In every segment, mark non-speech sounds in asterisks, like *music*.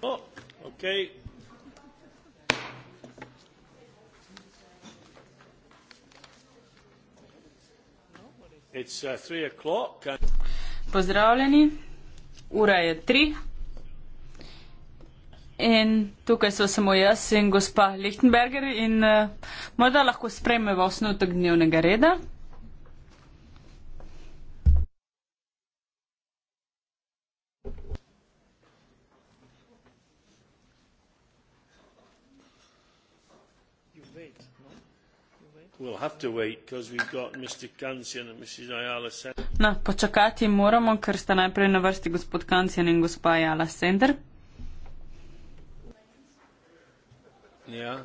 Oh, okay. It's, uh, and... Pozdravljeni, ura je tri in tukaj so samo jaz in gospa Lichtenberger in uh, morda lahko sprejmeva osnutek dnevnega reda. to wait because we've got Mr. Kansian and Mrs. Ayala Sender. No, počakati moramo, ker sta najprej na vrsti gospod Kansian in gospa Ayala Sender. Yeah. Ja.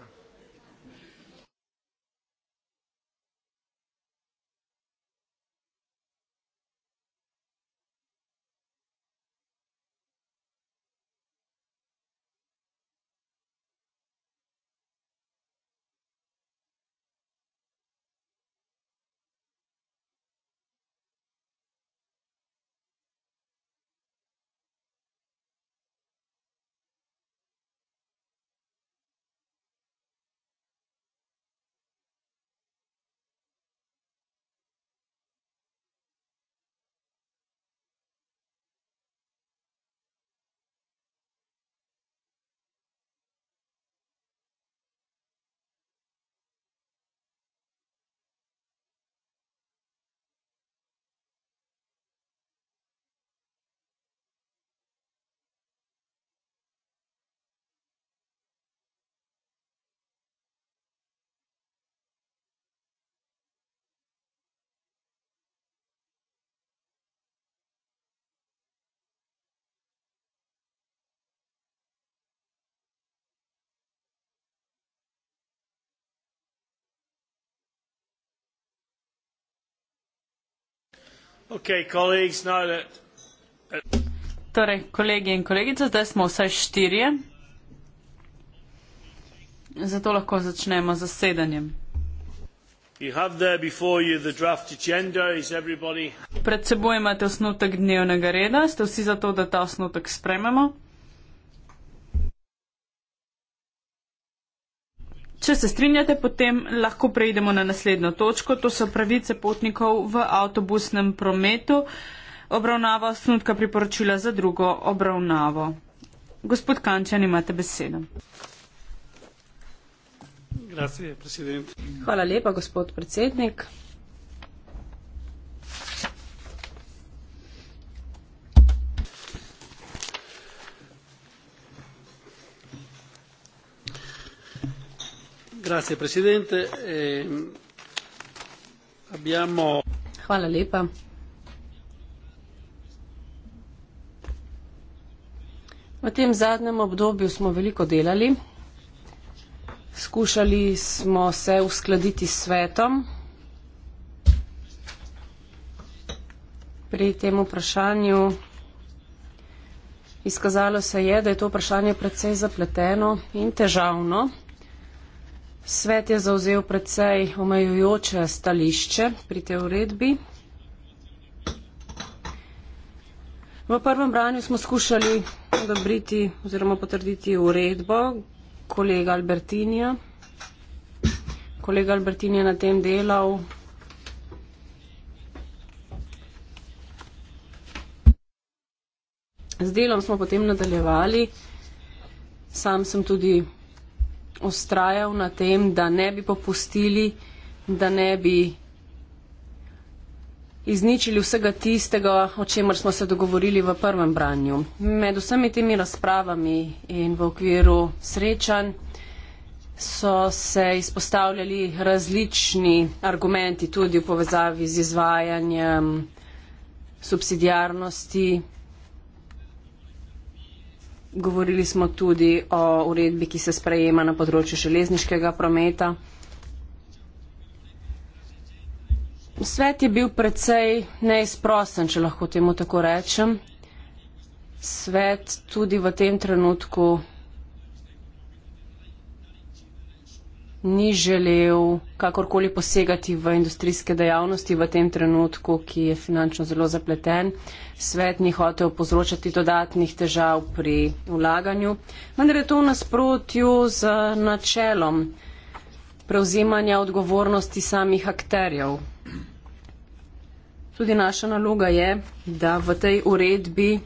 Uh, torej, kolegi in kolegice, zdaj smo vsaj štirje. Zato lahko začnemo z zasedanjem. Pred seboj imate osnutek dnevnega reda, ste vsi zato, da ta osnutek sprememo? Če se strinjate, potem lahko preidemo na naslednjo točko, to so pravice potnikov v avtobusnem prometu, obravnava osnutka priporočila za drugo obravnavo. Gospod Kančan, imate besedo. Grazie, Hvala lepa, gospod predsednik. Grazie, presidente. Eh, abbiamo... Hvala lepa. V tem zadnjem obdobju smo veliko delali. Skušali smo se uskladiti s svetom. Pri tem vprašanju izkazalo se je, da je to vprašanje predvsej zapleteno in težavno. Svet je zauzel predvsej omejujoče stališče pri tej uredbi. V prvem branju smo skušali odobriti oziroma potrditi uredbo kolega Albertinija. Kolega Albertin je na tem delal. Z delom smo potem nadaljevali. Sam sem tudi ustrajal na tem, da ne bi popustili, da ne bi izničili vsega tistega, o čemer smo se dogovorili v prvem branju. Med vsemi temi razpravami in v okviru srečanj so se izpostavljali različni argumenti tudi v povezavi z izvajanjem subsidijarnosti, Govorili smo tudi o uredbi, ki se sprejema na področju železniškega prometa. Svet je bil precej neizprosten, če lahko temu tako rečem. Svet tudi v tem trenutku ni želel kakorkoli posegati v industrijske dejavnosti v tem trenutku, ki je finančno zelo zapleten. Svet ni hotel povzročati dodatnih težav pri vlaganju, vendar je to v nasprotju z načelom prevzemanja odgovornosti samih akterjev. Tudi naša naloga je, da v tej uredbi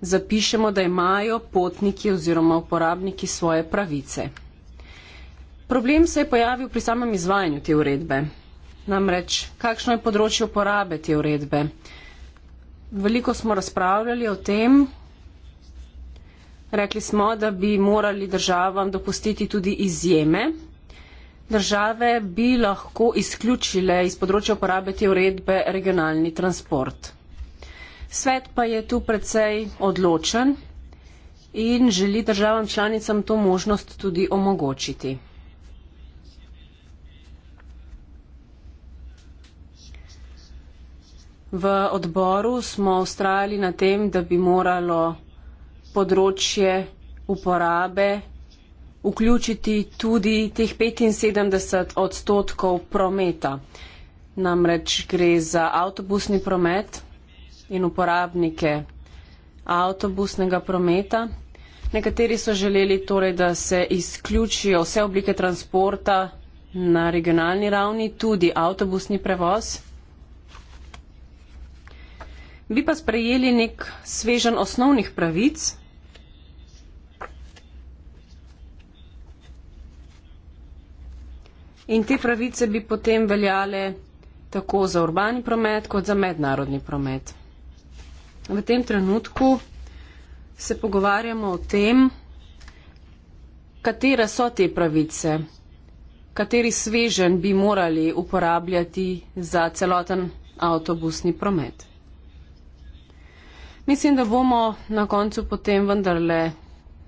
zapišemo, da imajo potniki oziroma uporabniki svoje pravice. Problem se je pojavil pri samem izvajanju te uredbe. Namreč, kakšno je področje uporabe te uredbe? Veliko smo razpravljali o tem. Rekli smo, da bi morali državam dopustiti tudi izjeme. Države bi lahko izključile iz področja uporabe te uredbe regionalni transport. Svet pa je tu precej odločen in želi državam članicam to možnost tudi omogočiti. V odboru smo ustrajali na tem, da bi moralo področje uporabe vključiti tudi teh 75 odstotkov prometa. Namreč gre za avtobusni promet in uporabnike avtobusnega prometa. Nekateri so želeli torej, da se izključijo vse oblike transporta na regionalni ravni, tudi avtobusni prevoz bi pa sprejeli nek svežen osnovnih pravic. In te pravice bi potem veljale tako za urbani promet kot za mednarodni promet. V tem trenutku se pogovarjamo o tem, katere so te pravice, kateri svežen bi morali uporabljati za celoten avtobusni promet. Mislim, da bomo na koncu potem vendarle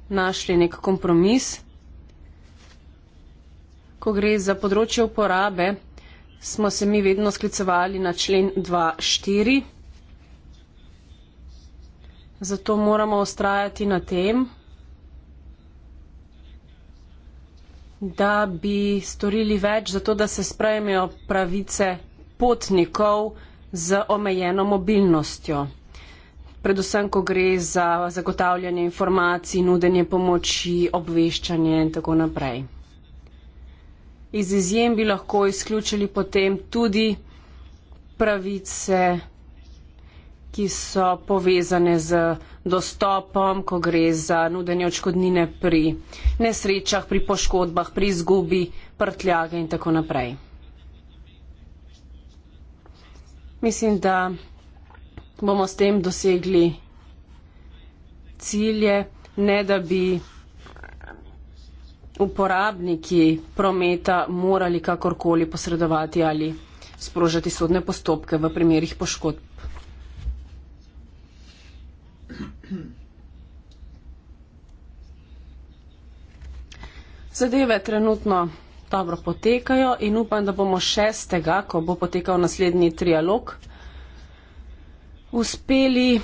našli nek kompromis. Ko gre za področje uporabe, smo se mi vedno sklicevali na člen 2.4. Zato moramo ustrajati na tem, da bi storili več za to, da se sprejmejo pravice potnikov z omejeno mobilnostjo predvsem, ko gre za zagotavljanje informacij, nudenje pomoči, obveščanje in tako naprej. Iz izjem bi lahko izključili potem tudi pravice, ki so povezane z dostopom, ko gre za nudenje očkodnine pri nesrečah, pri poškodbah, pri izgubi prtljage in tako naprej. Mislim, da bomo s tem dosegli cilje, ne da bi uporabniki prometa morali kakorkoli posredovati ali sprožati sodne postopke v primerih poškodb. Zadeve trenutno dobro potekajo in upam, da bomo 6. ko bo potekal naslednji trialog uspeli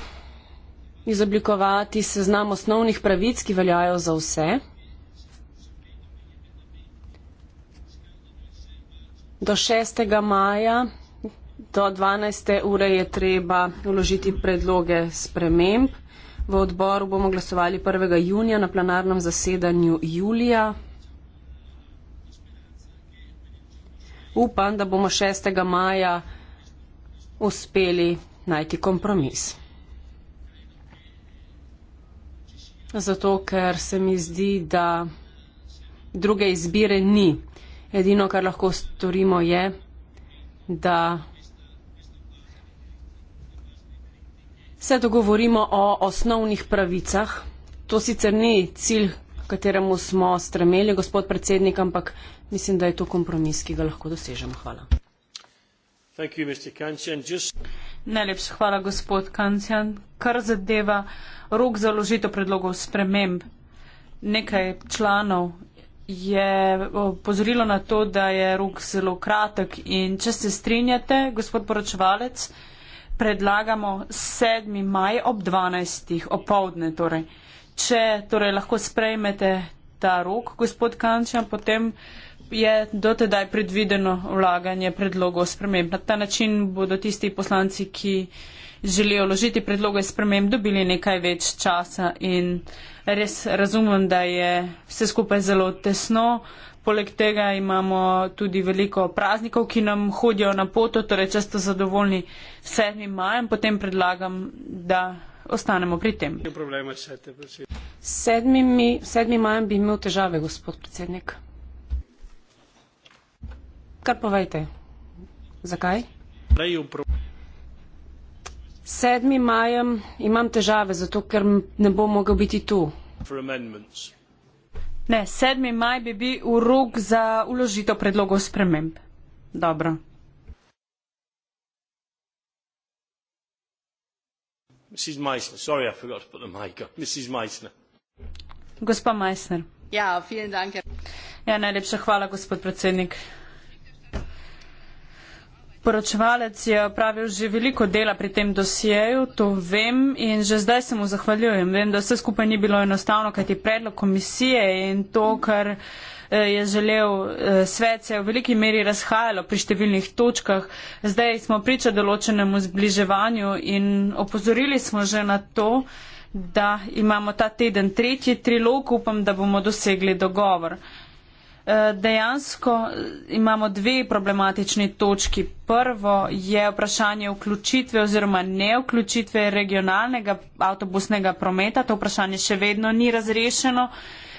izoblikovati seznam osnovnih pravic, ki veljajo za vse. Do 6. maja, do 12. ure je treba uložiti predloge sprememb. V odboru bomo glasovali 1. junija na plenarnem zasedanju julija. Upam, da bomo 6. maja uspeli najti kompromis. Zato, ker se mi zdi, da druge izbire ni. Edino, kar lahko storimo, je, da se dogovorimo o osnovnih pravicah. To sicer ni cilj, kateremu smo stremeli, gospod predsednik, ampak mislim, da je to kompromis, ki ga lahko dosežemo. Hvala. Najlepša hvala, gospod Kancjan. Kar zadeva rok za ložitev predlogov sprememb, nekaj članov je pozorilo na to, da je rok zelo kratek in če se strinjate, gospod poročevalec, predlagamo 7. maj ob 12. opovdne. Torej. Če torej, lahko sprejmete ta rok, gospod Kancjan, potem je dotedaj predvideno vlaganje predlogov sprememb. Na ta način bodo tisti poslanci, ki želijo ložiti predloge sprememb, dobili nekaj več časa in res razumem, da je vse skupaj zelo tesno. Poleg tega imamo tudi veliko praznikov, ki nam hodijo na poto, torej često zadovoljni 7. majem, potem predlagam, da ostanemo pri tem. 7. majem bi imel težave, gospod predsednik. Kar povejte. Zakaj? Sedmi majem imam težave, zato ker ne bom mogel biti tu. Ne, sedmi maj bi bil urok za uložitev predlogov sprememb. Dobro. Mrs. Meissner, sorry, I forgot to put the mic on. Mrs. Meissner. Gospa Meissner. Ja, vielen Dank. Ja, najlepša hvala, gospod predsednik. Poročevalec je opravil že veliko dela pri tem dosjeju, to vem in že zdaj se mu zahvaljujem. Vem, da vse skupaj ni bilo enostavno, kajti predlog komisije in to, kar eh, je želel eh, svet, se je v veliki meri razhajalo pri številnih točkah. Zdaj smo priča določenemu zbliževanju in opozorili smo že na to, da imamo ta teden tretji trilog, upam, da bomo dosegli dogovor. Eh, dejansko eh, imamo dve problematični točki. Prvo je vprašanje vključitve oziroma neuključitve regionalnega avtobusnega prometa. To vprašanje še vedno ni razrešeno.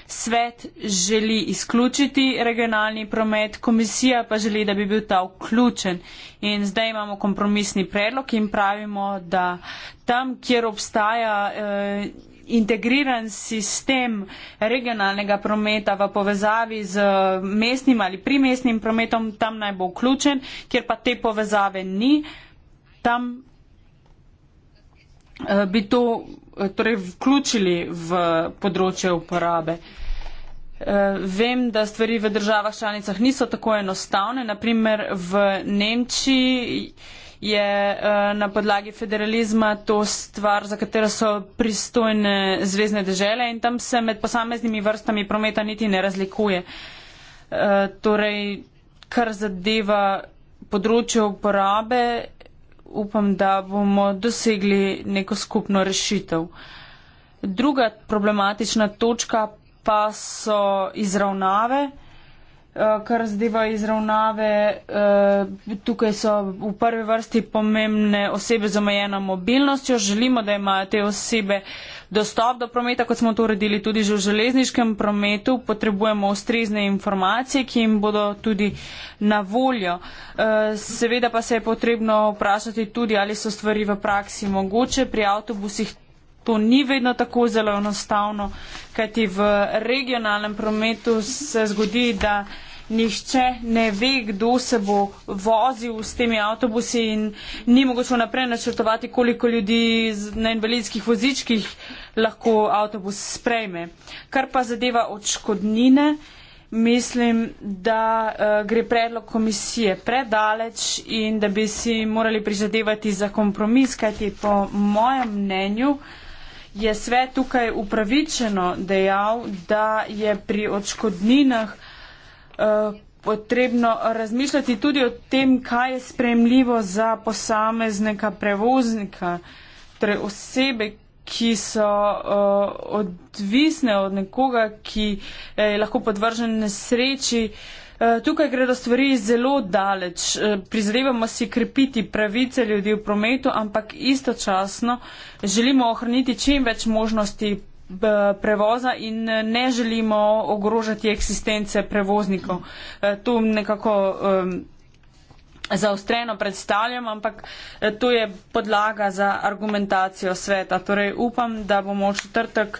Svet želi izključiti regionalni promet, komisija pa želi, da bi bil ta vključen. In zdaj imamo kompromisni predlog in pravimo, da tam, kjer obstaja. Eh, integriran sistem regionalnega prometa v povezavi z mestnim ali primestnim prometom, tam naj bo vključen, kjer pa te povezave ni, tam eh, bi to eh, torej, vključili v področje uporabe. Eh, vem, da stvari v državah članicah niso tako enostavne, naprimer v Nemčiji je eh, na podlagi federalizma to stvar, za katero so pristojne zvezdne dežele in tam se med posameznimi vrstami prometa niti ne razlikuje. Eh, torej, kar zadeva področje uporabe, upam, da bomo dosegli neko skupno rešitev. Druga problematična točka pa so izravnave. Eh, kar zdeva izravnave. Eh, tukaj so v prvi vrsti pomembne osebe z omejeno mobilnostjo. Želimo, da imajo te osebe dostop do prometa, kot smo to uredili tudi že v železniškem prometu. Potrebujemo ustrezne informacije, ki jim bodo tudi na voljo. Eh, seveda pa se je potrebno vprašati tudi, ali so stvari v praksi mogoče. Pri avtobusih to ni vedno tako zelo enostavno, kajti v regionalnem prometu se zgodi, da nihče ne ve, kdo se bo vozil s temi avtobusi in ni mogoče naprej načrtovati, koliko ljudi na invalidskih vozičkih lahko avtobus sprejme. Kar pa zadeva odškodnine, mislim, da uh, gre predlog komisije predaleč in da bi si morali prizadevati za kompromis, kajti po mojem mnenju, uh, je svet tukaj upravičeno dejal, da je pri odškodninah eh, potrebno razmišljati tudi o tem, kaj je spremljivo za posameznega prevoznika, torej osebe, ki so eh, odvisne od nekoga, ki eh, je lahko podvržen nesreči. Eh, tukaj gre do stvari zelo daleč. Eh, prizadevamo si krepiti pravice ljudi v prometu, ampak istočasno želimo ohraniti čim več možnosti eh, prevoza in ne želimo ogrožati eksistence prevoznikov. To nekako ehm, zaostreno predstavljam, ampak to je podlaga za argumentacijo sveta. Torej upam, da bomo v četrtek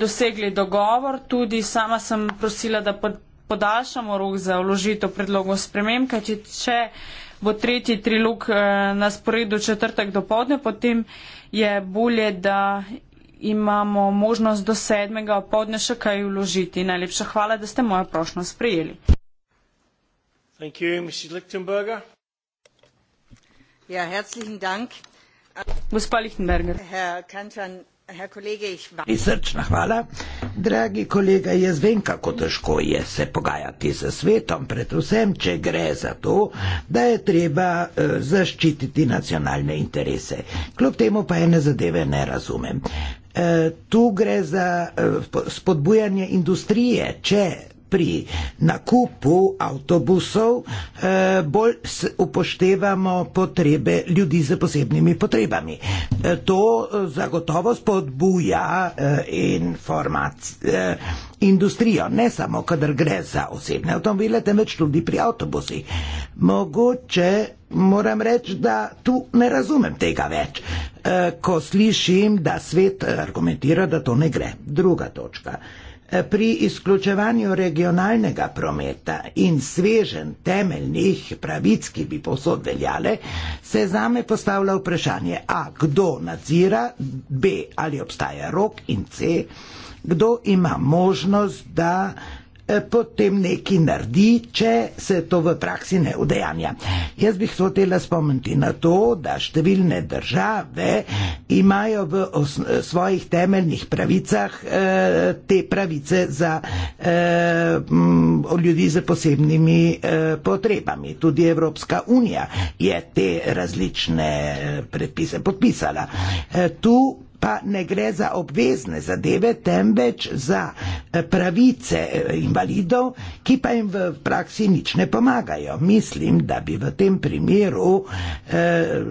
dosegli dogovor. Tudi sama sem prosila, da pod podaljšamo rok za vložitev predlogov spremem, kajti če bo tretji trilog eh, na sporedu četrtek do povdne, potem je bolje, da imamo možnost do sedmega povdne še kaj vložiti. Najlepša hvala, da ste mojo prošnjo sprejeli. Thank you, Mrs. Lichtenberger. Ja, herzlichen Dank. Gospa Lichtenberger. Herr Kantan, Srčna hvala. Dragi kolega, jaz vem, kako težko je se pogajati z svetom, predvsem, če gre za to, da je treba eh, zaščititi nacionalne interese. Kljub temu pa ene zadeve ne razumem. Eh, tu gre za eh, spodbujanje industrije, če pri nakupu avtobusov eh, bolj upoštevamo potrebe ljudi z posebnimi potrebami. Eh, to eh, zagotovo spodbuja industrijo, ne samo, kadar gre za osebne avtomobile, temveč tudi pri avtobusih. Mogoče moram reči, da tu ne razumem tega več, ko slišim, da svet argumentira, da to ne gre. Druga točka. Eh, pri izključevanju regionalnega prometa in svežen temeljnih pravic, ki bi posod veljale, se za me postavlja vprašanje A. Kdo nadzira, B. Ali obstaja rok in C. Kdo ima možnost, da Eh, potem neki naredi, če se to v praksi ne udejanja. Jaz bih hotela spomniti na to, da številne države imajo v svojih temeljnih pravicah eh, te pravice za eh, ljudi z posebnimi potrebami. Tudi Evropska unija je te različne predpise podpisala. Tu pa ne gre za obvezne zadeve, temveč za eh, pravice eh, invalidov, ki pa jim v praksi nič ne pomagajo. Mislim, da bi v tem primeru eh,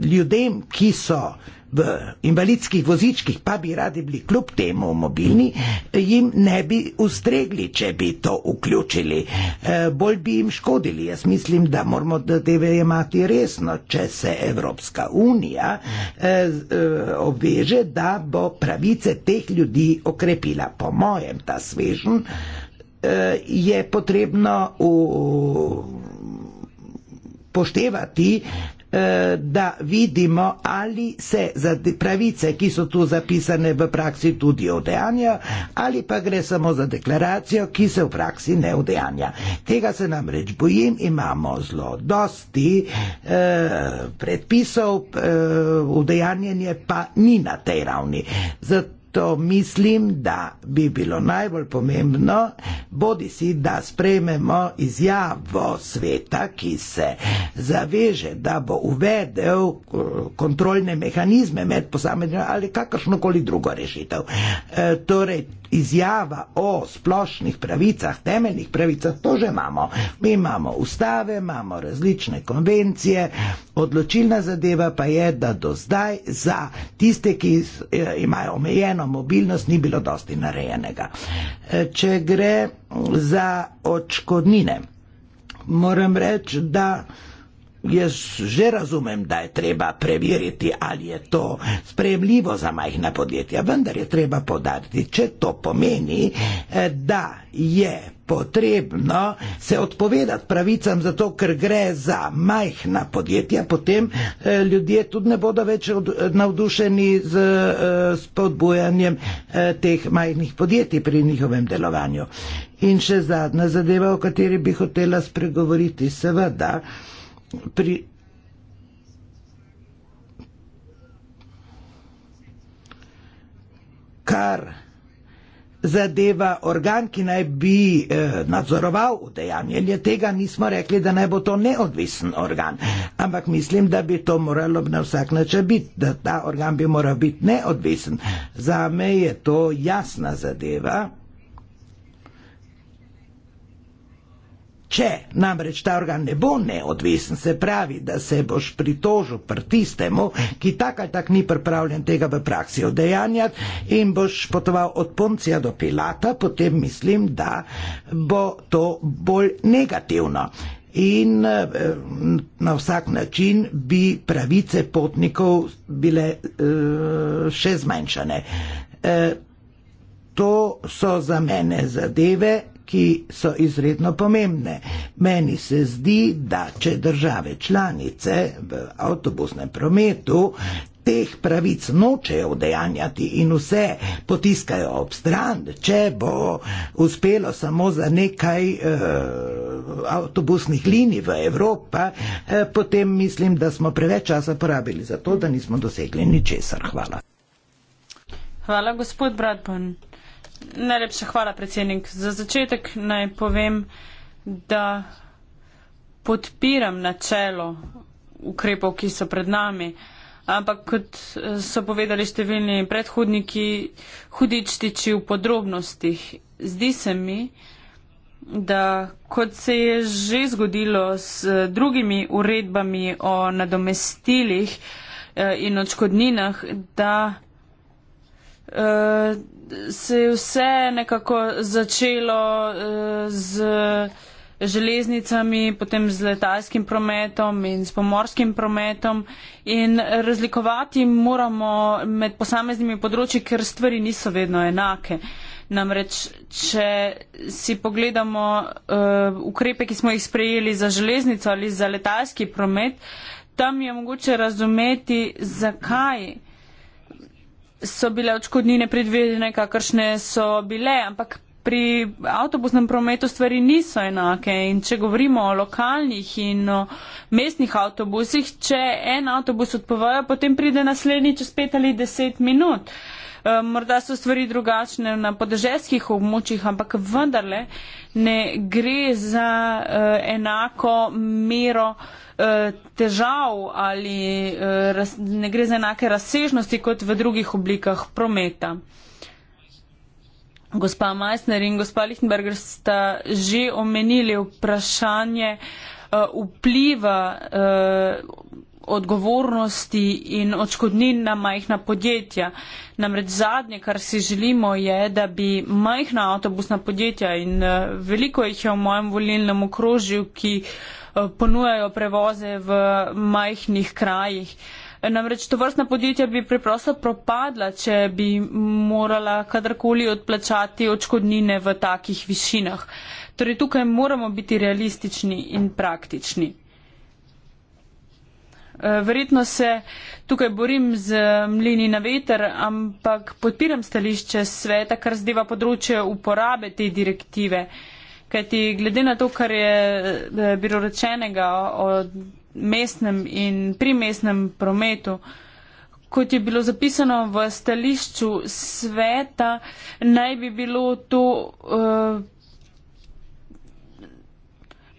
ljudem, ki so v invalidskih vozičkih pa bi radi bili kljub temu mobilni, jim ne bi ustregli, če bi to vključili. E, bolj bi jim škodili. Jaz mislim, da moramo deve imati resno, če se Evropska unija e, e, obveže, da bo pravice teh ljudi okrepila. Po mojem, ta svežen e, je potrebno v. Poštevati Eh, da vidimo, ali se za pravice, ki so tu zapisane v praksi, tudi udejanja, ali pa gre samo za deklaracijo, ki se v praksi ne udejanja. Tega se nam reč bojim, imamo zelo dosti eh, predpisov, eh, udejanjenje pa ni na tej ravni. Zato to mislim, da bi bilo najbolj pomembno, bodi si, da sprejmemo izjavo sveta, ki se zaveže, da bo uvedel eh, kontrolne mehanizme med posameznimi ali kakršnokoli drugo rešitev. E, torej, izjava o splošnih pravicah, temeljnih pravicah, to že imamo. Mi imamo ustave, imamo različne konvencije, odločilna zadeva pa je, da do zdaj za tiste, ki e, imajo omejeno mobilnost, ni bilo dosti narejenega. E, če gre za očkodnine, moram reči, da. Jaz že razumem, da je treba preveriti, ali je to sprejemljivo za majhna podjetja, vendar je treba podariti, če to pomeni, eh, da je potrebno se odpovedati pravicam, zato ker gre za majhna podjetja, potem eh, ljudje tudi ne bodo več navdušeni z eh, spodbujanjem teh majhnih podjetij pri njihovem delovanju. In še zadnja zadeva, o kateri bi hotela spregovoriti, seveda pri, kar zadeva organ, ki naj bi eh, nadzoroval udejanje tega, nismo rekli, da naj bo to neodvisen organ, ampak mislim, da bi to moralo na vsak način biti, da ta organ bi moral biti neodvisen. Za me je to jasna zadeva. Če namreč ta organ ne bo neodvisen, se pravi, da se boš pritožil pr tistemu, ki tak ali tak ni pripravljen tega v praksi odejanjati in boš potoval od Poncija do Pilata, potem mislim, da bo to bolj negativno. In eh, na vsak način bi pravice potnikov bile eh, še zmanjšane. Eh, to so za mene zadeve ki so izredno pomembne. Meni se zdi, da če države članice v avtobusnem prometu teh pravic nočejo udejanjati in vse potiskajo ob stran, če bo uspelo samo za nekaj eh, avtobusnih linij v Evropa, eh, potem mislim, da smo preveč časa porabili za to, da nismo dosegli ničesar. Hvala. Hvala, gospod Bradburn. Najlepša hvala, predsednik. Za začetek naj povem, da podpiram načelo ukrepov, ki so pred nami, ampak kot eh, so povedali številni predhodniki, hudič tiči v podrobnostih. Zdi se mi, da kot se je že zgodilo s drugimi uredbami o nadomestilih eh, in očkodninah, da. Eh, se je vse nekako začelo eh, z železnicami, potem z letalskim prometom in s pomorskim prometom in razlikovati moramo med posameznimi področji, ker stvari niso vedno enake. Namreč, če si pogledamo uh, ukrepe, ki smo jih sprejeli za železnico ali za letalski promet, tam je mogoče razumeti, zakaj so bile odškodnine predvidene, kakršne so bile, ampak pri avtobusnem prometu stvari niso enake. In če govorimo o lokalnih in o mestnih avtobusih, če en avtobus odpovejo, potem pride naslednji čez pet ali deset minut. Eh, morda so stvari drugačne na podeželskih območjih, ampak vendarle ne gre za eh, enako mero. Eh, težav ali eh, ne gre za enake razsežnosti kot v drugih oblikah prometa. Gospa Meissner in gospa Lichtenberger sta že omenili vprašanje eh, vpliva odgovornosti in očkodnin na majhna podjetja. Namreč zadnje, kar si želimo, je, da bi majhna avtobusna podjetja in veliko jih je v mojem volilnem okrožju, ki uh, ponujajo prevoze v majhnih krajih. Namreč to vrstna podjetja bi preprosto propadla, če bi morala kadarkoli odplačati očkodnine v takih višinah. Torej tukaj moramo biti realistični in praktični. Eh, verjetno se tukaj borim z mlini na veter, ampak podpiram stališče sveta, kar zdeva področje uporabe te direktive. Kajti glede na to, kar je eh, bilo rečenega o mestnem in primestnem prometu, kot je bilo zapisano v stališču sveta, naj bi bilo to. Uh,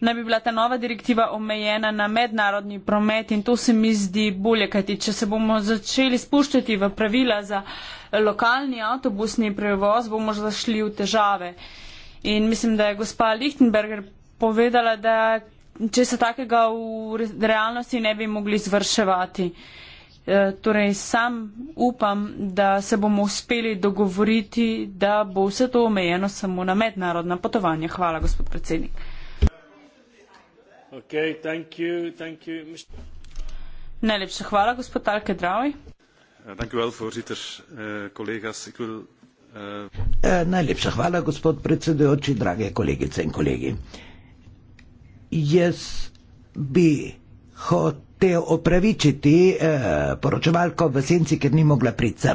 Naj bi bila ta nova direktiva omejena na mednarodni promet in to se mi zdi bolje, kajti če se bomo začeli spuščati v pravila za lokalni avtobusni prevoz, bomo zašli v težave. Uh, In mislim, da je gospa Lichtenberger povedala, da če se takega v realnosti ne bi mogli izvrševati. E, torej, sam upam, da se bomo uspeli dogovoriti, da bo vse to omejeno samo na mednarodna potovanja. Hvala, gospod predsednik. Okay, thank you, thank you. Najlepša hvala, gospod Alke Dravi. Uh, Eh, najlepša hvala, gospod predsedujoči, drage kolegice in kolegi. Jaz bi hotel opravičiti eh, poročevalko v senci, ker ni mogla priti.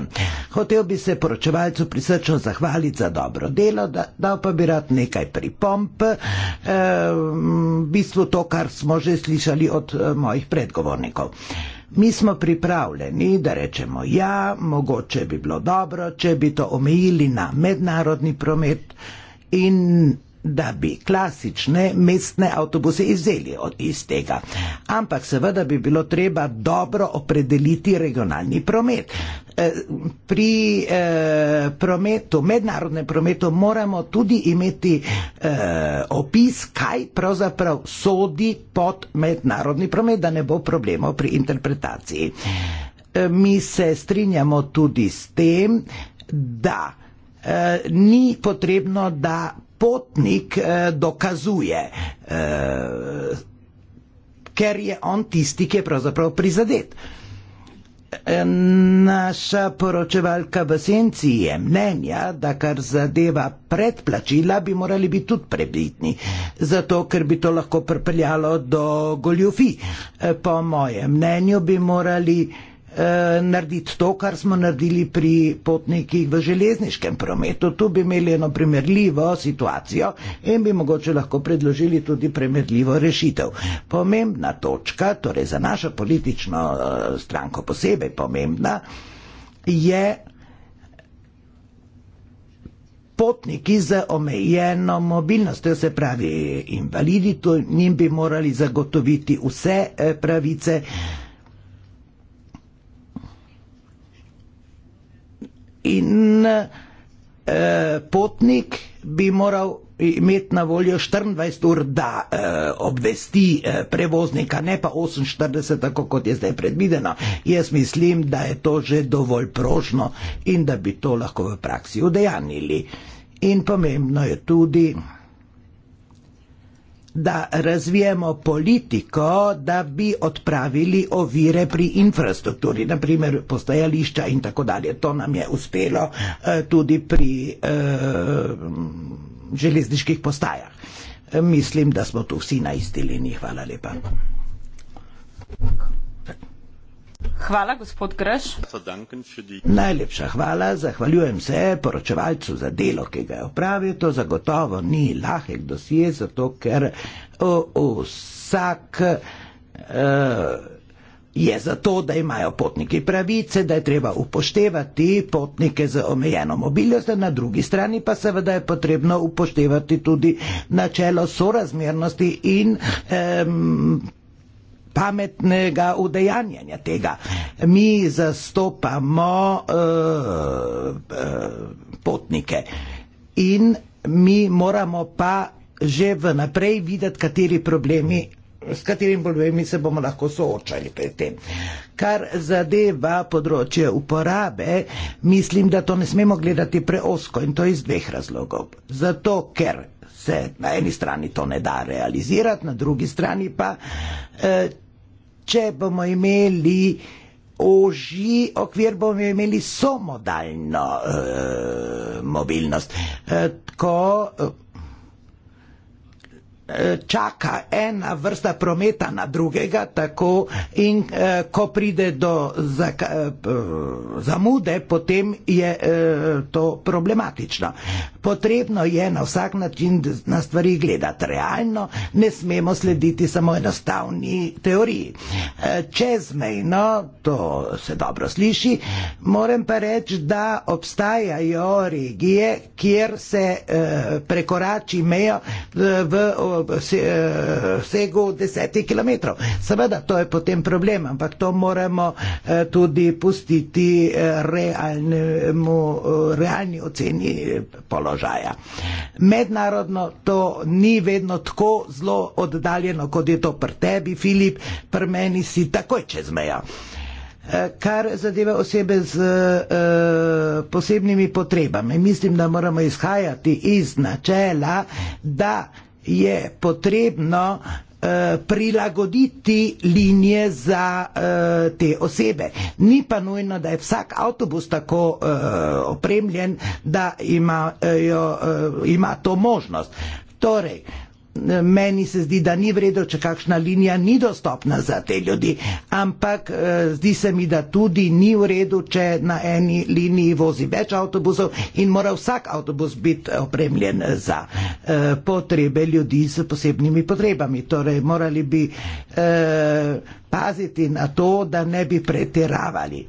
Hotel bi se poročevalcu prisrčno zahvaliti za dobro delo, da, dal pa bi rad nekaj pripomp, eh, v bistvu to, kar smo že slišali od eh, mojih predgovornikov. Eh, Mi smo pripravljeni, da rečemo ja, mogoče bi bilo dobro, če bi to omejili na mednarodni promet in da bi klasične mestne avtobuse izzeli iz tega. Ampak seveda bi bilo treba dobro opredeliti regionalni promet. E, pri e, prometu, mednarodnem prometu moramo tudi imeti e, opis, kaj pravzaprav sodi pod mednarodni promet, da ne bo problemov pri interpretaciji. Mi se strinjamo tudi s tem, da ni potrebno, da potnik eh, dokazuje, eh, ker je on tisti, ki je pravzaprav prizadet. Eh, naša poročevalka v senci je mnenja, da kar zadeva predplačila, bi morali biti tudi prebitni, zato ker bi to lahko pripeljalo do goljufi. Po mojem mnenju bi morali. Eh, narediti to, kar smo naredili pri potnikih v železniškem prometu. Tu bi imeli eno primerljivo situacijo in bi mogoče lahko predložili tudi primerljivo rešitev. Pomembna točka, torej za našo politično eh, stranko posebej pomembna, je potniki z omejeno mobilnostjo, se pravi invalidi, to njim bi morali zagotoviti vse eh, pravice, in e, potnik bi moral imeti na voljo 24 ur, da e, obvesti e, prevoznika, ne pa 48, tako kot je zdaj predvideno. Jaz mislim, da je to že dovolj prožno in da bi to lahko v praksi udejanili. In pomembno je tudi, da razvijemo politiko, da bi odpravili ovire pri infrastrukturi, naprimer postajališča in tako dalje. To nam je uspelo eh, tudi pri eh, železniških postajah. Eh, mislim, da smo tu vsi na isti liniji. Hvala lepa. Thank you. Hvala, gospod Greš. Najlepša hvala, zahvaljujem se poročevalcu za delo, ki ga je opravil. To zagotovo ni lahek dosje, zato ker vsak uh, je za to, da imajo potniki pravice, da je treba upoštevati potnike z omejeno mobilnostjo, na drugi strani pa seveda je potrebno upoštevati tudi načelo sorazmernosti in um, pametnega udejanjanja tega. Mi zastopamo uh, uh, potnike in mi moramo pa že vnaprej videti, kateri problemi, s katerimi problemi se bomo lahko soočali pred tem. Kar zadeva področje uporabe, mislim, da to ne smemo gledati preosko in to iz dveh razlogov. Zato, ker se na eni strani to ne da realizirati, na drugi strani pa, eh, če bomo imeli oži okvir, bomo imeli somodalno eh, mobilnost. Tako, eh, Eh, čaka ena vrsta prometa na drugega, tako in eh, ko pride do zaka, eh, zamude, potem je eh, to problematično. Potrebno je na vsak način na stvari gledati realno, ne smemo slediti samo enostavni teoriji. Eh, čezmejno, to se dobro sliši, moram pa reči, da obstajajo regije, kjer se eh, prekorači mejo eh, v, v vsegu eh, desetih kilometrov. Seveda, to je potem problem, ampak to moramo eh, tudi pustiti eh, realnemu, realni oceni položaja. Mednarodno to ni vedno tako zelo oddaljeno, kot je to pri tebi, Filip, pri meni si takoj čez mejo. Kar zadeva osebe z uh, posebnimi potrebami, mislim, da moramo izhajati iz načela, da je potrebno eh, prilagoditi linije za uh, te osebe. Ni pa nujno, da je vsak avtobus tako uh, opremljen, da ima, uh, jo, uh, ima to možnost. Torej, meni se zdi, da ni vredno, če kakšna linija ni dostopna za te ljudi, ampak eh, zdi se mi, da tudi ni v redu, če na eni liniji vozi več avtobusov in mora vsak avtobus biti opremljen za eh, potrebe ljudi z posebnimi potrebami. Torej, morali bi eh, paziti na to, da ne bi pretiravali.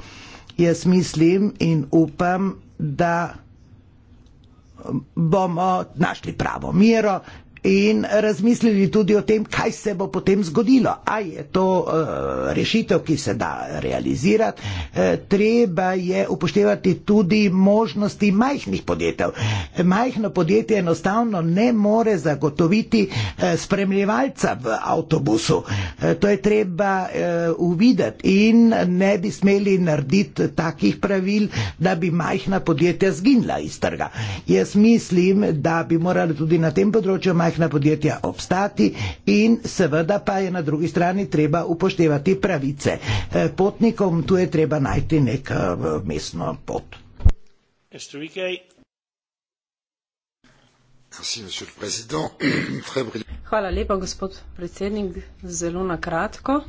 Jaz mislim in upam, da bomo našli pravo mero, in razmislili tudi o tem, kaj se bo potem zgodilo. A je to eh, rešitev, ki se da realizirati, eh, treba je upoštevati tudi možnosti majhnih podjetev. Majhno podjetje enostavno ne more zagotoviti eh, spremljevalca v avtobusu. To je treba uvideti in ne bi smeli narediti takih pravil, da bi majhna podjetja zginila iz trga. Jaz mislim, da bi morali tudi na tem področju majhnih majhna podjetja obstati in seveda pa je na drugi strani treba upoštevati pravice. Eh, potnikom tu je treba najti nek eh, mestno pot. E *clears throat* Hvala lepa, gospod predsednik. Zelo na kratko.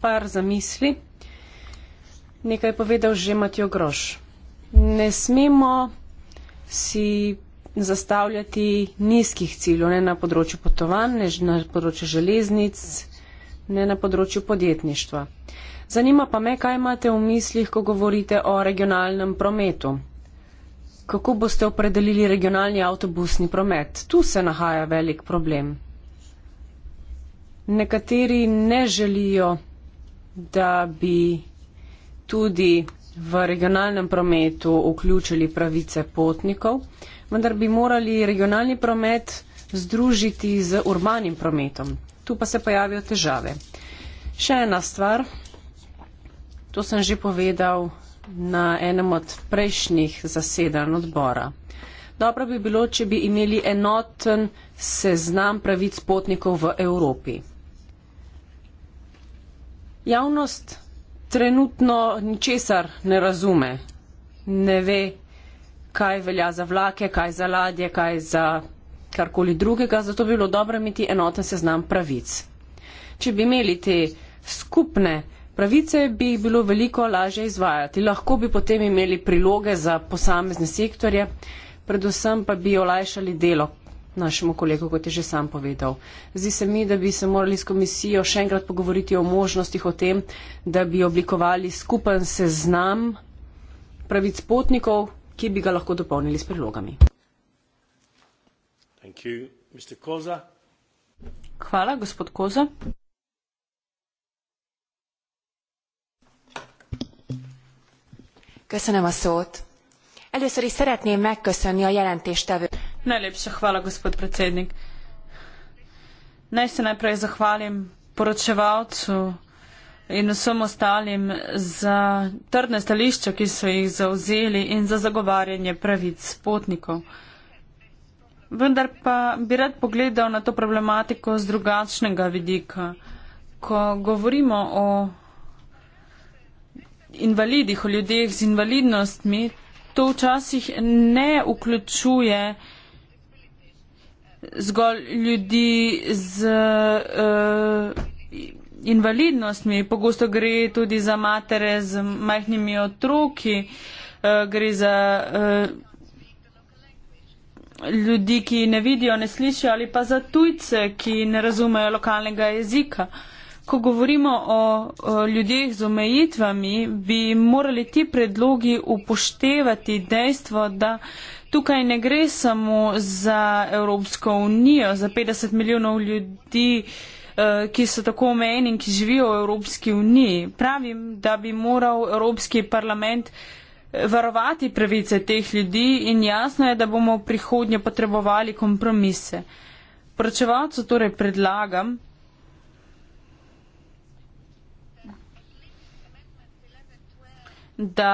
Par zamisli. Nekaj je povedal že Matjo Groš. Ne smemo si zastavljati nizkih ciljev, ne na področju potovanj, ne na področju železnic, ne na področju podjetništva. Zanima pa me, kaj imate v mislih, ko govorite o regionalnem prometu. Kako boste opredelili regionalni avtobusni promet? Tu se nahaja velik problem. Nekateri ne želijo, da bi tudi v regionalnem prometu vključili pravice potnikov vendar bi morali regionalni promet združiti z urbanim prometom. Tu pa se pojavijo težave. Še ena stvar, to sem že povedal na enem od prejšnjih zasedanj odbora. Dobro bi bilo, če bi imeli enoten seznam pravic potnikov v Evropi. Javnost trenutno ničesar ne razume, ne ve, kaj velja za vlake, kaj za ladje, kaj za karkoli drugega, zato bi bilo dobro imeti enoten seznam pravic. Če bi imeli te skupne pravice, bi jih bilo veliko lažje izvajati. Lahko bi potem imeli priloge za posamezne sektorje, predvsem pa bi olajšali delo našemu kolegu, kot je že sam povedal. Zdi se mi, da bi se morali s komisijo še enkrat pogovoriti o možnostih o tem, da bi oblikovali skupen seznam pravic potnikov, ki bi ga lahko dopolnili s prilogami. Hvala, gospod Koza. Köszönöm a szót. Először is szeretném megköszönni a jelentéstevő. Najlepša hvala, gospod predsednik. Naj se najprej zahvalim poročevalcu in vsem ostalim za trdne stališče, ki so jih zauzeli in za zagovarjanje pravic potnikov. Vendar pa bi rad pogledal na to problematiko z drugačnega vidika. Ko govorimo o invalidih, o ljudeh z invalidnostmi, to včasih ne vključuje zgolj ljudi z. Uh, invalidnostmi, pogosto gre tudi za matere z majhnimi otroki, eh, gre za eh, ljudi, ki ne vidijo, ne slišijo ali pa za tujce, ki ne razumejo lokalnega jezika. Ko govorimo o, o ljudeh z omejitvami, bi morali ti predlogi upoštevati dejstvo, da tukaj ne gre samo za Evropsko unijo, za 50 milijonov ljudi, eh, Eh, ki so tako omenjeni in ki živijo v Evropski uniji. Pravim, da bi moral Evropski parlament eh, varovati pravice teh ljudi in jasno je, da bomo v prihodnje potrebovali kompromise. Pročevalcu torej predlagam, da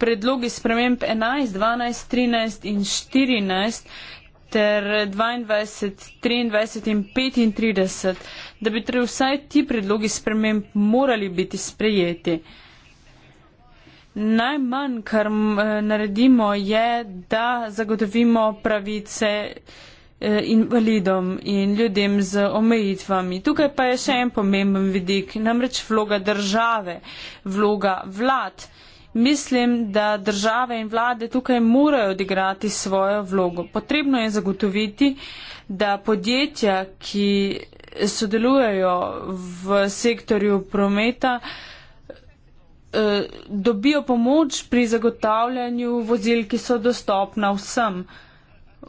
predlogi sprememb 11, 12, 13 in 14 ter 22, 23 in 35, da bi torej vsaj ti predlogi sprememb morali biti sprejeti. Najmanj, kar naredimo, je, da zagotovimo pravice e, invalidom in ljudem z omejitvami. Tukaj pa je še en pomemben vidik, namreč vloga države, vloga vlad. Mislim, da države in vlade tukaj morajo odigrati svojo vlogo. Potrebno je zagotoviti, da podjetja, ki sodelujejo v sektorju prometa, eh, dobijo pomoč pri zagotavljanju vozil, ki so dostopna vsem.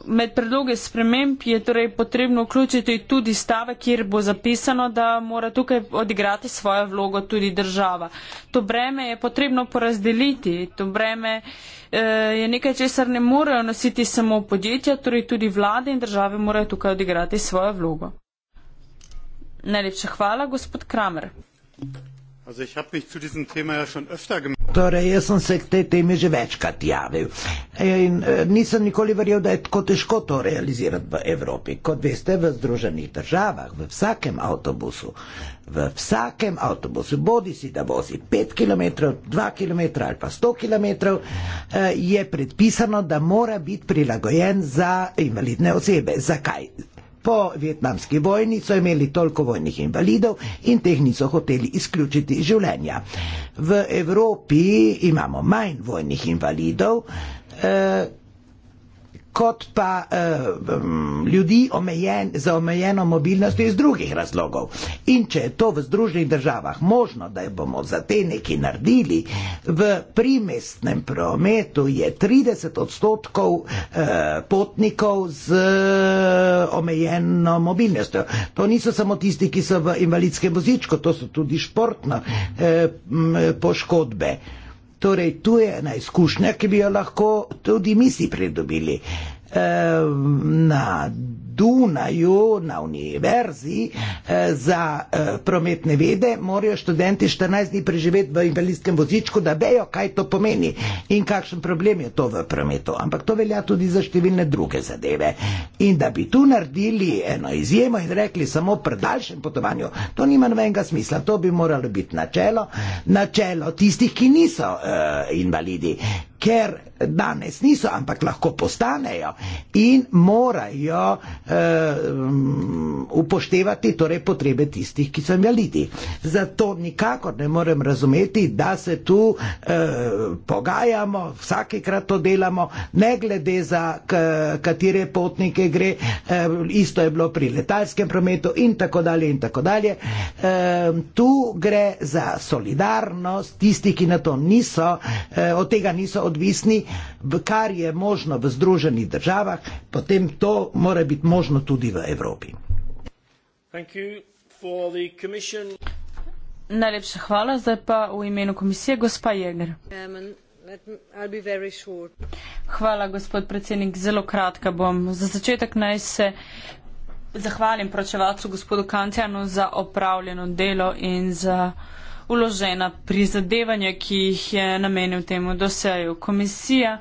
Med predloge sprememb je torej potrebno vključiti tudi stave, kjer bo zapisano, da mora tukaj odigrati svojo vlogo tudi država. To breme je potrebno porazdeliti, to breme eh, je nekaj, česar ne morejo nositi samo podjetja, torej tudi vlade in države morajo tukaj odigrati svojo vlogo. Najlepša hvala, gospod Kramer. Also ich habe mich zu diesem Thema ja schon öfter gemeldet. Torej, jaz sem se k tej temi že večkrat javil. In e, nisem nikoli verjel, da je tako težko to realizirati v Evropi. Kot veste, v Združenih državah, v vsakem avtobusu, v vsakem avtobusu, bodi si da vozi 5 km, 2 km ali pa 100 km, e, je predpisano, da mora biti prilagojen za invalidne osebe. Zakaj? po vietnamski vojni so imeli toliko vojnih invalidov in teh niso hoteli izključiti iz življenja. V Evropi imamo manj vojnih invalidov, eh, kot pa uh, ljudi omejen, za omejeno mobilnost iz drugih razlogov. In če je to v Združenih državah možno, da bomo za te neki naredili, v primestnem prometu je 30 odstotkov uh, potnikov z uh, omejeno mobilnostjo. To niso samo tisti, ki so v invalidskem vozičku, to so tudi športne uh, poškodbe. Torej, tu je ena izkušnja, ki bi jo lahko tudi mi si pridobili. E, na Dunaju na univerzi eh, za eh, prometne vede morajo študenti 14 dni preživeti v invalidskem vozičku, da vejo, kaj to pomeni in kakšen problem je to v prometu. Ampak to velja tudi za številne druge zadeve. In da bi tu naredili eno izjemo in rekli samo pri daljšem potovanju, to nima nobenega smisla. To bi moralo biti načelo, načelo tistih, ki niso uh, invalidi. Ker danes niso, ampak lahko postanejo in morajo Eh, upoštevati torej potrebe tistih, ki so invalidi. Zato nikakor ne morem razumeti, da se tu eh, pogajamo, vsakekrat to delamo, ne glede za katere potnike gre, eh, isto je bilo pri letalskem prometu in tako dalje in tako dalje. Eh, tu gre za solidarnost tistih, ki na to niso, eh, od tega niso odvisni, kar je možno v združenih državah, potem to mora biti možno možno tudi v Evropi. Najlepša hvala, zdaj pa v imenu komisije gospa Jäger. Hvala, gospod predsednik, zelo kratka bom. Za začetek naj se zahvalim pročevalcu gospodu Kantjanu za opravljeno delo in za uložena prizadevanja, ki jih je namenil temu dosejo. Komisija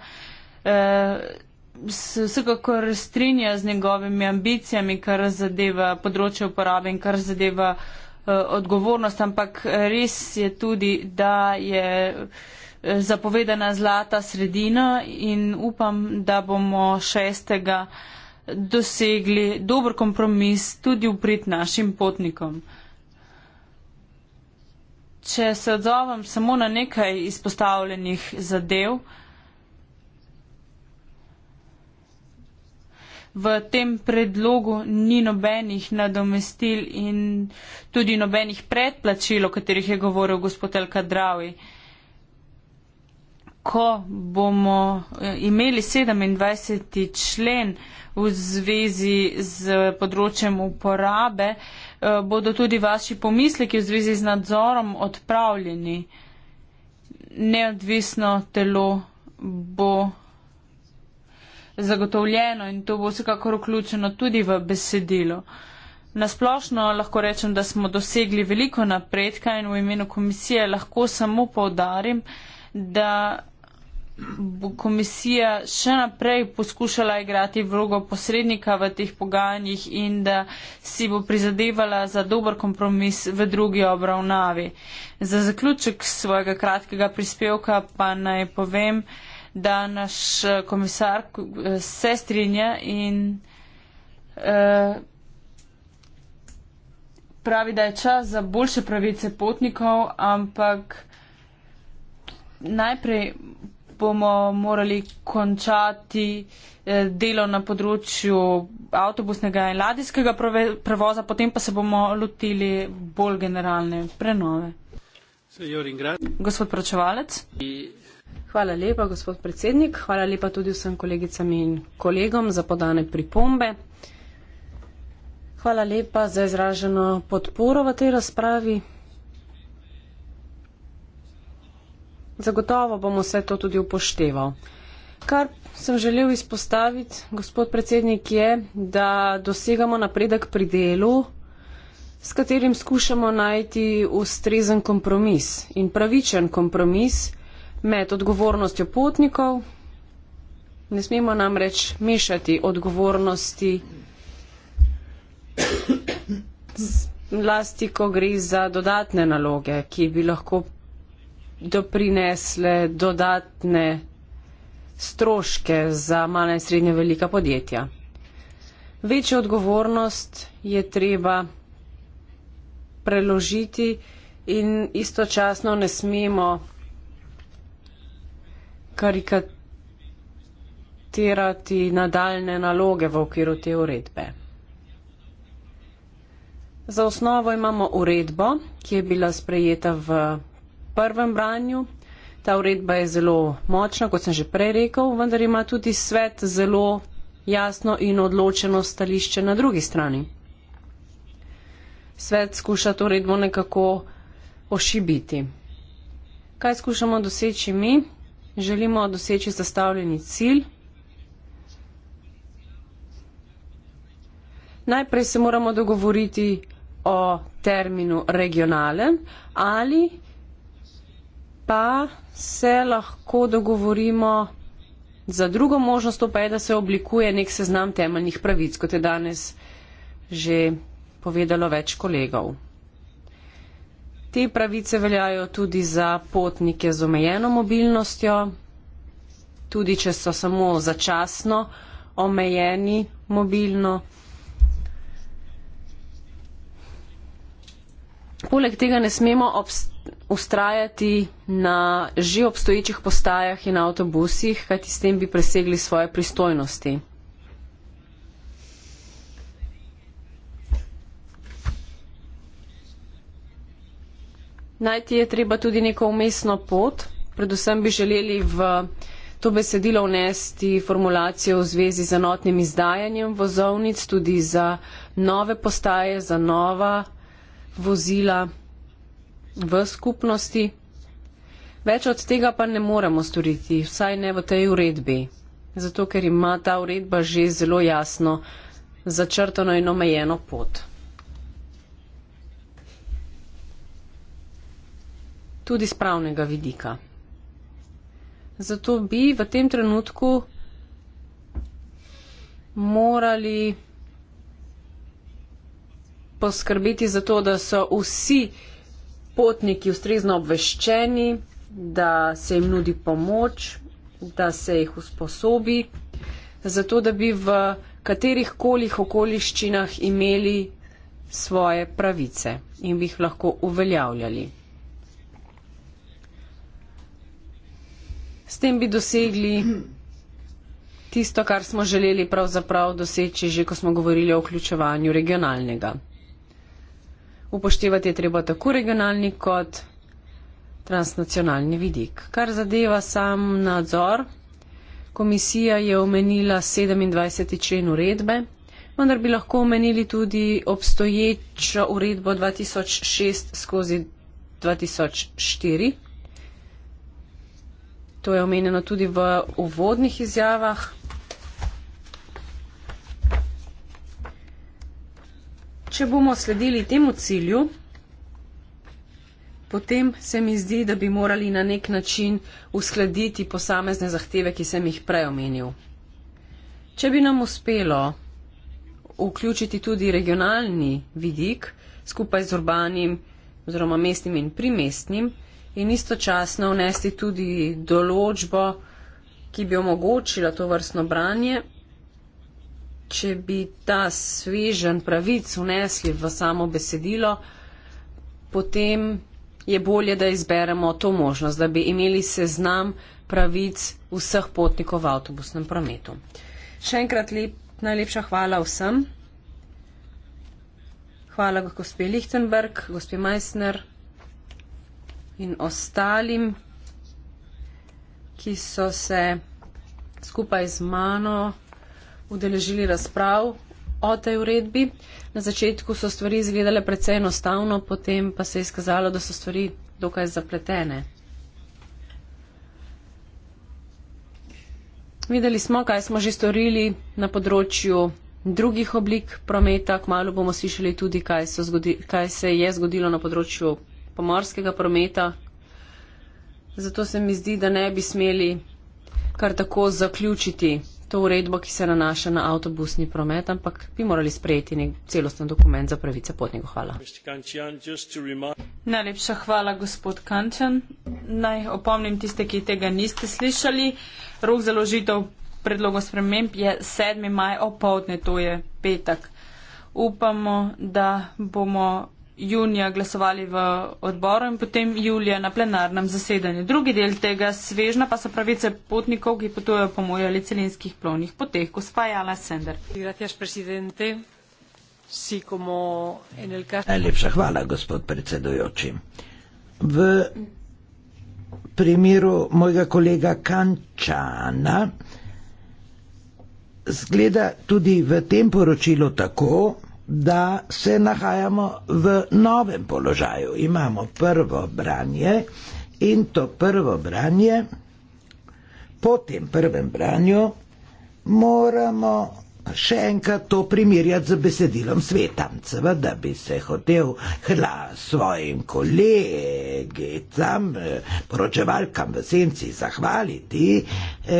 eh, se vsekakor strinja z njegovimi ambicijami, kar zadeva področje uporabe in kar zadeva eh, odgovornost, ampak res je tudi, da je eh, zapovedana zlata sredina in upam, da bomo šestega dosegli dober kompromis tudi v prid našim potnikom. Če se odzovem samo na nekaj izpostavljenih zadev, v tem predlogu ni nobenih nadomestil in tudi nobenih predplačil, o katerih je govoril gospod Elkadravi. Ko bomo eh, imeli 27. člen v zvezi z področjem uporabe, eh, bodo tudi vaši pomisleki v zvezi z nadzorom odpravljeni. Neodvisno telo bo zagotovljeno in to bo vsekakor vključeno tudi v besedilo. Nasplošno lahko rečem, da smo dosegli veliko napredka in v imenu komisije lahko samo povdarim, da bo komisija še naprej poskušala igrati vlogo posrednika v teh pogajanjih in da si bo prizadevala za dober kompromis v drugi obravnavi. Za zaključek svojega kratkega prispevka pa naj povem, da naš eh, komisar eh, se strinja in eh, pravi, da je čas za boljše pravice potnikov, ampak najprej bomo morali končati delo na področju avtobusnega in ladijskega prevoza, potem pa se bomo lotili bolj generalne prenove. Gospod pročevalec. Hvala lepa, gospod predsednik. Hvala lepa tudi vsem kolegicam in kolegom za podane pripombe. Hvala lepa za izraženo podporo v tej razpravi. Zagotovo bomo vse to tudi upošteval. Kar sem želel izpostaviti, gospod predsednik, je, da dosegamo napredek pri delu, s katerim skušamo najti ustrezen kompromis in pravičen kompromis, med odgovornostjo potnikov, ne smemo namreč mešati odgovornosti zlasti, ko gre za dodatne naloge, ki bi lahko doprinesle dodatne stroške za mala in srednje velika podjetja. Večjo odgovornost je treba preložiti in istočasno ne smemo karikatirati nadaljne naloge v okviru te uredbe. Za osnovo imamo uredbo, ki je bila sprejeta v prvem branju. Ta uredba je zelo močna, kot sem že prej rekel, vendar ima tudi svet zelo jasno in odločeno stališče na drugi strani. Svet skuša to uredbo nekako ošibiti. Kaj skušamo doseči mi? želimo doseči zastavljeni cilj. Najprej se moramo dogovoriti o terminu regionalen ali pa se lahko dogovorimo za drugo možnost, to pa je, da se oblikuje nek seznam temeljnih pravic, kot je danes že povedalo več kolegov. Te pravice veljajo tudi za potnike z omejeno mobilnostjo, tudi če so samo začasno omejeni mobilno. Poleg tega ne smemo ustrajati na že obstoječih postajah in avtobusih, kajti s tem bi presegli svoje pristojnosti. Najti je treba tudi neko umestno pot, predvsem bi želeli v to besedilo vnesti formulacijo v zvezi z enotnim izdajanjem vozovnic, tudi za nove postaje, za nova vozila v skupnosti. Več od tega pa ne moremo storiti, vsaj ne v tej uredbi, zato ker ima ta uredba že zelo jasno začrtano in omejeno pot. tudi z pravnega vidika. Zato bi v tem trenutku morali poskrbeti za to, da so vsi potniki ustrezno obveščeni, da se jim nudi pomoč, da se jih usposobi, zato da bi v katerih kolih okoliščinah imeli svoje pravice in bi jih lahko uveljavljali. s tem bi dosegli tisto, kar smo želeli pravzaprav doseči, že ko smo govorili o vključevanju regionalnega. Upoštevati je treba tako regionalni kot transnacionalni vidik. Kar zadeva sam nadzor, komisija je omenila 27. člen uredbe, vendar bi lahko omenili tudi obstoječo uredbo 2006 skozi 2004 To je omenjeno tudi v uvodnih izjavah. Če bomo sledili temu cilju, potem se mi zdi, da bi morali na nek način uskladiti posamezne zahteve, ki sem jih prej omenil. Če bi nam uspelo vključiti tudi regionalni vidik skupaj z urbanim oziroma mestnim in primestnim, in istočasno vnesti tudi določbo, ki bi omogočila to vrstno branje, če bi ta svežen pravic vnesli v samo besedilo, potem je bolje, da izberemo to možnost, da bi imeli seznam pravic vseh potnikov v avtobusnem prometu. Še enkrat lep, najlepša hvala vsem. Hvala gospe Lichtenberg, gospe Meissner in ostalim, ki so se skupaj z mano udeležili razprav o tej uredbi. Na začetku so stvari izgledale precej enostavno, potem pa se je izkazalo, da so stvari dokaj zapletene. Videli smo, kaj smo že storili na področju drugih oblik prometa, kmalo bomo slišali tudi, kaj, zgodi, kaj se je zgodilo na področju pomorskega prometa. Zato se mi zdi, da ne bi smeli kar tako zaključiti to uredbo, ki se nanaša na avtobusni promet, ampak bi morali sprejeti nek celosten dokument za pravice potnikov. Hvala. Najlepša hvala, gospod Kančan. Naj opomnim tiste, ki tega niste slišali. Rok založitev predlogov sprememb je 7. maj opovdne, to je petek. Upamo, da bomo junija glasovali v odboru in potem julija na plenarnem zasedanju. Drugi del tega svežna pa so pravice potnikov, ki potujejo po moju ali celinskih plovnih poteh. Gospa Jala Sender. Najlepša hvala, gospod predsedujoči. V primeru mojega kolega Kančana zgleda tudi v tem poročilu tako, da se nahajamo v novem položaju. Imamo prvo branje in to prvo branje, po tem prvem branju, moramo še enkrat to primerjati z besedilom sveta. Seveda bi se hotel hla svojim kolegicam, eh, poročevalkam v senci zahvaliti, eh,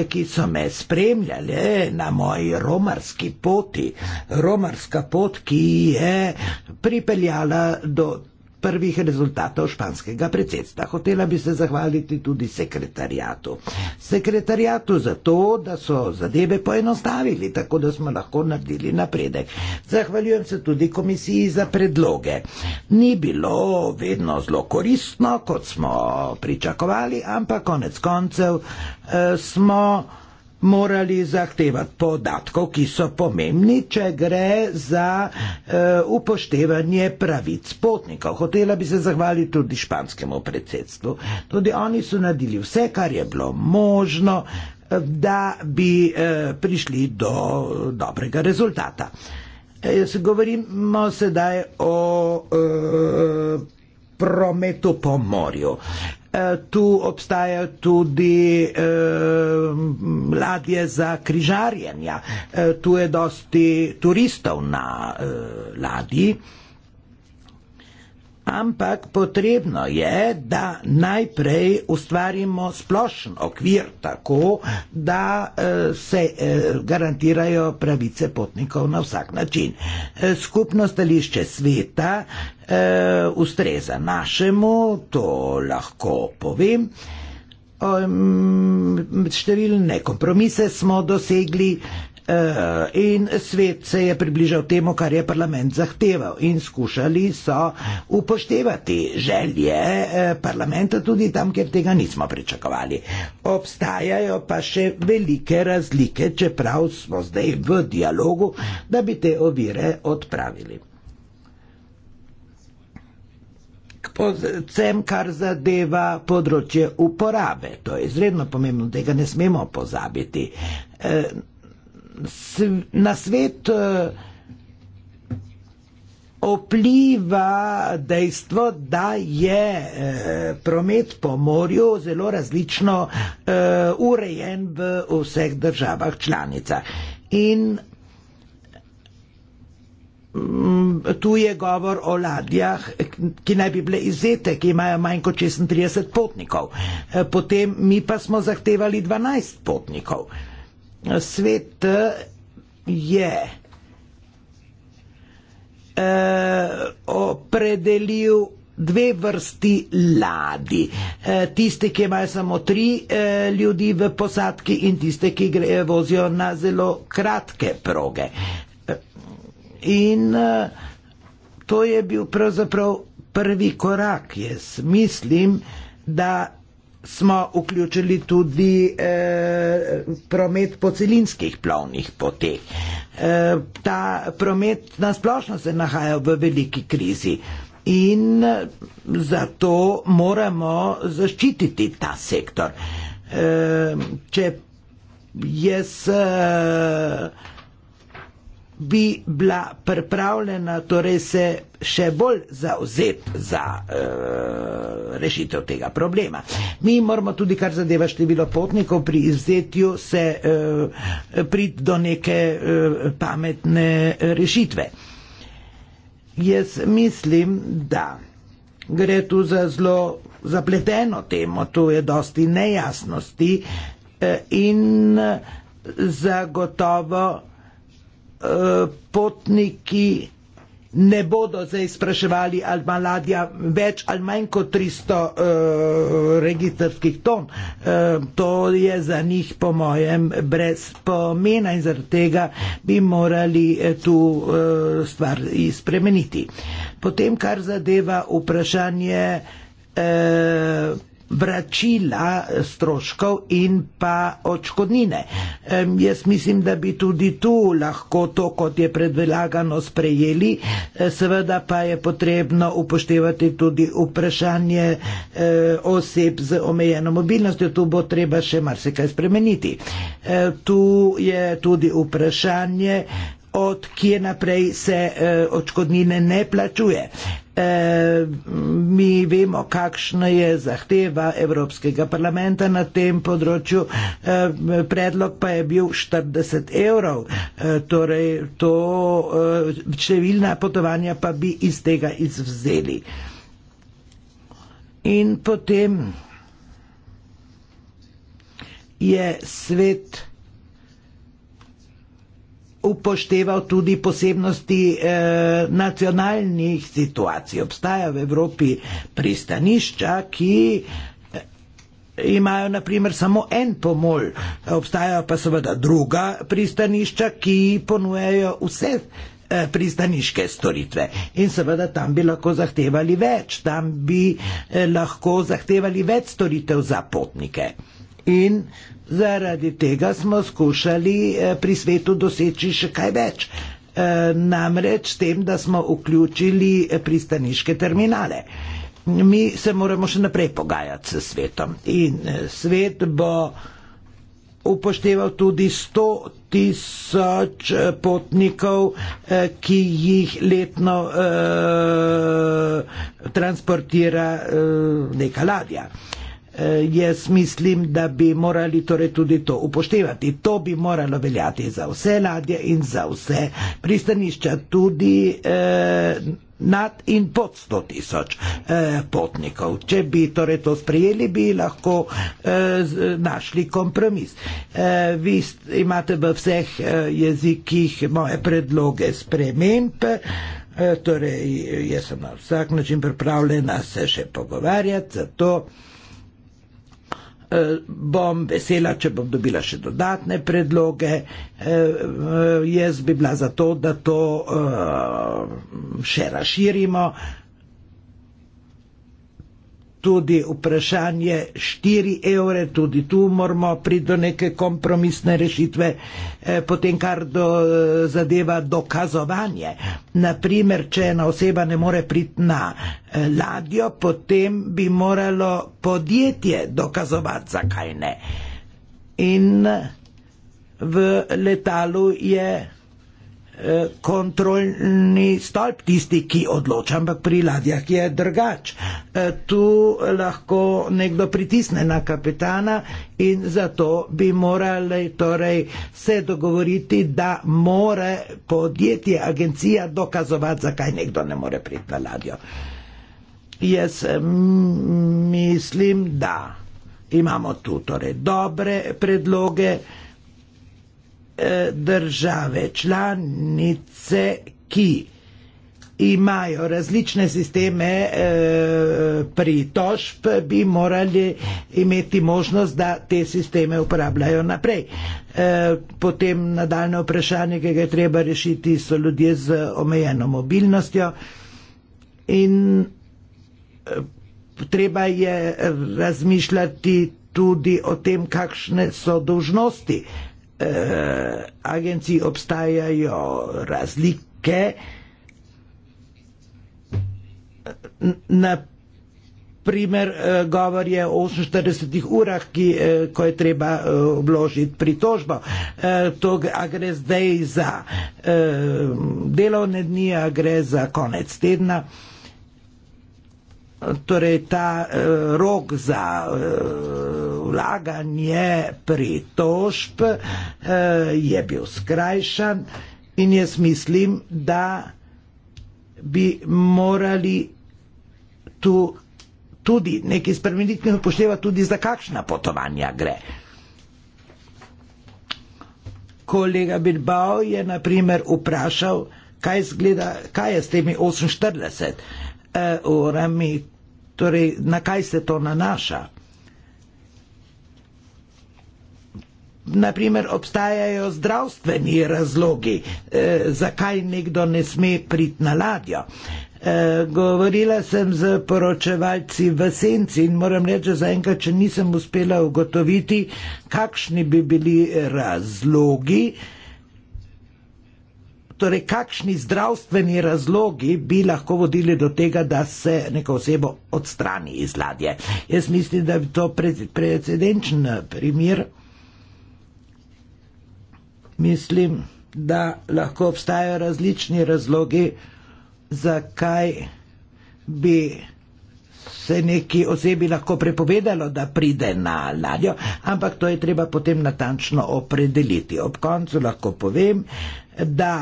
ki so me spremljale na moji romarski poti, romarska pot, ki je pripeljala do prvih rezultatov španskega predsedstva. Hotela bi se zahvaliti tudi sekretarijatu. Sekretarijatu za to, da so zadeve poenostavili, tako da smo lahko naredili napredek. Zahvaljujem se tudi komisiji za predloge. Ni bilo vedno zelo koristno, kot smo pričakovali, ampak konec koncev eh, smo morali zahtevati podatkov, ki so pomembni, če gre za e, upoštevanje pravic potnikov. Hotela bi se zahvaliti tudi španskemu predsedstvu. Tudi oni so naredili vse, kar je bilo možno, eh, da bi e, prišli do dobrega rezultata. E, se govorimo sedaj o e, prometu po morju. Eh, tu obstajajo tudi eh, ladje za križarjenja, eh, tu je dosti turistov na ladji ampak potrebno je, da najprej ustvarimo splošen okvir tako, da eh, se eh, garantirajo pravice potnikov na vsak način. Eh, skupno stališče sveta ustreza našemu, to lahko povem. Številne kompromise smo dosegli, Eh, in svet se je približal temu, kar je parlament zahteval in skušali so upoštevati želje eh, parlamenta tudi tam, kjer tega nismo pričakovali. Obstajajo pa še velike razlike, čeprav smo zdaj v dialogu, da bi te ovire odpravili. Vsem, kar zadeva področje uporabe, to je izredno pomembno, tega ne smemo pozabiti. E, na svet opliva eh, dejstvo, da je eh, promet po morju zelo različno eh, urejen v vseh državah članicah. In mm, tu je govor o ladjah, ki naj bi bile izete, ki imajo manj kot 36 potnikov. Potem mi pa smo zahtevali 12 potnikov svet je eh, opredelil dve vrsti ladi. Eh, tiste, ki imajo samo tri eh, ljudi v posadki in tiste, ki grejo eh, vozijo na zelo kratke proge. Eh, in eh, to je bil pravzaprav prvi korak. Jaz mislim, da smo vključili tudi eh, promet po celinskih plovnih poteh. Eh, ta promet nasplošno se nahaja v veliki krizi in zato moramo zaščititi ta sektor. Eh, če jaz. Eh, bi bila pripravljena torej se še bolj zauzeti za e, rešitev tega problema. Mi moramo tudi, kar zadeva število potnikov, pri izvzetju se e, eh, prid do neke e, pametne rešitve. Jaz mislim, da gre tu za zelo zapleteno temo, tu je dosti nejasnosti e, in zagotovo Eh, potniki ne bodo zdaj spraševali, ali ima ladja več ali manj kot 300 uh, eh, registrskih ton. Uh, to je za njih, po mojem, brez pomena in zaradi tega bi morali tu uh, stvar izpremeniti. Potem, kar zadeva vprašanje. Uh, vračila stroškov in pa očkodnine. Um, jaz mislim, da bi tudi tu lahko to, kot je predvelagano, sprejeli. E, seveda pa je potrebno upoštevati tudi vprašanje e, oseb z omejeno mobilnostjo. Tu bo treba še marsikaj spremeniti. E, tu je tudi vprašanje, od kje naprej se e, očkodnine ne plačuje. E, mi vemo, kakšna je zahteva Evropskega parlamenta na tem področju. E, predlog pa je bil 40 evrov, e, torej to številna potovanja pa bi iz tega izvzeli. In potem je svet upošteval tudi posebnosti eh, nacionalnih situacij. Obstaja v Evropi pristanišča, ki eh, imajo naprimer samo en pomol, obstajajo pa seveda druga pristanišča, ki ponujajo vse eh, pristaniške storitve. In seveda tam bi lahko zahtevali več, tam bi eh, lahko zahtevali več storitev za potnike. In Zaradi tega smo skušali eh, pri svetu doseči še kaj več, eh, namreč tem, da smo vključili eh, pristaniške terminale. Mi se moramo še naprej pogajati s svetom in svet bo upošteval tudi 100 tisoč potnikov, ki jih letno eh, transportira eh, neka ladja. Eh, Eh, jaz mislim, da bi morali torej tudi to upoštevati. To bi moralo veljati za vse ladje in za vse pristanišča, tudi eh, nad in pod 100 tisoč eh, potnikov. Če bi torej to sprejeli, bi lahko eh, našli kompromis. Eh, vi imate v vseh eh, jezikih moje predloge sprememb. Eh, torej, jaz sem na vsak način pripravljena se še pogovarjati, zato eh, Eh, bom vesela, če bom dobila še dodatne predloge. Eh, eh, jaz bi bila za to, da to še razširimo, tudi vprašanje 4 evre, tudi tu moramo priti do neke kompromisne rešitve, eh, potem kar do, eh, zadeva dokazovanje. Naprimer, če ena oseba ne more priti na eh, ladjo, potem bi moralo podjetje dokazovati, zakaj ne. In v letalu je kontrolni stolp, tisti, ki odloča, ampak pri ladjah je drugač. E, tu lahko nekdo pritisne na kapitana in zato bi morali torej se dogovoriti, da more podjetje, agencija dokazovati, zakaj nekdo ne more priti na ladjo. Jaz mislim, da imamo tu torej dobre predloge. Eh, države, članice, ki imajo različne sisteme e, pritožb, bi morali imeti možnost, da te sisteme uporabljajo naprej. E, potem nadaljne vprašanje, ki ga je treba rešiti, so ljudje z omejeno mobilnostjo in e, treba je razmišljati tudi o tem, kakšne so dožnosti eh, agencij obstajajo razlike. Naprimer, eh, govor je o 48 urah, ki, eh, ko je treba eh, vložiti pritožbo. Eh, to gre zdaj za eh, delovne dni, a gre za konec tedna. Eh, Torej, ta eh, rok za eh, vlaganje pritožb eh, je bil skrajšan in jaz mislim, da bi morali tu tudi nekaj spremeniti in upoštevati tudi za kakšna potovanja gre. Kolega Bilbao je naprimer vprašal, kaj, zgleda, kaj je s temi 48 urami, torej na kaj se to nanaša. Naprimer, obstajajo zdravstveni razlogi, eh, zakaj nekdo ne sme priti na ladjo. Eh, govorila sem z poročevalci v senci in moram reči, da zaenkrat, če nisem uspela ugotoviti, kakšni bi bili razlogi, eh, Torej, kakšni zdravstveni razlogi bi lahko vodili do tega, da se neko osebo odstrani iz ladje? Jaz mislim, da bi to precedenčen eh, primer. Mislim, da lahko obstajajo različni razlogi, zakaj bi se neki osebi lahko prepovedalo, da pride na ladjo, ampak to je treba potem natančno opredeliti. Ob koncu lahko povem, da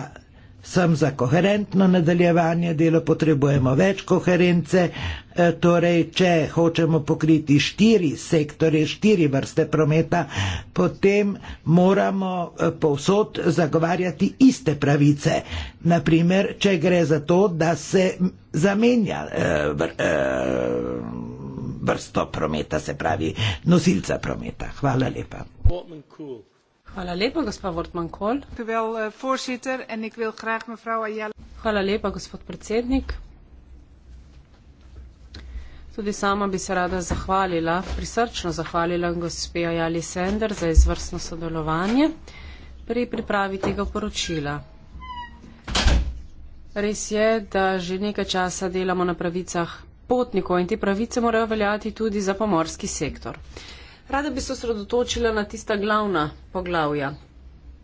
sem za koherentno nadaljevanje dela, potrebujemo več koherence. E, torej, če hočemo pokriti štiri sektore, štiri vrste prometa, potem moramo e, povsod zagovarjati iste pravice. Naprimer, če gre za to, da se zamenja e, vrsto prometa, se pravi nosilca prometa. Hvala lepa. Hvala lepa, gospa Wortman Kohl. Eh, Hvala lepa, gospod predsednik. Tudi sama bi se rada zahvalila, prisrčno zahvalila gospe Ajali Sender za izvrstno sodelovanje pri pripravi tega poročila. Res je, da že nekaj časa delamo na pravicah potnikov in te pravice morajo veljati tudi za pomorski sektor. Rada bi se osredotočila na tista glavna poglavja.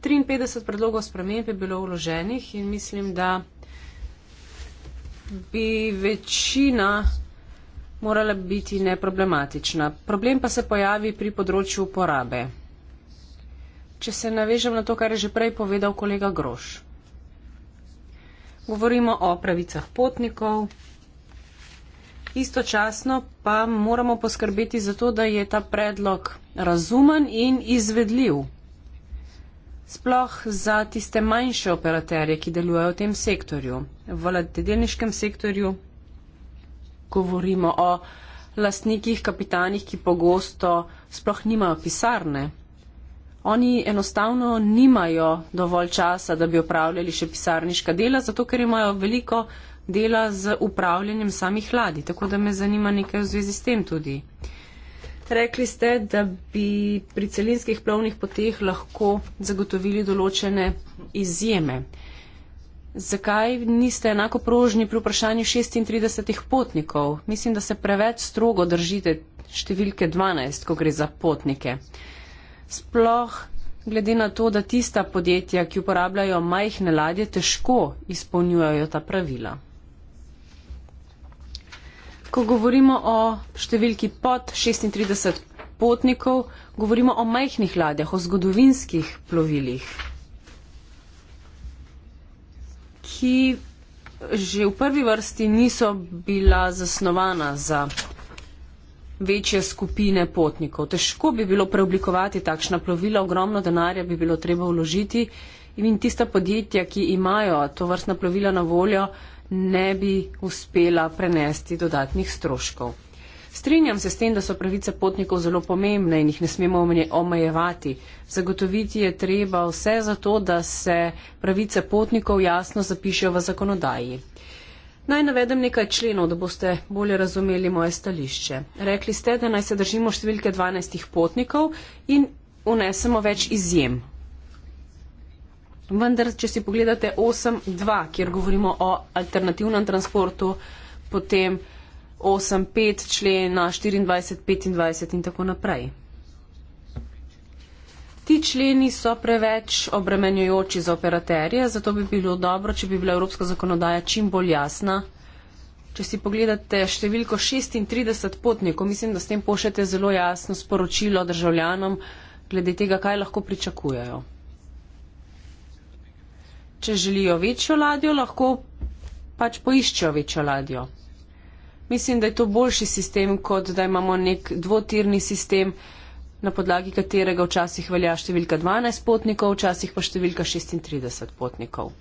53 predlogov sprememb je bilo vloženih in mislim, da bi večina morala biti neproblematična. Problem pa se pojavi pri področju uporabe. Če se navežem na to, kar je že prej povedal kolega Groš. Govorimo o pravicah potnikov, istočasno pa moramo poskrbeti za to, da je ta predlog razumen in izvedljiv. Sploh za tiste manjše operaterje, ki delujejo v tem sektorju. V delniškem sektorju govorimo o lastnikih, kapitanih, ki pogosto sploh nimajo pisarne. Oni enostavno nimajo dovolj časa, da bi opravljali še pisarniška dela, zato ker imajo veliko dela z upravljanjem samih ladij. Tako da me zanima nekaj v zvezi s tem tudi. Rekli ste, da bi pri celinskih plovnih poteh lahko zagotovili določene izjeme. Zakaj niste enako prožni pri vprašanju 36 potnikov? Mislim, da se preveč strogo držite številke 12, ko gre za potnike. Sploh glede na to, da tista podjetja, ki uporabljajo majhne ladje, težko izpolnjujejo ta pravila. Ko govorimo o številki pod 36 potnikov, govorimo o majhnih ladjah, o zgodovinskih plovilih, ki že v prvi vrsti niso bila zasnovana za večje skupine potnikov. Težko bi bilo preoblikovati takšna plovila, ogromno denarja bi bilo treba vložiti in tista podjetja, ki imajo to vrstna plovila na voljo, ne bi uspela prenesti dodatnih stroškov. Strinjam se s tem, da so pravice potnikov zelo pomembne in jih ne smemo omejevati. Zagotoviti je treba vse za to, da se pravice potnikov jasno zapišejo v zakonodaji. Naj navedem nekaj členov, da boste bolje razumeli moje stališče. Rekli ste, da naj se držimo številke 12 potnikov in unesemo več izjem. Vendar, če si pogledate 8.2, kjer govorimo o alternativnem transportu, potem 8.5 člena, 24.25 in tako naprej. Ti členi so preveč obremenjujoči za operaterje, zato bi bilo dobro, če bi bila evropska zakonodaja čim bolj jasna. Če si pogledate številko 36 potnikov, mislim, da s tem pošljete zelo jasno sporočilo državljanom glede tega, kaj lahko pričakujejo če želijo večjo ladjo, lahko pač poiščejo večjo ladjo. Mislim, da je to boljši sistem, kot da imamo nek dvotirni sistem, na podlagi katerega včasih velja številka 12 potnikov, včasih pa številka 36 potnikov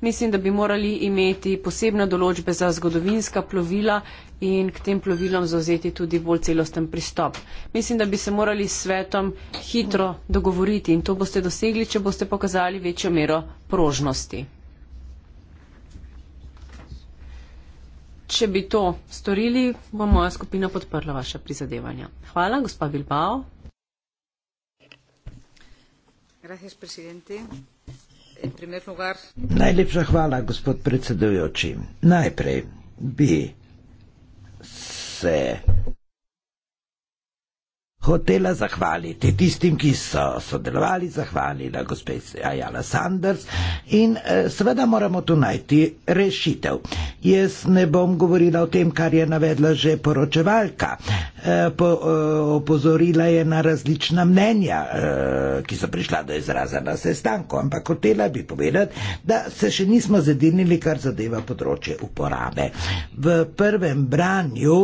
mislim, da bi morali imeti posebne določbe za zgodovinska plovila in k tem plovilom zauzeti tudi bolj celosten pristop. Mislim, da bi se morali s svetom hitro dogovoriti in to boste dosegli, če boste pokazali večjo mero prožnosti. Če bi to storili, bo moja skupina podprla vaše prizadevanja. Hvala, gospa Bilbao. Gracias, presidente. Najlepša hvala, gospod predsedujoči. Najprej bi se hotela zahvaliti tistim, ki so sodelovali, zahvalila gospe Ajala Sanders in eh, seveda moramo tu najti rešitev. Jaz ne bom govorila o tem, kar je navedla že poročevalka. Eh, po, eh, opozorila je na različna mnenja, ki so prišla do izraza na sestanku, ampak hotela bi povedati, da se še nismo zedinili, kar zadeva področje uporabe. V prvem branju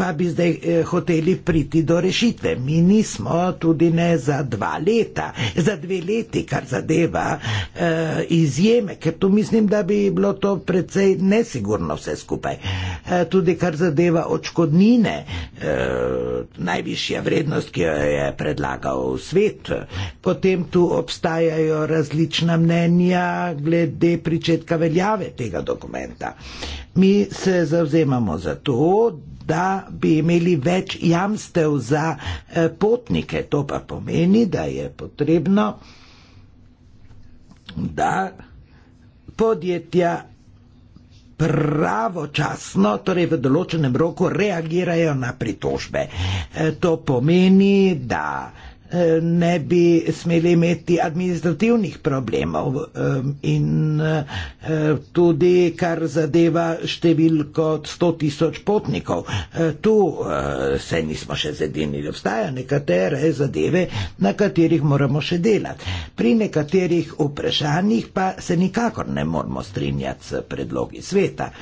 pa bi zdaj hoteli priti do rešitev volitve, mi nismo tudi ne za dva leta, za dve leti, kar zadeva eh, izjeme, ker tu mislim, da bi bilo to precej nesigurno vse skupaj. Eh, tudi kar zadeva očkodnine, eh, najvišja vrednost, ki jo je predlagal svet. Potem tu obstajajo različna mnenja glede pričetka veljave tega dokumenta. Eh, Mi se zauzemamo za to, da bi imeli več jamstev za eh, potnike. To pa pomeni, da je potrebno, da podjetja pravočasno, torej v določenem roku, reagirajo na pritožbe. Eh, to pomeni, da Eh, ne bi smeli imeti administrativnih problemov eh, in eh, tudi kar zadeva številko 100 tisoč potnikov. Tu se nismo še zedinili, obstajajo nekatere zadeve, na katerih moramo še delati. Pri nekaterih vprašanjih pa se nikakor ne moramo strinjati s predlogi sveta.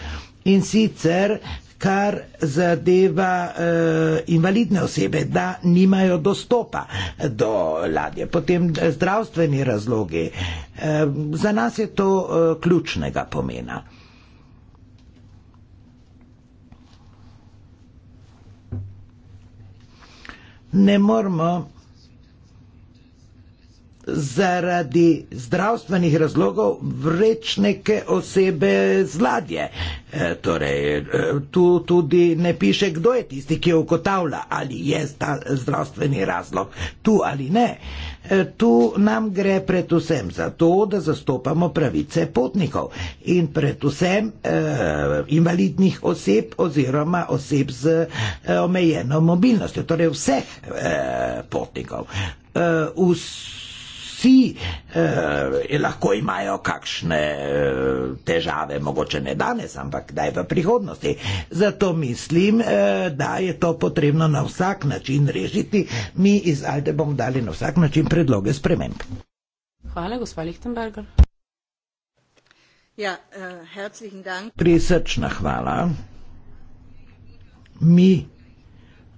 In sicer kar zadeva e, invalidne osebe, da nimajo dostopa do ladje, potem eh, zdravstveni razlogi. E, za nas je to e, ključnega pomena. Ne moramo zaradi zdravstvenih razlogov vreč neke osebe z ladje. E, torej, e, tu tudi ne piše, kdo je tisti, ki ugotavlja, ali je ta zdravstveni razlog tu ali ne. E, tu nam gre predvsem za to, da zastopamo pravice potnikov in predvsem e, invalidnih oseb oziroma oseb z e, omejeno mobilnostjo, torej vseh e, potnikov. E, vsi eh, lahko imajo kakšne eh, težave, mogoče ne danes, ampak kdaj v prihodnosti. Zato mislim, eh, da je to potrebno na vsak način rešiti. Mi iz Alde bomo dali na vsak način predloge sprememb. Hvala, gospod Lichtenberger. Ja, uh, herzlichen Dank. Prisrčna hvala. Mi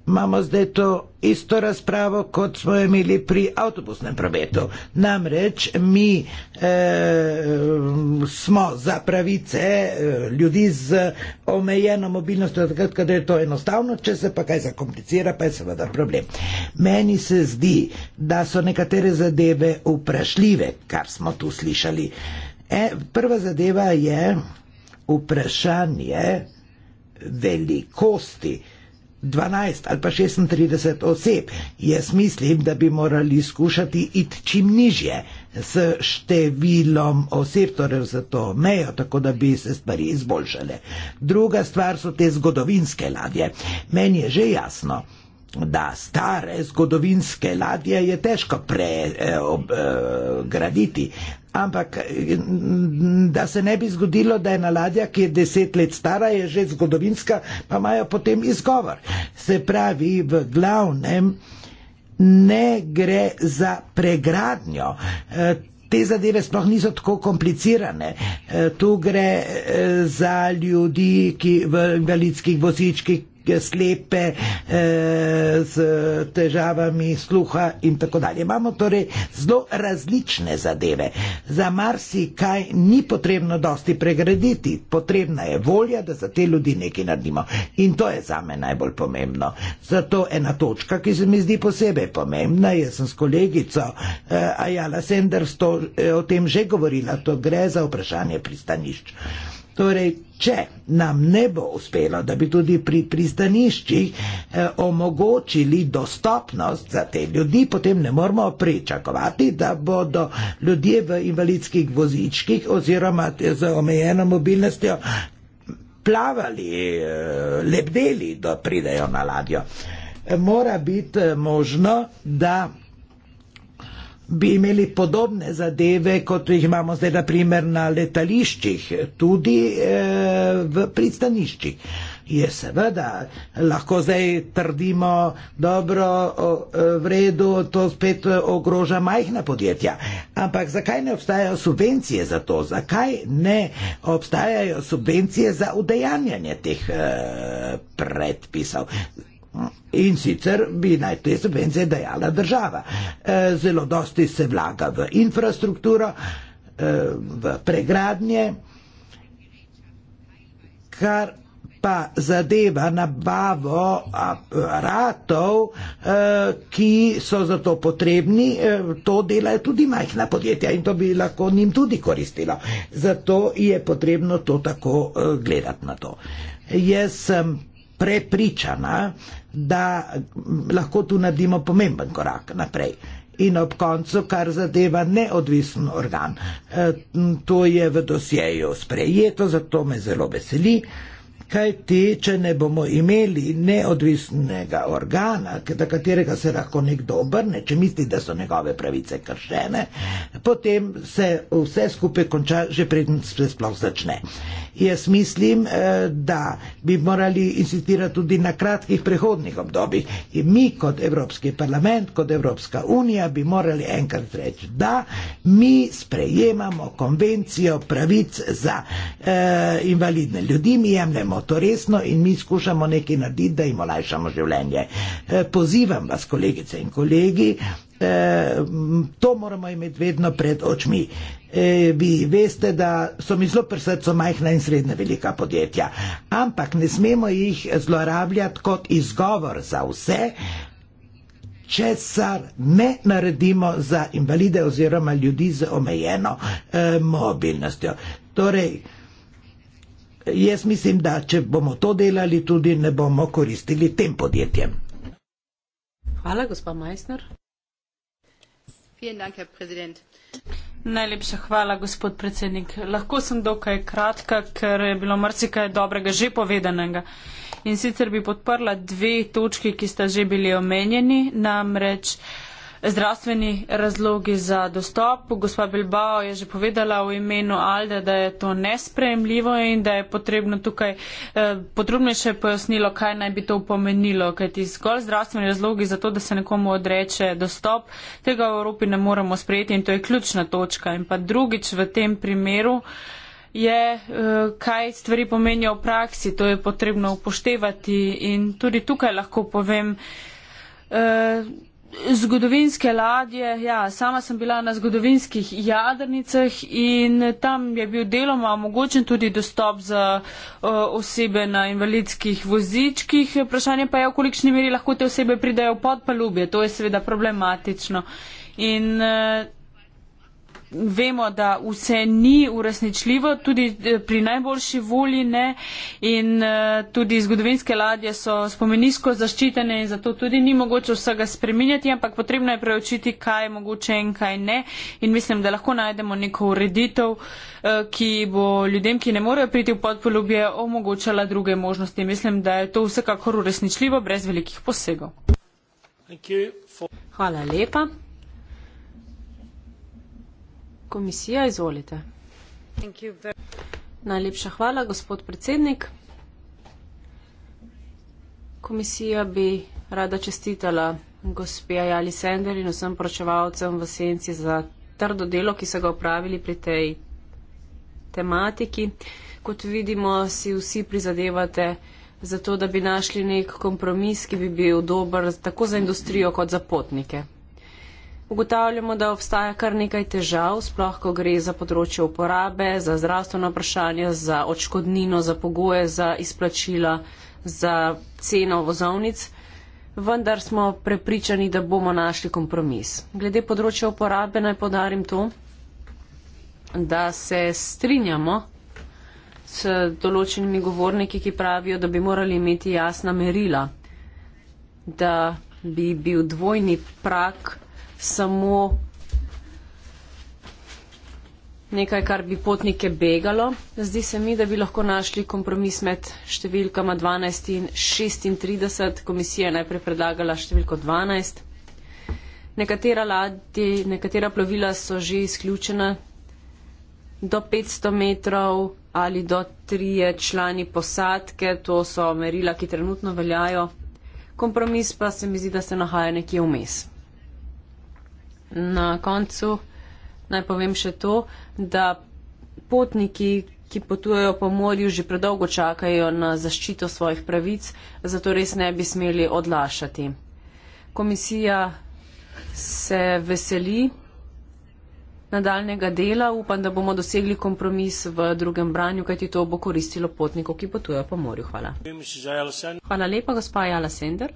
imamo zdaj to isto razpravo, kot smo jo imeli pri avtobusnem prometu. Namreč mi eh, smo za pravice eh, ljudi z omejeno mobilnostjo, takrat, kadar je to enostavno, če se pa kaj zakomplicira, pa je seveda problem. Meni se zdi, da so nekatere zadeve vprašljive, kar smo tu slišali. E, prva zadeva je vprašanje velikosti. 12 ali pa 36 oseb. Jaz mislim, da bi morali skušati iti čim nižje s številom oseb, torej za to mejo, tako da bi se stvari izboljšale. Druga stvar so te zgodovinske ladje. Meni je že jasno, da stare zgodovinske ladje je težko pregraditi, eh, eh, ampak da se ne bi zgodilo, da je ena ladja, ki je deset let stara, je že zgodovinska, pa imajo potem izgovor. Se pravi, v glavnem ne gre za pregradnjo. Eh, te zadeve sploh niso tako komplicirane. Tu gre za ljudi, ki v invalidskih vozičkih slepe, eh, z težavami sluha in tako dalje. Imamo torej zelo različne zadeve. Za marsikaj ni potrebno dosti pregraditi, potrebna je volja, da za te ljudi nekaj naredimo. In to je zame najbolj pomembno. Zato ena točka, ki se mi zdi posebej pomembna, jaz sem s kolegico eh, Ajala Senders to, eh, o tem že govorila, to gre za vprašanje pristanišč. Torej, če nam ne bo uspelo, da bi tudi pri pristaniščih eh, omogočili dostopnost za te ljudi, potem ne moramo pričakovati, da bodo ljudje v invalidskih vozičkih oziroma z omejeno mobilnostjo plavali, eh, lebdeli, da pridejo na ladjo. Mora biti eh, možno, da bi imeli podobne zadeve, kot jih imamo zdaj, naprimer na letališčih, tudi eh, v pristaniščih. Je seveda, lahko zdaj trdimo, dobro, eh, v redu, to spet eh, ogroža majhna podjetja. Ampak zakaj ne obstajajo subvencije za to? Zakaj ne obstajajo subvencije za udejanjanje teh eh, predpisov? In sicer bi naj te subvencije dajala država. E, zelo dosti se vlaga v infrastrukturo, e, v pregradnje, kar pa zadeva nabavo aparatov, e, ki so za to potrebni, to delajo tudi majhna podjetja in to bi lahko njim tudi koristilo. Zato je potrebno to tako gledati na to. Jaz sem prepričana, da lahko tu naredimo pomemben korak naprej. In ob koncu, kar zadeva neodvisen organ, e, to je v dosjeju sprejeto, zato me zelo veseli kaj ti, če ne bomo imeli neodvisnega organa, na katerega se lahko nekdo obrne, če misli, da so njegove pravice kršene, potem se vse skupaj konča, že preden se sploh začne. Jaz mislim, eh, da bi morali insistirati tudi na kratkih prehodnih obdobjih in mi kot Evropski parlament, kot Evropska unija bi morali enkrat reči, da mi sprejemamo konvencijo pravic za eh, invalidne ljudi, mi jemljemo to resno in mi skušamo nekaj narediti, da jim olajšamo življenje. E, pozivam vas, kolegice in kolegi, e, to moramo imeti vedno pred očmi. E, vi veste, da so mi zelo pri srcu majhna in srednja velika podjetja, ampak ne smemo jih zlorabljati kot izgovor za vse. Česar ne naredimo za invalide oziroma ljudi z omejeno eh, mobilnostjo. Torej, eh, Jaz mislim, da če bomo to delali, tudi ne bomo koristili tem podjetjem. Hvala, gospod Majsner. Dank, Najlepša hvala, gospod predsednik. Lahko sem dokaj kratka, ker je bilo marsikaj dobrega že povedanega. In sicer bi podprla dve točki, ki sta že bili omenjeni, namreč zdravstveni razlogi za dostop. Gospa Bilbao je že povedala v imenu Alde, da je to nespremljivo in da je potrebno tukaj eh, podrobnejše pojasnilo, kaj naj bi to pomenilo, kajti zgolj zdravstveni razlogi za to, da se nekomu odreče dostop, tega v Evropi ne moramo sprejeti in to je ključna točka. In pa drugič v tem primeru je, eh, kaj stvari pomenijo v praksi, to je potrebno upoštevati in tudi tukaj lahko povem, eh, zgodovinske ladje, ja, sama sem bila na zgodovinskih jadrnicah in tam je bil deloma omogočen tudi dostop za osebe na invalidskih vozičkih. Vprašanje pa je, v kolikšni meri lahko te osebe pridajo pod palubje. To je seveda problematično. In eh, vemo, da vse ni uresničljivo, tudi eh, pri najboljši volji ne in eh, tudi zgodovinske ladje so spomenisko zaščitene in zato tudi ni mogoče vsega spreminjati, ampak potrebno je preučiti, kaj je mogoče in kaj ne in mislim, da lahko najdemo neko ureditev, eh, ki bo ljudem, ki ne morejo priti v podpolubje, omogočala druge možnosti. Mislim, da je to vsekakor uresničljivo brez velikih posegov. Hvala lepa komisija, izvolite. Najlepša hvala, gospod predsednik. Komisija bi rada čestitala gospe Ajali Sender in vsem poročevalcem v senci za trdo delo, ki so ga upravili pri tej tematiki. Kot vidimo, si vsi prizadevate za to, da bi našli nek kompromis, ki bi bil dober tako za industrijo kot za potnike. Ugotavljamo, da obstaja kar nekaj težav, sploh ko gre za področje uporabe, za zdravstveno vprašanje, za očkodnino, za pogoje, za izplačila, za ceno vozovnic. Vendar smo prepričani, da bomo našli kompromis. Glede področja uporabe naj podarim to, da se strinjamo s določenimi govorniki, ki pravijo, da bi morali imeti jasna merila, da bi bil dvojni prak samo nekaj, kar bi potnike begalo. Zdi se mi, da bi lahko našli kompromis med številkama 12 in 36. Komisija je najprej predlagala številko 12. Nekatera, ladi, nekatera plovila so že izključena do 500 metrov ali do trije člani posadke. To so merila, ki trenutno veljajo. Kompromis pa se mi zdi, da se nahaja nekje vmes. Na koncu naj povem še to, da potniki, ki potujejo po morju, že predolgo čakajo na zaščito svojih pravic, zato res ne bi smeli odlašati. Komisija se veseli nadaljnega dela, upam, da bomo dosegli kompromis v drugem branju, kajti to bo koristilo potnikov, ki potujejo po morju. Hvala. Hvala lepa, gospa Jala Sender.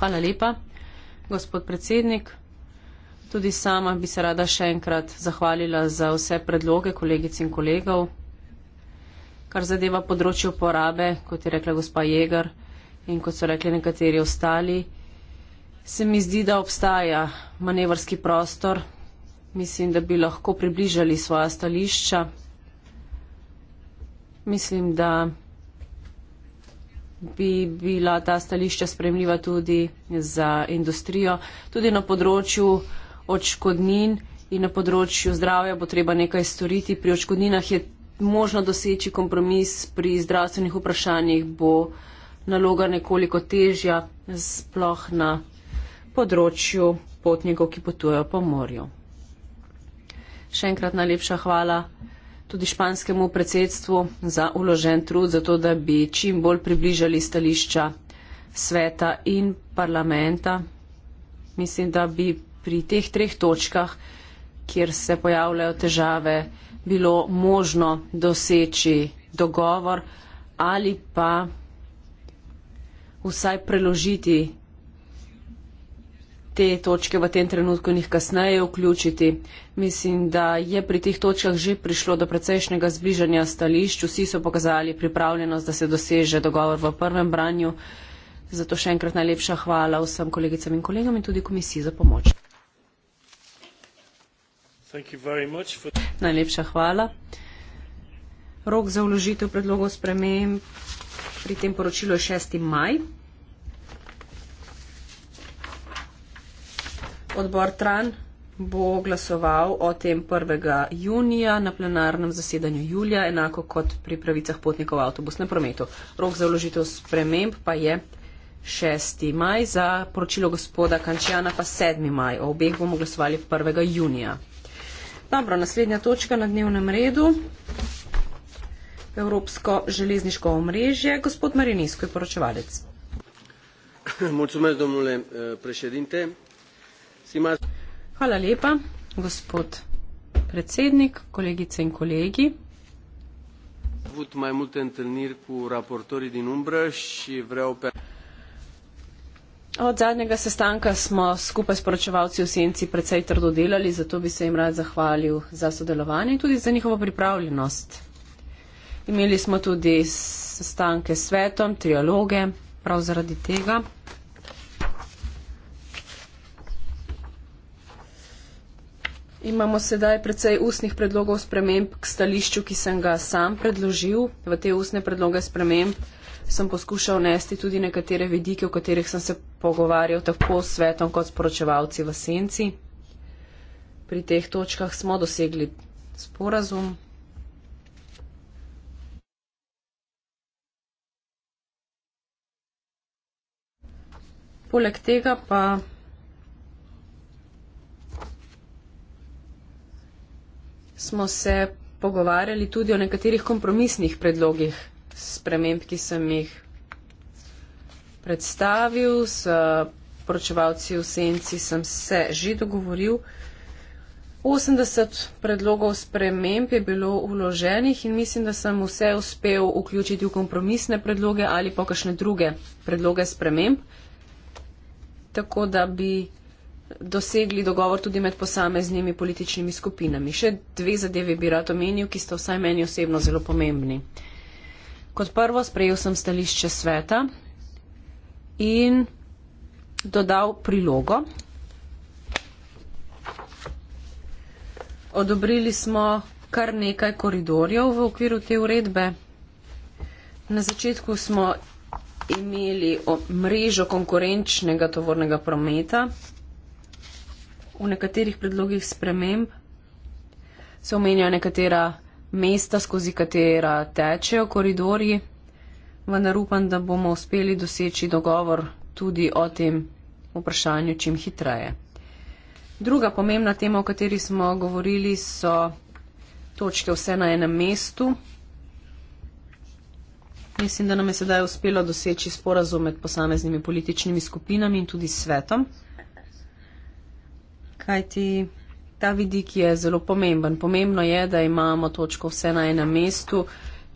Hvala lepa gospod predsednik. Tudi sama bi se rada še enkrat zahvalila za vse predloge kolegic in kolegov, kar zadeva področje uporabe, kot je rekla gospa Jegar in kot so rekli nekateri ostali. Se mi zdi, da obstaja manevrski prostor. Mislim, da bi lahko približali svoja stališča. Mislim, da bi bila ta stališča spremljiva tudi za industrijo. Tudi na področju očkodnin in na področju zdravja bo treba nekaj storiti. Pri očkodninah je možno doseči kompromis, pri zdravstvenih vprašanjih bo naloga nekoliko težja, sploh na področju potnikov, ki potujejo po morju. Še enkrat najlepša hvala tudi španskemu predsedstvu za uložen trud, zato da bi čim bolj približali stališča sveta in parlamenta. Mislim, da bi pri teh treh točkah, kjer se pojavljajo težave, bilo možno doseči dogovor ali pa vsaj preložiti te točke v tem trenutku in jih kasneje vključiti. Mislim, da je pri teh točkah že prišlo do precejšnjega zbližanja stališč. Vsi so pokazali pripravljenost, da se doseže dogovor v prvem branju. Zato še enkrat najlepša hvala vsem kolegicam in kolegom in tudi komisiji za pomoč. Najlepša hvala. Rok za vložitev predlogov sprememb pri tem poročilu je 6. maj. Odbor Tran bo glasoval o tem 1. junija na plenarnem zasedanju julija, enako kot pri pravicah potnikov v avtobusnem prometu. Rok za vložitev sprememb pa je 6. maj, za poročilo gospoda Kančjana pa 7. maj. O obeh bomo glasovali 1. junija. Dobro, naslednja točka na dnevnem redu. Evropsko železniško omrežje. Gospod Marinisko je poročevalec. Moc umet, domnule, eh, prešedinte. Simas. Hvala lepa, gospod predsednik, kolegice in kolegi. Avut mai multe întâlniri cu raportorii din umbră și vreau pe... Od zadnjega sestanka smo skupaj s poročevalci v senci precej trdo delali, zato bi se jim rad zahvalil za sodelovanje in tudi za njihovo pripravljenost. Imeli smo tudi sestanke s svetom, trialoge, prav zaradi tega. Imamo sedaj precej ustnih predlogov sprememb k stališču, ki sem ga sam predložil. V te ustne predloge sprememb sem poskušal nesti tudi nekatere vidike, o katerih sem se pogovarjal tako s svetom kot s poročevalci v senci. Pri teh točkah smo dosegli sporazum. Poleg tega pa. smo se pogovarjali tudi o nekaterih kompromisnih predlogih sprememb, ki sem jih predstavil. S poročevalci v senci sem se že dogovoril. 80 predlogov sprememb je bilo uloženih in mislim, da sem vse uspel vključiti v kompromisne predloge ali pa kakšne druge predloge sprememb. Tako da bi dosegli dogovor tudi med posameznimi političnimi skupinami. Še dve zadeve bi rad omenil, ki sta vsaj meni osebno zelo pomembni. Kot prvo sprejel sem stališče sveta in dodal prilogo. Odobrili smo kar nekaj koridorjev v okviru te uredbe. Na začetku smo imeli mrežo konkurenčnega tovornega prometa, v nekaterih predlogih sprememb se omenjajo nekatera mesta, skozi katera tečejo koridori, vendar upam, da bomo uspeli doseči dogovor tudi o tem vprašanju čim hitreje. Druga pomembna tema, o kateri smo govorili, so točke vse na enem mestu. Mislim, da nam je sedaj uspelo doseči sporazum med posameznimi političnimi skupinami in tudi svetom kajti ta vidik je zelo pomemben. Pomembno je, da imamo točko vse na enem mestu,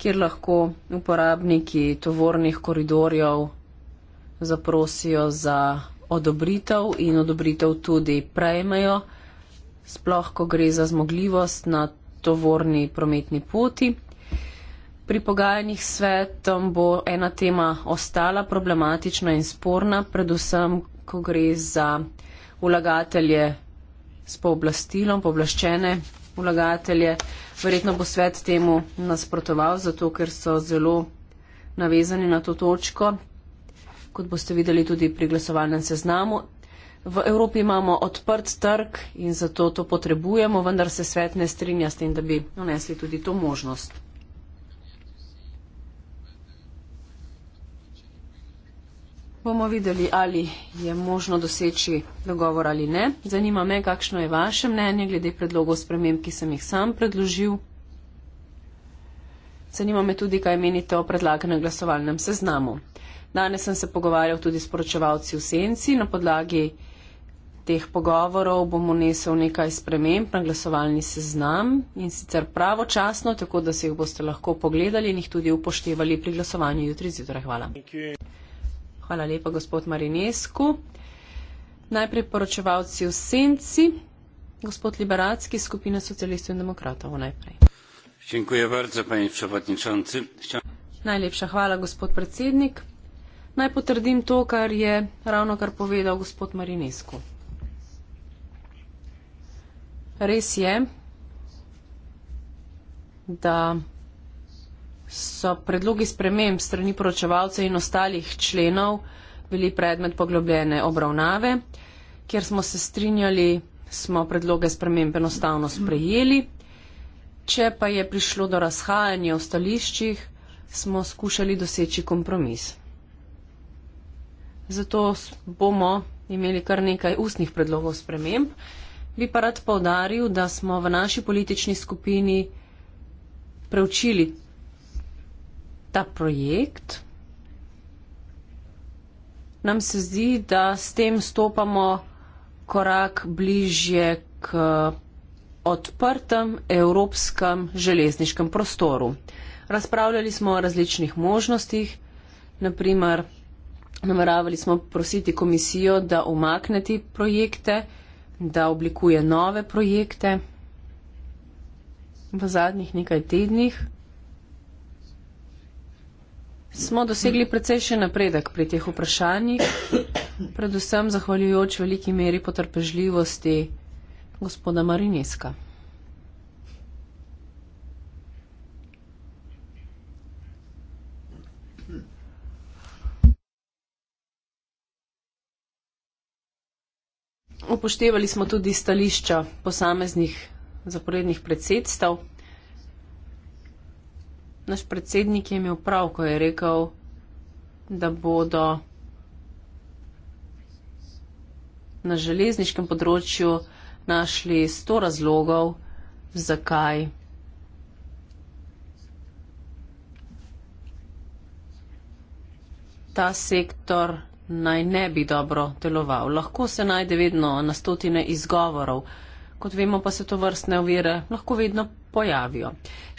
kjer lahko uporabniki tovornih koridorjev zaprosijo za odobritev in odobritev tudi prejmejo, sploh, ko gre za zmogljivost na tovorni prometni poti. Pri pogajanjih svetom bo ena tema ostala problematična in sporna, predvsem, ko gre za vlagatelje s pooblastilom, pooblaščene vlagatelje. Verjetno bo svet temu nasprotoval, zato ker so zelo navezani na to točko, kot boste videli tudi pri glasovalnem seznamu. V Evropi imamo odprt trg in zato to potrebujemo, vendar se svet ne strinja s tem, da bi unesli tudi to možnost. bomo videli, ali je možno doseči dogovor ali ne. Zanima me, kakšno je vaše mnenje glede predlogov sprememb, ki sem jih sam predložil. Zanima me tudi, kaj menite o predlaganem glasovalnem seznamu. Danes sem se pogovarjal tudi s poročevalci v senci. Na podlagi teh pogovorov bom unesel nekaj sprememb na glasovalni seznam in sicer pravočasno, tako da se jih boste lahko pogledali in jih tudi upoštevali pri glasovanju jutri zjutraj. Hvala. Hvala lepa, gospod Marinesku. Najprej poročevalci v senci, gospod Liberacki, skupina socialistov in demokratov najprej. Bardzo, Najlepša hvala, gospod predsednik. Naj potrdim to, kar je ravno kar povedal gospod Marinesku. Res je, da so predlogi sprememb strani poročevalcev in ostalih členov bili predmet poglobljene obravnave, kjer smo se strinjali, smo predloge sprememb enostavno sprejeli. Če pa je prišlo do razhajanja v stališčih, smo skušali doseči kompromis. Zato bomo imeli kar nekaj ustnih predlogov sprememb. Bi pa rad povdaril, da smo v naši politični skupini preučili ta projekt. Nam se zdi, da s tem stopamo korak bližje k odprtem evropskem železniškem prostoru. Razpravljali smo o različnih možnostih, naprimer nameravali smo prositi komisijo, da umakne ti projekte, da oblikuje nove projekte v zadnjih nekaj tednih smo dosegli precejšen napredek pri teh vprašanjih, predvsem zahvaljujoč veliki meri potrpežljivosti gospoda Marineska. Upoštevali smo tudi stališča posameznih zaporednih predsedstv naš predsednik je imel prav, ko je rekel, da bodo na železniškem področju našli sto razlogov, zakaj ta sektor naj ne bi dobro deloval. Lahko se najde vedno na stotine izgovorov kot vemo pa se to vrstne ovire lahko vedno pojavijo.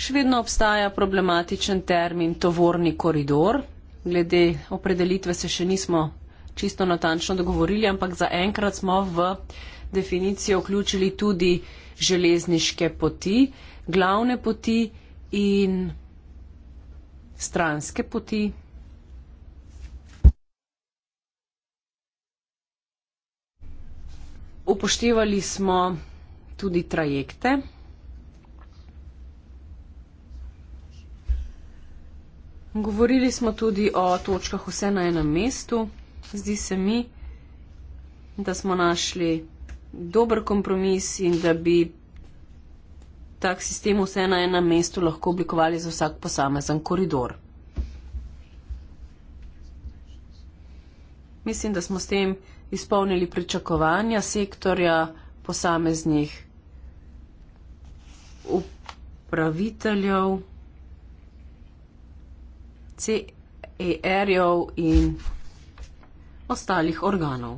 Še vedno obstaja problematičen termin tovorni koridor. Glede opredelitve se še nismo čisto natančno dogovorili, ampak zaenkrat smo v definicijo vključili tudi železniške poti, glavne poti in stranske poti. Upoštevali smo tudi trajekte. Govorili smo tudi o točkah vse na enem mestu. Zdi se mi, da smo našli dober kompromis in da bi tak sistem vse na enem mestu lahko oblikovali za vsak posamezen koridor. Mislim, da smo s tem izpolnili pričakovanja sektorja posameznih upraviteljev, CER-jev in ostalih organov.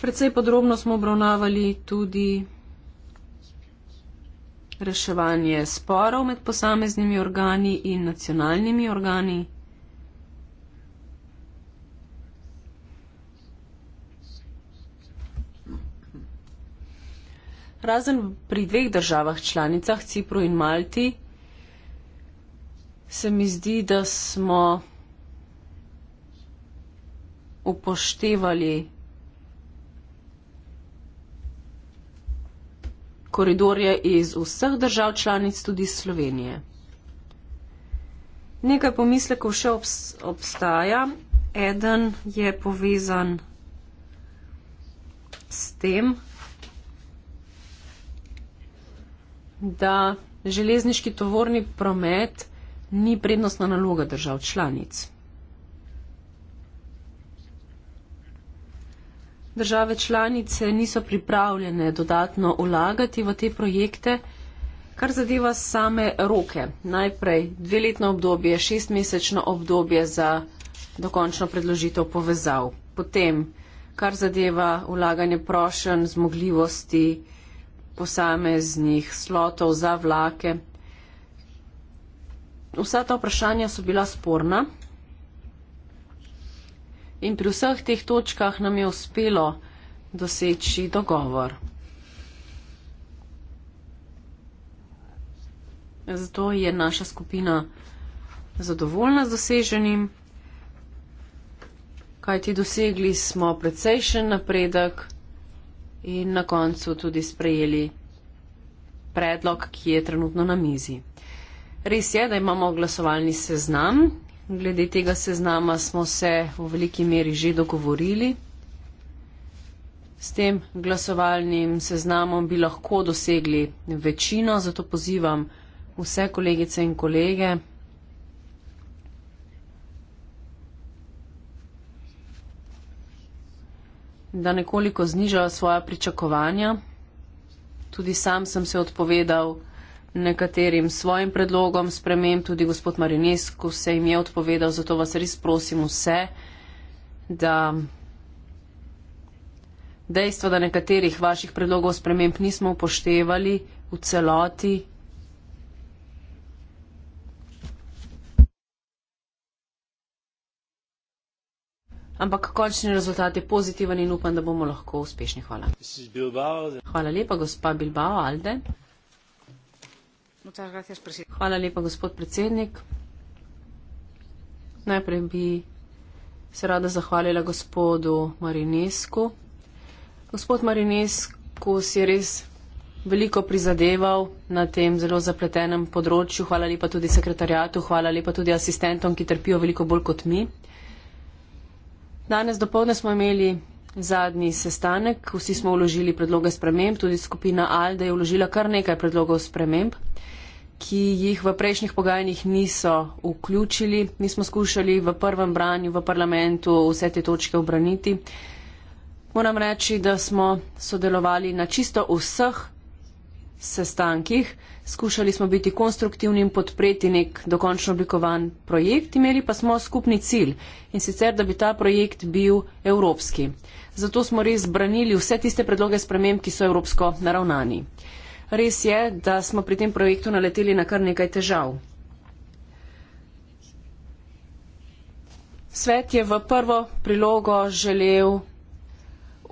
Precej podrobno smo obravnavali tudi reševanje sporov med posameznimi organi in nacionalnimi organi. razen pri dveh državah članicah, Cipru in Malti, se mi zdi, da smo upoštevali koridorje iz vseh držav članic, tudi Slovenije. Nekaj pomislekov še obs obstaja. Eden je povezan s tem, da železniški tovorni promet ni prednostna naloga držav članic. Države članice niso pripravljene dodatno vlagati v te projekte, kar zadeva same roke. Najprej dveletno obdobje, šestmesečno obdobje za dokončno predložitev povezav. Potem, kar zadeva vlaganje prošen, zmogljivosti, posameznih slotov za vlake. Vsa ta vprašanja so bila sporna in pri vseh teh točkah nam je uspelo doseči dogovor. Zato je naša skupina zadovoljna z doseženim, kajti dosegli smo precejšen napredek in na koncu tudi sprejeli predlog, ki je trenutno na mizi. Res je, da imamo glasovalni seznam. Glede tega seznama smo se v veliki meri že dogovorili. S tem glasovalnim seznamom bi lahko dosegli večino, zato pozivam vse kolegice in kolege, da nekoliko znižajo svoja pričakovanja. Tudi sam sem se odpovedal nekaterim svojim predlogom sprememb, tudi gospod Marinesku se jim je odpovedal, zato vas res prosim vse, da dejstvo, da nekaterih vaših predlogov sprememb nismo upoštevali v celoti, ampak končni rezultat je pozitiven in upam, da bomo lahko uspešni. Hvala. Hvala lepa, gospa Bilbao Alde. Hvala lepa, gospod predsednik. Najprej bi se rada zahvalila gospodu Marinesku. Gospod Marinesku si je res veliko prizadeval na tem zelo zapletenem področju. Hvala lepa tudi sekretarjatu, hvala lepa tudi asistentom, ki trpijo veliko bolj kot mi. Danes dopoledne smo imeli zadnji sestanek, vsi smo vložili predloge sprememb, tudi skupina Alde je vložila kar nekaj predlogov sprememb, ki jih v prejšnjih pogajanjih niso vključili. Mi smo skušali v prvem branju v parlamentu vse te točke obraniti. Moram reči, da smo sodelovali na čisto vseh sestankih, skušali smo biti konstruktivni in podpreti nek dokončno oblikovan projekt, imeli pa smo skupni cilj in sicer, da bi ta projekt bil evropski. Zato smo res branili vse tiste predloge sprememb, ki so evropsko naravnani. Res je, da smo pri tem projektu naleteli na kar nekaj težav. Svet je v prvo prilogo želel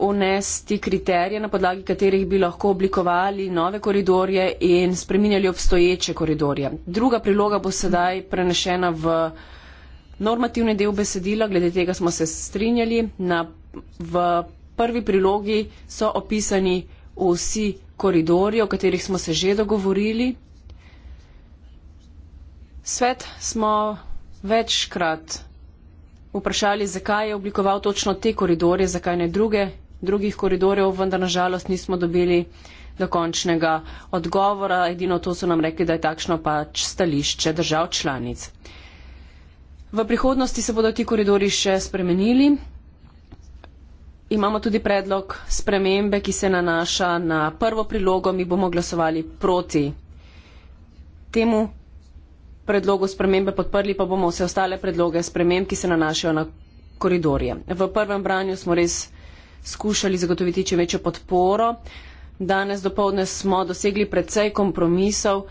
unesti kriterije, na podlagi katerih bi lahko oblikovali nove koridorje in spreminjali obstoječe koridorje. Druga priloga bo sedaj prenešena v normativni del besedila, glede tega smo se strinjali. Na, v prvi prilogi so opisani vsi koridorji, o katerih smo se že dogovorili. Svet smo večkrat vprašali, zakaj je oblikoval točno te koridorje, zakaj ne druge drugih koridorjev, vendar na žalost nismo dobili dokončnega odgovora. Edino to so nam rekli, da je takšno pač stališče držav članic. V prihodnosti se bodo ti koridori še spremenili. Imamo tudi predlog spremembe, ki se nanaša na prvo prilogo. Mi bomo glasovali proti temu predlogu spremembe, podprli pa bomo vse ostale predloge sprememb, ki se nanašajo na koridorje. V prvem branju smo res skušali zagotoviti čim večjo podporo. Danes dopoledne smo dosegli precej kompromisov.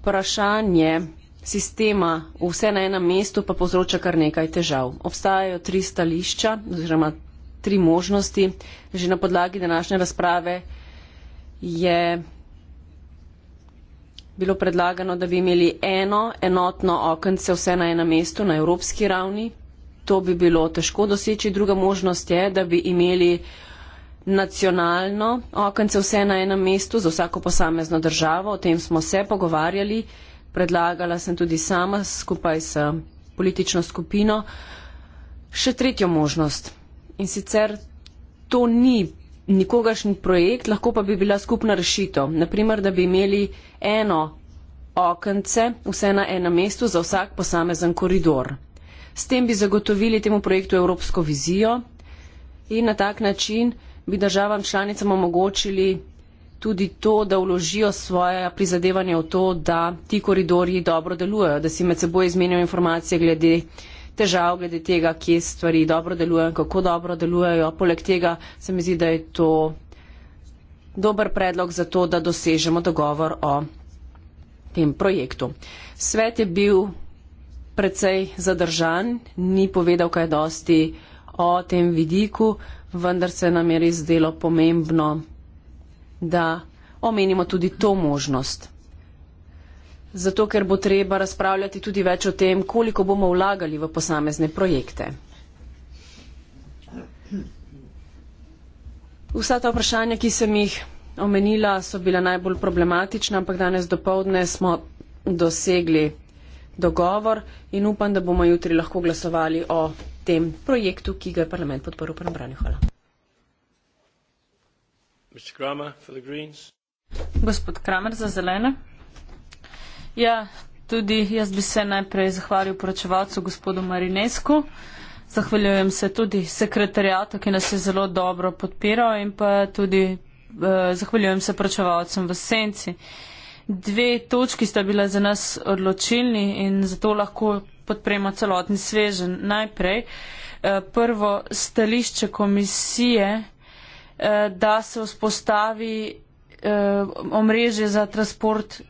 Vprašanje sistema vse na enem mestu pa povzroča kar nekaj težav. Obstajajo tri stališča oziroma tri možnosti. Že na podlagi današnje razprave je bilo predlagano, da bi imeli eno enotno okence vse na enem mestu na evropski ravni, to bi bilo težko doseči. Druga možnost je, da bi imeli nacionalno okence vse na enem mestu za vsako posamezno državo. O tem smo se pogovarjali. Predlagala sem tudi sama skupaj s politično skupino še tretjo možnost. In sicer to ni nikogašnji projekt, lahko pa bi bila skupna rešitev. Naprimer, da bi imeli eno okence vse na enem mestu za vsak posamezen koridor. S tem bi zagotovili temu projektu evropsko vizijo in na tak način bi državam članicam omogočili tudi to, da vložijo svoje prizadevanje v to, da ti koridorji dobro delujejo, da si med seboj izmenjajo informacije glede težav, glede tega, kje stvari dobro delujejo in kako dobro delujejo. Poleg tega se mi zdi, da je to dober predlog za to, da dosežemo dogovor o tem projektu. Svet je bil precej zadržan, ni povedal kaj dosti o tem vidiku, vendar se nam je res zdelo pomembno, da omenimo tudi to možnost. Zato, ker bo treba razpravljati tudi več o tem, koliko bomo vlagali v posamezne projekte. Vsa ta vprašanja, ki sem jih omenila, so bila najbolj problematična, ampak danes dopovdne smo dosegli dogovor in upam, da bomo jutri lahko glasovali o tem projektu, ki ga je parlament podporil v prvem branju. Hvala. Gospod Kramer za zelene. Ja, tudi jaz bi se najprej zahvalil poročevalcu gospodu Marinesku. Zahvaljujem se tudi sekretarijatu, ki nas je zelo dobro podpiral in pa tudi eh, zahvaljujem se poročevalcem v senci. Eh, dve točki sta bila za nas odločilni in zato lahko podpremo celoten svežen. Najprej eh, prvo stališče komisije, eh, da se vzpostavi eh, omrežje za, transport,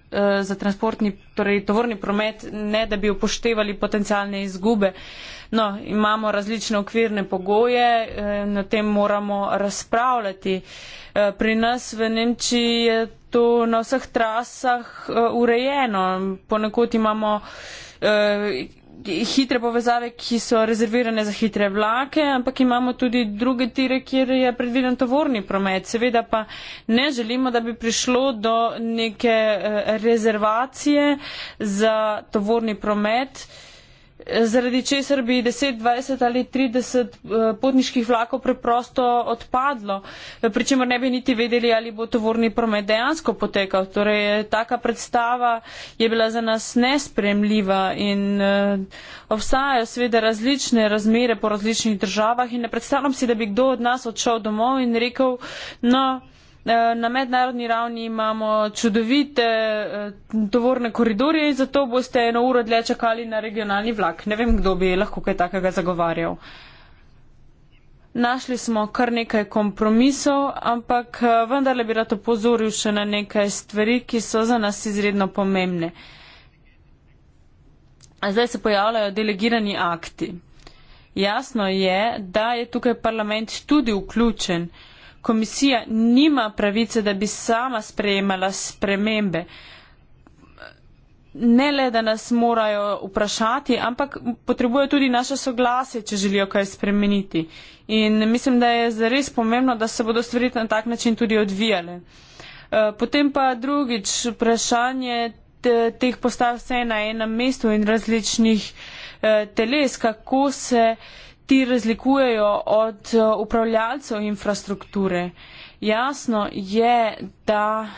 za transportni, torej tovorni promet, ne da bi upoštevali potencialne izgube. No, imamo različne okvirne pogoje, na tem moramo razpravljati. Pri nas v Nemčiji je to na vseh trasah uh, urejeno. Ponekod imamo uh, hitre povezave, ki so rezervirane za hitre vlake, ampak imamo tudi druge tire, kjer je predviden tovorni promet. Seveda pa ne želimo, da bi prišlo do neke uh, rezervacije za tovorni promet. Uh, zaradi česar bi 10, 20 ali 30 eh, potniških vlakov preprosto odpadlo, eh, pričemer ne bi niti vedeli, ali bo tovorni promet dejansko potekal. Torej, eh, taka predstava je bila za nas nespremljiva in obstajajo seveda različne razmere po različnih državah in ne predstavljam si, da bi kdo od nas odšel domov in rekel, no, Eh, na mednarodni ravni imamo čudovite eh, tovorne koridorje in zato boste eno uro dlje čakali na regionalni vlak. Ne vem, kdo bi lahko kaj takega zagovarjal. Našli smo kar nekaj kompromisov, ampak eh, vendarle bi rad opozoril še na nekaj stvari, ki so za nas izredno pomembne. Zdaj se pojavljajo delegirani akti. Jasno je, da je tukaj parlament tudi vključen komisija nima pravice, da bi sama sprejemala spremembe. Ne le, da nas morajo vprašati, ampak potrebuje tudi naše soglasje, če želijo kaj spremeniti. In mislim, da je zares pomembno, da se bodo stvari na tak način tudi odvijale. Eh, potem pa drugič, vprašanje teh postav vse na enem mestu in različnih eh, teles, kako se ti razlikujejo od eh, upravljalcev infrastrukture. Jasno je, da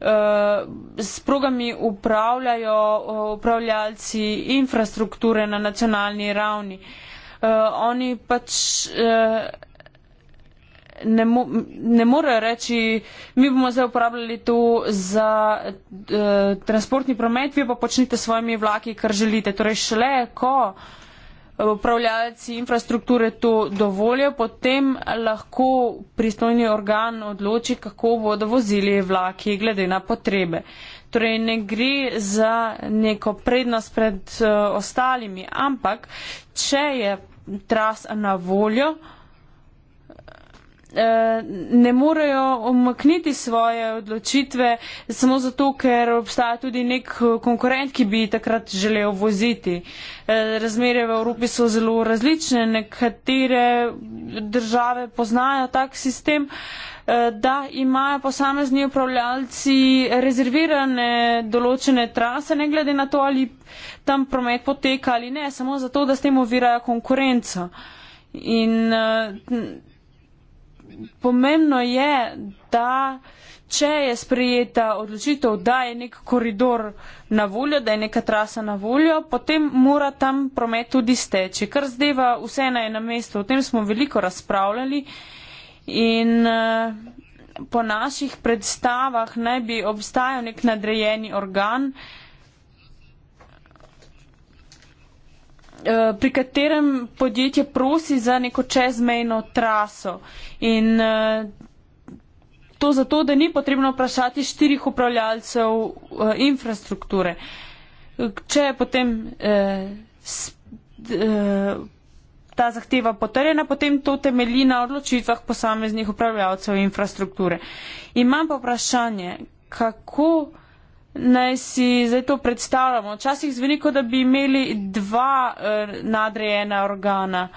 eh, s programi upravljajo eh, upravljalci infrastrukture na nacionalni ravni. Oni pač ne, mo ne morejo reči, mi bomo zdaj uporabljali to za transportni promet, vi pa počnite s svojimi vlaki, kar želite. Torej šele, ko uh, upravljalci infrastrukture to dovolijo, potem lahko pristojni organ odloči, kako bodo vozili vlaki glede na potrebe. Torej ne gre za neko prednost pred uh, ostalimi, ampak če je tras na voljo, uh, Eh, ne morejo omakniti svoje odločitve samo zato, ker obstaja tudi nek konkurent, ki bi takrat želel voziti. Eh, razmere v Evropi so zelo različne, nekatere države poznajo tak sistem, eh, da imajo posamezni upravljalci rezervirane določene trase, ne glede na to, ali tam promet poteka ali ne, samo zato, da s tem ovirajo konkurenco. In, uh, pomembno je, da če je sprejeta odločitev, da je nek koridor na voljo, da je neka trasa na voljo, potem mora tam promet tudi steči, kar zdeva vse na enem mestu. O tem smo veliko razpravljali in eh, po naših predstavah naj bi obstajal nek nadrejeni organ, Eh, pri katerem podjetje prosi za neko čezmejno traso. In eh, to zato, da ni potrebno vprašati štirih upravljalcev eh, infrastrukture. Če je potem ta zahteva potrjena, potem to temelji na odločitvah posameznih upravljalcev infrastrukture. Imam pa vprašanje, kako. Naj si zdaj to predstavljamo. Včasih zveni, kot da bi imeli dva eh, nadrejena organa.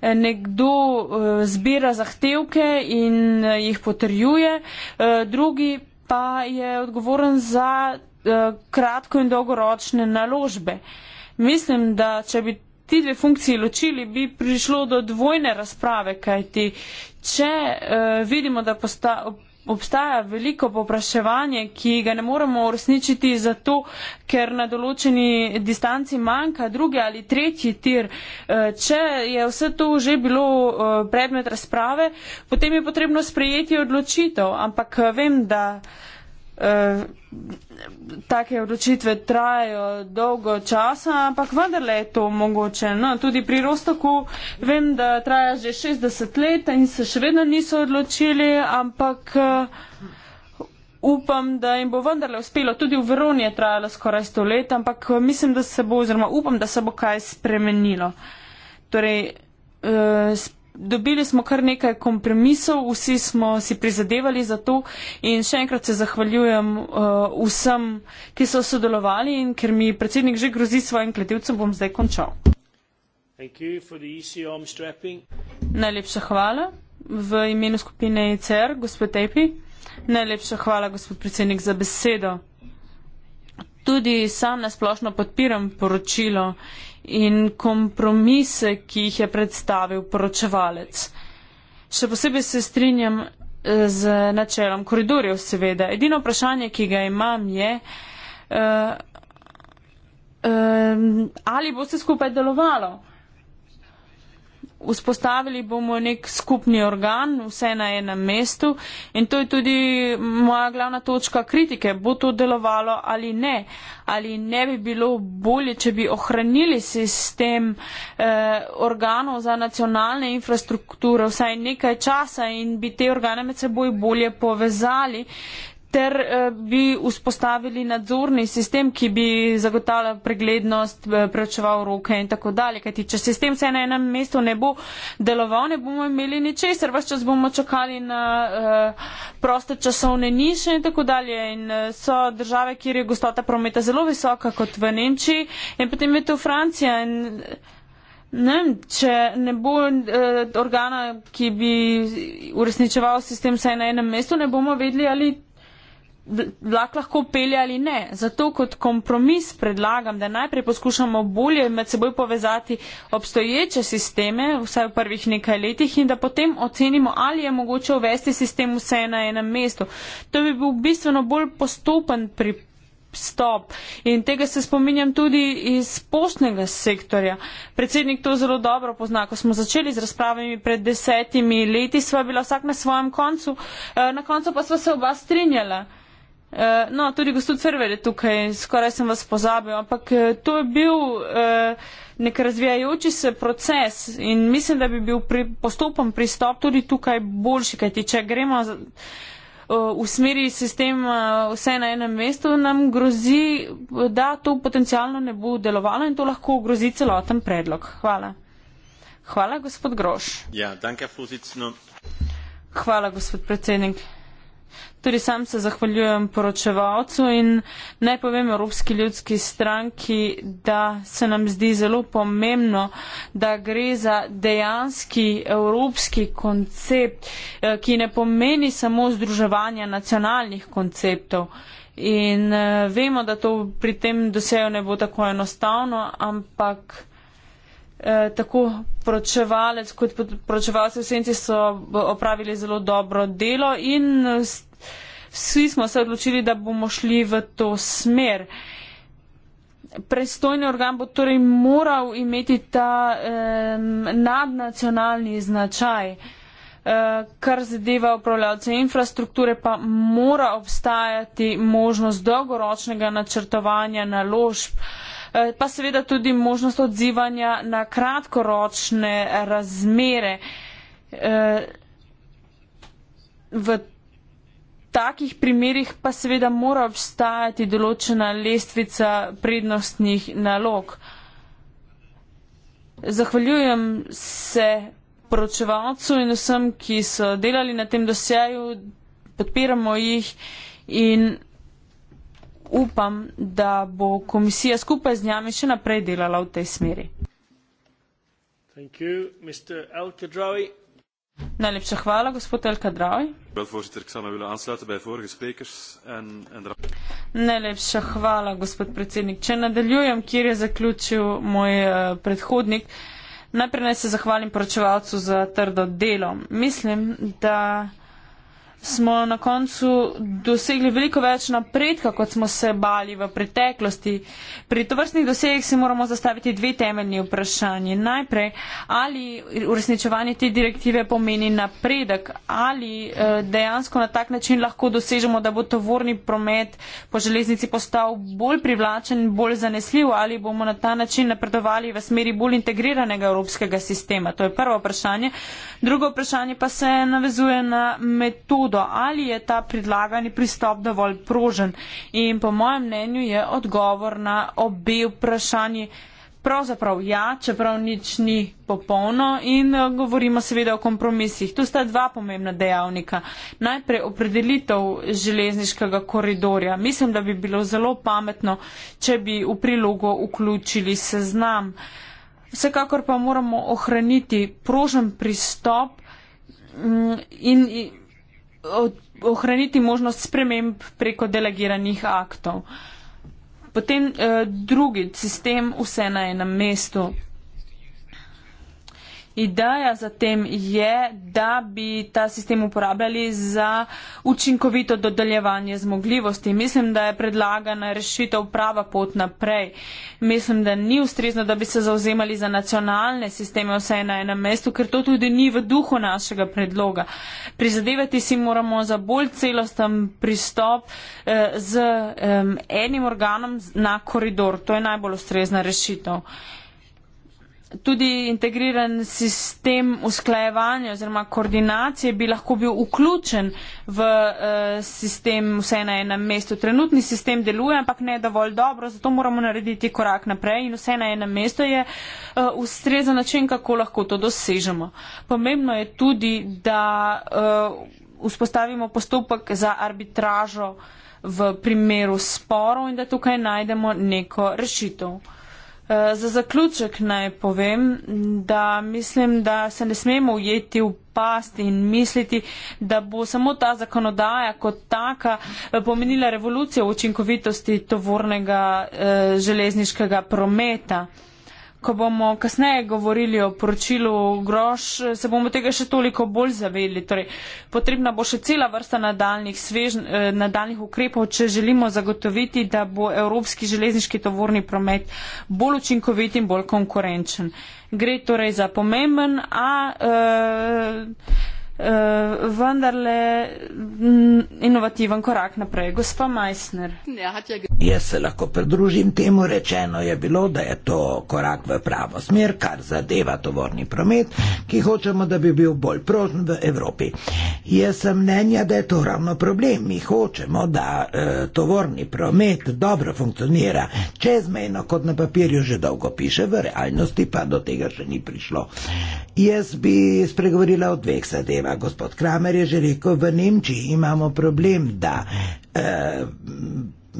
Eh, nekdo eh, zbira zahtevke in eh, jih potrjuje, eh, drugi pa je odgovoren za eh, kratko in dolgoročne naložbe. Mislim, da če bi ti dve funkciji ločili, bi prišlo do dvojne razprave, kajti če eh, vidimo, da postavljamo obstaja veliko popraševanje, ki ga ne moremo uresničiti zato, ker na določeni distanci manjka drugi ali tretji tir. E, če je vse to že bilo e, predmet razprave, potem je potrebno sprejeti odločitev, ampak e, vem, da. Eh, take odločitve trajajo dolgo časa, ampak vendarle je to mogoče. No, tudi pri Rostoku vem, da traja že 60 let in se še vedno niso odločili, ampak eh, upam, da jim bo vendarle uspelo. Tudi v Veroni je trajalo skoraj 100 let, ampak eh, mislim, da se bo, oziroma upam, da se bo kaj spremenilo. Torej, dobili smo kar nekaj kompromisov, vsi smo si prizadevali za to in še enkrat se zahvaljujem uh, vsem, ki so sodelovali in ker mi predsednik že grozi svojim kletevcem, bom zdaj končal. E Najlepša hvala v imenu skupine ECR, gospod Tepi. Najlepša hvala, gospod predsednik, za besedo. Tudi sam nasplošno podpiram poročilo in kompromise, ki jih je predstavil poročevalec. Še posebej se strinjam eh, z načelom koridorjev, seveda. Edino vprašanje, ki ga imam, je, uh, um, ali bo se skupaj delovalo. Vzpostavili bomo nek skupni organ, vse na enem mestu in to je tudi moja glavna točka kritike, bo to delovalo ali ne, ali ne bi bilo bolje, če bi ohranili sistem eh, organov za nacionalne infrastrukture vsaj nekaj časa in bi te organe med seboj bolje povezali, ter eh, bi vzpostavili nadzorni sistem, ki bi zagotavljal preglednost, eh, prečeval roke in tako dalje. Kajti, če sistem se na enem mestu ne bo deloval, ne bomo imeli ničesar, vse čas bomo čakali na uh, proste časovne niše in tako dalje. In uh, so države, kjer je gostota prometa zelo visoka, kot v Nemčiji in potem je tu Francija. In, Ne, če ne bo eh, organa, ki bi uresničeval sistem vsaj na enem mestu, ne bomo vedeli, ali vlak lahko pelje ali ne. Zato kot kompromis predlagam, da najprej poskušamo bolje med seboj povezati obstoječe sisteme, vsaj v prvih nekaj letih, in da potem ocenimo, ali je mogoče uvesti sistem vse na enem mestu. To bi bil bistveno bolj postopen pristop. In tega se spominjam tudi iz postnega sektorja. Predsednik to zelo dobro pozna. Ko smo začeli z razpravami pred desetimi leti, sva bila vsak na svojem koncu, eh, na koncu pa sva se oba strinjala. Uh, no, tudi gospod Crver je tukaj, skoraj sem vas pozabil, ampak uh, to je bil uh, nek razvijajoči se proces in mislim, da bi bil pri, postopen pristop tudi tukaj boljši, kajti če gremo z, uh, v smeri sistema uh, vse na enem mestu, nam grozi, da to potencialno ne bo delovalo in to lahko grozi celoten predlog. Hvala. Hvala, gospod Groš. Ja, danke, Hvala, gospod predsednik. Tudi sam se zahvaljujem poročevalcu in naj povem Evropski ljudski stranki, da se nam zdi zelo pomembno, da gre za dejanski evropski koncept, eh, ki ne pomeni samo združevanja nacionalnih konceptov. In eh, vemo, da to pri tem dosejo ne bo tako enostavno, ampak. Eh, tako pročevalec kot pročevalce v senci so opravili zelo dobro delo in s vsi smo se odločili, da bomo šli v to smer. Prestojni organ bo torej moral imeti ta um, nadnacionalni značaj, uh, kar zadeva upravljalce infrastrukture, pa mora obstajati možnost dolgoročnega načrtovanja naložb, uh, pa seveda tudi možnost odzivanja na kratkoročne razmere. Uh, takih primerjih pa seveda mora obstajati določena lestvica prednostnih nalog. Zahvaljujem se poročevalcu in vsem, ki so delali na tem dosjeju, podpiramo jih in upam, da bo komisija skupaj z njami še naprej delala v tej smeri. Thank you, Mr. Najlepša hvala, gospod Elka Draj. Wel, voorzitter, ik zou me willen aansluiten bij vorige sprekers. En, en de... Najlepša hvala, gospod predsednik. Če nadaljujem, kjer je zaključil moj uh, predhodnik, najprej naj se zahvalim poročevalcu za trdo delo. Mislim, da smo na koncu dosegli veliko več napredka, kot smo se bali v preteklosti. Pri tovrstnih dosegih se moramo zastaviti dve temeljni vprašanje. Najprej, ali uresničevanje te direktive pomeni napredek, ali eh, dejansko na tak način lahko dosežemo, da bo tovorni promet po železnici postal bolj privlačen, bolj zanesljiv, ali bomo na ta način napredovali v smeri bolj integriranega evropskega sistema. To je prvo vprašanje. Drugo vprašanje pa se navezuje na metodo pobudo, ali je ta predlagani pristop dovolj prožen. In po mojem mnenju je odgovor na obe vprašanji pravzaprav ja, čeprav nič ni popolno in eh, govorimo seveda o kompromisih. Tu sta dva pomembna dejavnika. Najprej opredelitev železniškega koridorja. Mislim, da bi bilo zelo pametno, če bi v prilogo vključili seznam. Vsekakor pa moramo ohraniti prožen pristop mm, in ohraniti možnost sprememb preko delegiranih aktov. Potem eh, drugi sistem, vse na enem mestu. Ideja za tem je, da bi ta sistem uporabljali za učinkovito dodeljevanje zmogljivosti. Mislim, da je predlagana rešitev prava pot naprej. Mislim, da ni ustrezno, da bi se zauzemali za nacionalne sisteme vse na enem mestu, ker to tudi ni v duhu našega predloga. Prizadevati si moramo za bolj celosten pristop eh, z eh, enim organom na koridor. To je najbolj ustrezna rešitev. Eh, Tudi integriran sistem usklajevanja oziroma koordinacije bi lahko bil vključen v eh, sistem vse na enem mestu. Trenutni sistem deluje, ampak ne dovolj dobro, zato moramo narediti korak naprej in vse na enem mestu je eh, ustrezan način, kako lahko to dosežemo. Pomembno je tudi, da eh, vzpostavimo postopek za arbitražo v primeru sporov in da tukaj najdemo neko rešitev. Eh, za zaključek naj povem, da mislim, da se ne smemo ujeti v past in misliti, da bo samo ta zakonodaja kot taka eh, pomenila revolucijo v učinkovitosti tovornega eh, železniškega prometa ko bomo kasneje govorili o poročilu grož, se bomo tega še toliko bolj zavedli. Torej, potrebna bo še cela vrsta nadaljnih, svež, eh, nadaljnih ukrepov, če želimo zagotoviti, da bo evropski železniški tovorni promet bolj učinkovit in bolj konkurenčen. Gre torej za pomemben, a. E, Eh, vendarle inovativen korak naprej, gospa Meissner. Ja, ja Jaz se lahko pridružim temu, rečeno je bilo, da je to korak v pravo smer, kar zadeva tovorni promet, ki hočemo, da bi bil bolj prožen v Evropi. Jaz sem mnenja, da je to ravno problem. Mi hočemo, da eh, tovorni promet dobro funkcionira čezmejno, kot na papirju že dolgo piše, v realnosti pa do tega še ni prišlo. Jaz bi spregovorila o dveh zadevah. Hvala, gospod Kramer je že rekel, v Nemčiji imamo problem, da. Eh,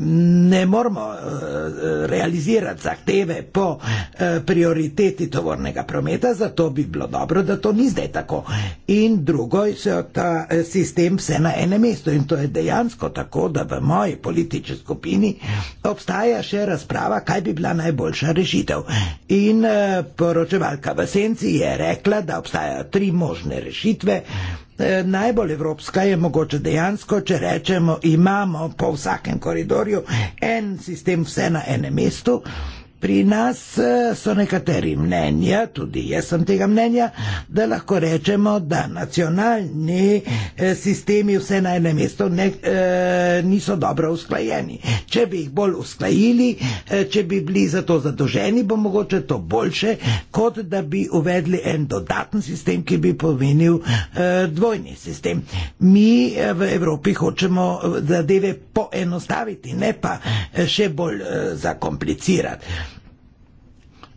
ne moremo eh, eh, realizirati zahteve po ja. eh, prioriteti tovornega prometa, zato bi bilo dobro, da to ni zdaj tako. In drugo, se je ta sistem vse na enem mestu in to je dejansko tako, da v moji politični skupini obstaja še razprava, kaj bi bila najboljša rešitev. In poročevalka v senci je rekla, da obstajajo tri možne rešitve. Eh, najbolj evropska je mogoče dejansko, če rečemo, imamo po vsakem koridorju en sistem, vse na enem mestu. Pri nas eh, so nekateri mnenja, tudi jaz sem tega mnenja, da lahko rečemo, da nacionalni eh, sistemi vse na enem mestu ne, eh, niso dobro usklajeni. Če bi jih bolj usklajili, eh, če bi bili za to zadoženi, bo mogoče to boljše, kot da bi uvedli en dodaten sistem, ki bi pomenil eh, dvojni sistem. Mi eh, v Evropi hočemo zadeve poenostaviti, ne pa še bolj eh, zakomplicirati.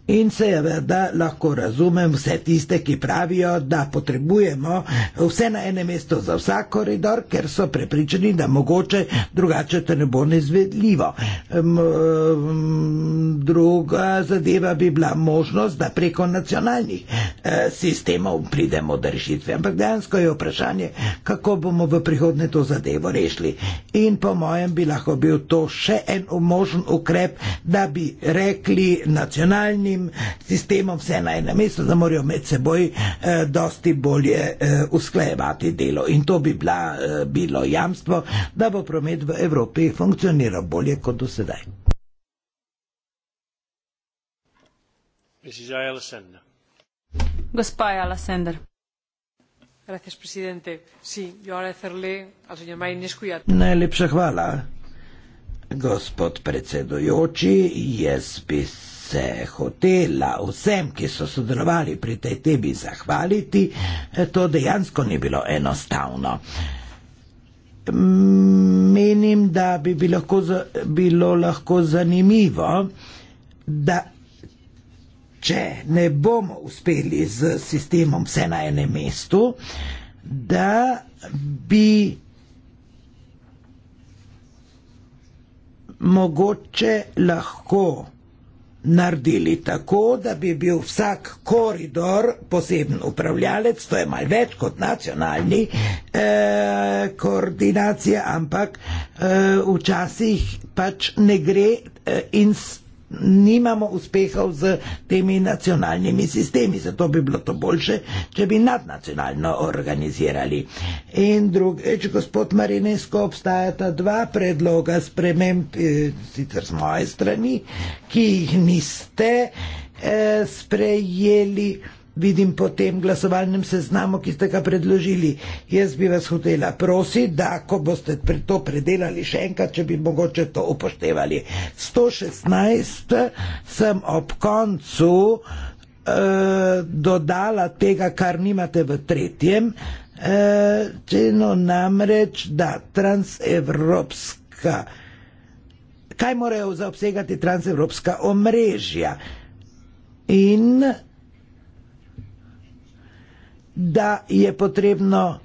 In seveda lahko razumem vse tiste, ki pravijo, da potrebujemo vse na enem mestu za vsak koridor, ker so prepričani, da mogoče drugače to ne bo nezvedljivo. Druga zadeva bi bila možnost, da preko nacionalnih eh, sistemov pridemo do rešitve. Ampak dejansko je vprašanje, kako bomo v prihodnje to zadevo rešili. In po mojem bi lahko bil to še en možen ukrep, da bi rekli nacionalni, zdravstvenim sistemom vse na enem mestu, da morajo med seboj eh, dosti bolje eh, usklajevati delo. In to bi bila, eh, bilo jamstvo, da bo promet v Evropi funkcioniral bolje kot do sedaj. Najlepša hvala, gospod predsedujoči, jaz bi se hotela vsem, ki so sodelovali pri tej tebi, zahvaliti, eh, to dejansko ni bilo enostavno. Menim, da bi lahko za, bilo lahko zanimivo, da če ne bomo uspeli z sistemom vse na enem mestu, da bi mogoče lahko naredili tako, da bi bil vsak koridor poseben upravljalec, to je mal več kot nacionalni eh, koordinacija, ampak eh, včasih pač ne gre eh, in nimamo uspehov z temi nacionalnimi sistemi, zato bi bilo to boljše, če bi nadnacionalno organizirali. In drugič, gospod Marinesko, obstajata dva predloga sprememb, eh, sicer z moje strani, ki jih niste eh, sprejeli vidim po tem glasovalnem seznamu, ki ste ga predložili. Jaz bi vas hotela prositi, da ko boste to predelali še enkrat, če bi mogoče to upoštevali. 116 sem ob koncu eh, dodala tega, kar nimate v tretjem, eh, če no namreč, da transevropska. Kaj morajo zaobsegati transevropska omrežja? In da je potrebno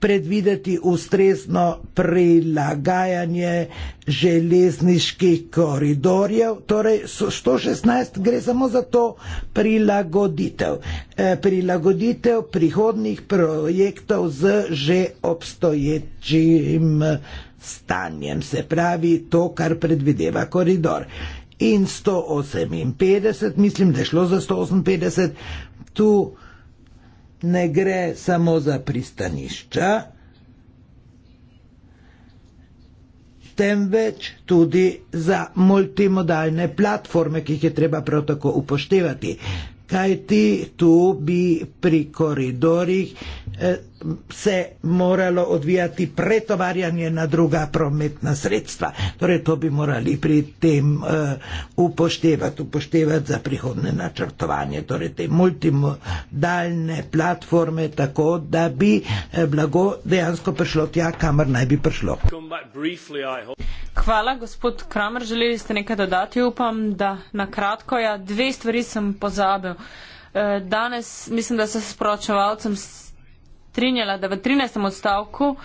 predvideti ustrezno prilagajanje železniških koridorjev. Torej, 116 gre samo za to prilagoditev. E, prilagoditev prihodnih projektov z že obstoječim stanjem, se pravi to, kar predvideva koridor. In 158, mislim, da je šlo za 158, tu ne gre samo za pristanišča, temveč tudi za multimodalne platforme, ki jih je treba prav tako upoštevati. Kaj ti tu bi pri koridorjih? Eh, se moralo odvijati pretovarjanje na druga prometna sredstva. Torej, to bi morali pri tem uh, upoštevati, upoštevati za prihodne načrtovanje, torej te multimodalne platforme, tako da bi eh, blago dejansko prišlo tja, kamor naj bi prišlo. Hvala, gospod Kramer. Želeli ste nekaj dodati, upam, da na kratko. Ja, dve stvari sem pozabil. Eh, danes mislim, da se sporočevalcem strinjala, da v 13. odstavku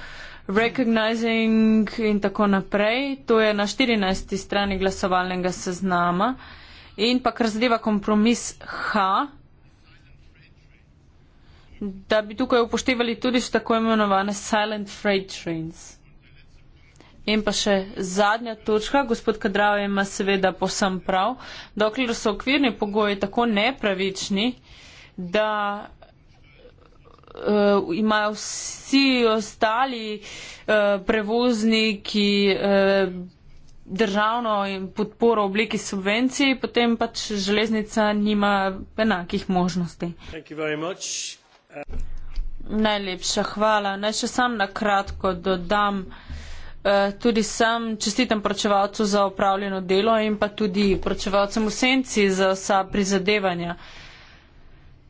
recognizing in tako naprej, to je na 14. strani glasovalnega seznama in pa kar zadeva kompromis H, da bi tukaj upoštevali tudi še tako imenovane silent freight trains. In pa še zadnja točka, gospod Kadrava ima seveda posem prav, dokler so okvirni pogoji tako nepravični, da uh, imajo vsi ostali uh, prevozniki uh, državno podporo v obliki subvencij, potem pač železnica nima enakih možnosti. Uh... Najlepša hvala. Naj še sam na kratko dodam. Tudi sam čestitam pročevalcu za opravljeno delo in pa tudi pročevalcem v senci za vsa prizadevanja.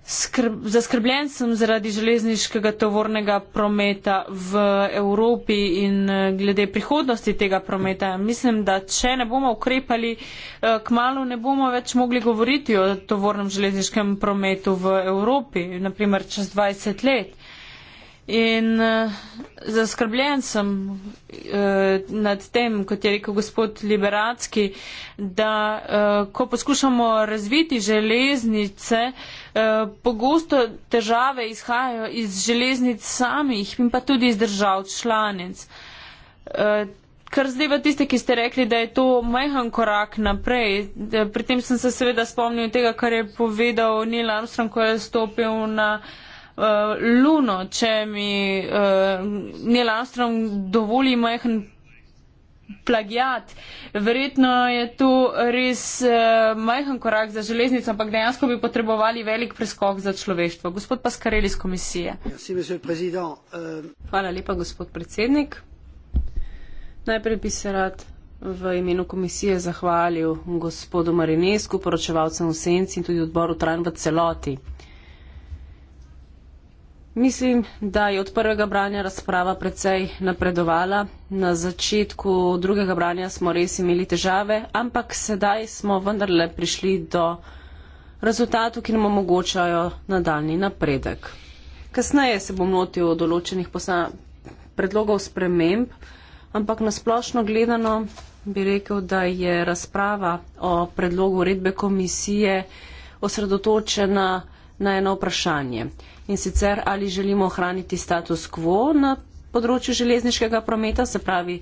Skrb, zaskrbljen sem zaradi železniškega tovornega prometa v Evropi in eh, glede prihodnosti tega prometa. Mislim, da če ne bomo ukrepali, eh, k malu ne bomo več mogli govoriti o tovornem železniškem prometu v Evropi, naprimer čez 20 let. In uh, zaskrbljen sem uh, nad tem, kot je rekel gospod Liberacki, da uh, ko poskušamo razviti železnice, uh, pogosto težave izhajajo iz železnic samih in pa tudi iz držav članic. Uh, Kar zdaj v tiste, ki ste rekli, da je to majhen korak naprej, pri tem sem se seveda spomnil tega, kar je povedal Neil Armstrong, ko je stopil na uh, Луно, че ми uh, Нил Армстронг доволи моехен плагиат. Verjetno je tu res uh, majhen korak za železnico, ampak dejansko bi potrebovali velik preskok za človeštvo. Gospod Paskarel iz komisije. Merci, uh... Hvala lepa, gospod predsednik. Najprej bi se rad v imenu komisije zahvalil gospodu Marinesku, poročevalcem v senci in tudi odboru Tran v celoti. Mislim, da je od prvega branja razprava precej napredovala. Na začetku drugega branja smo res imeli težave, ampak sedaj smo vendarle prišli do rezultatov, ki nam omogočajo nadaljni napredek. Kasneje se bom lotil določenih posla... predlogov sprememb, ampak nasplošno gledano bi rekel, da je razprava o predlogu uredbe komisije osredotočena na na eno vprašanje. In sicer, ali želimo ohraniti status quo na področju železniškega prometa, se pravi,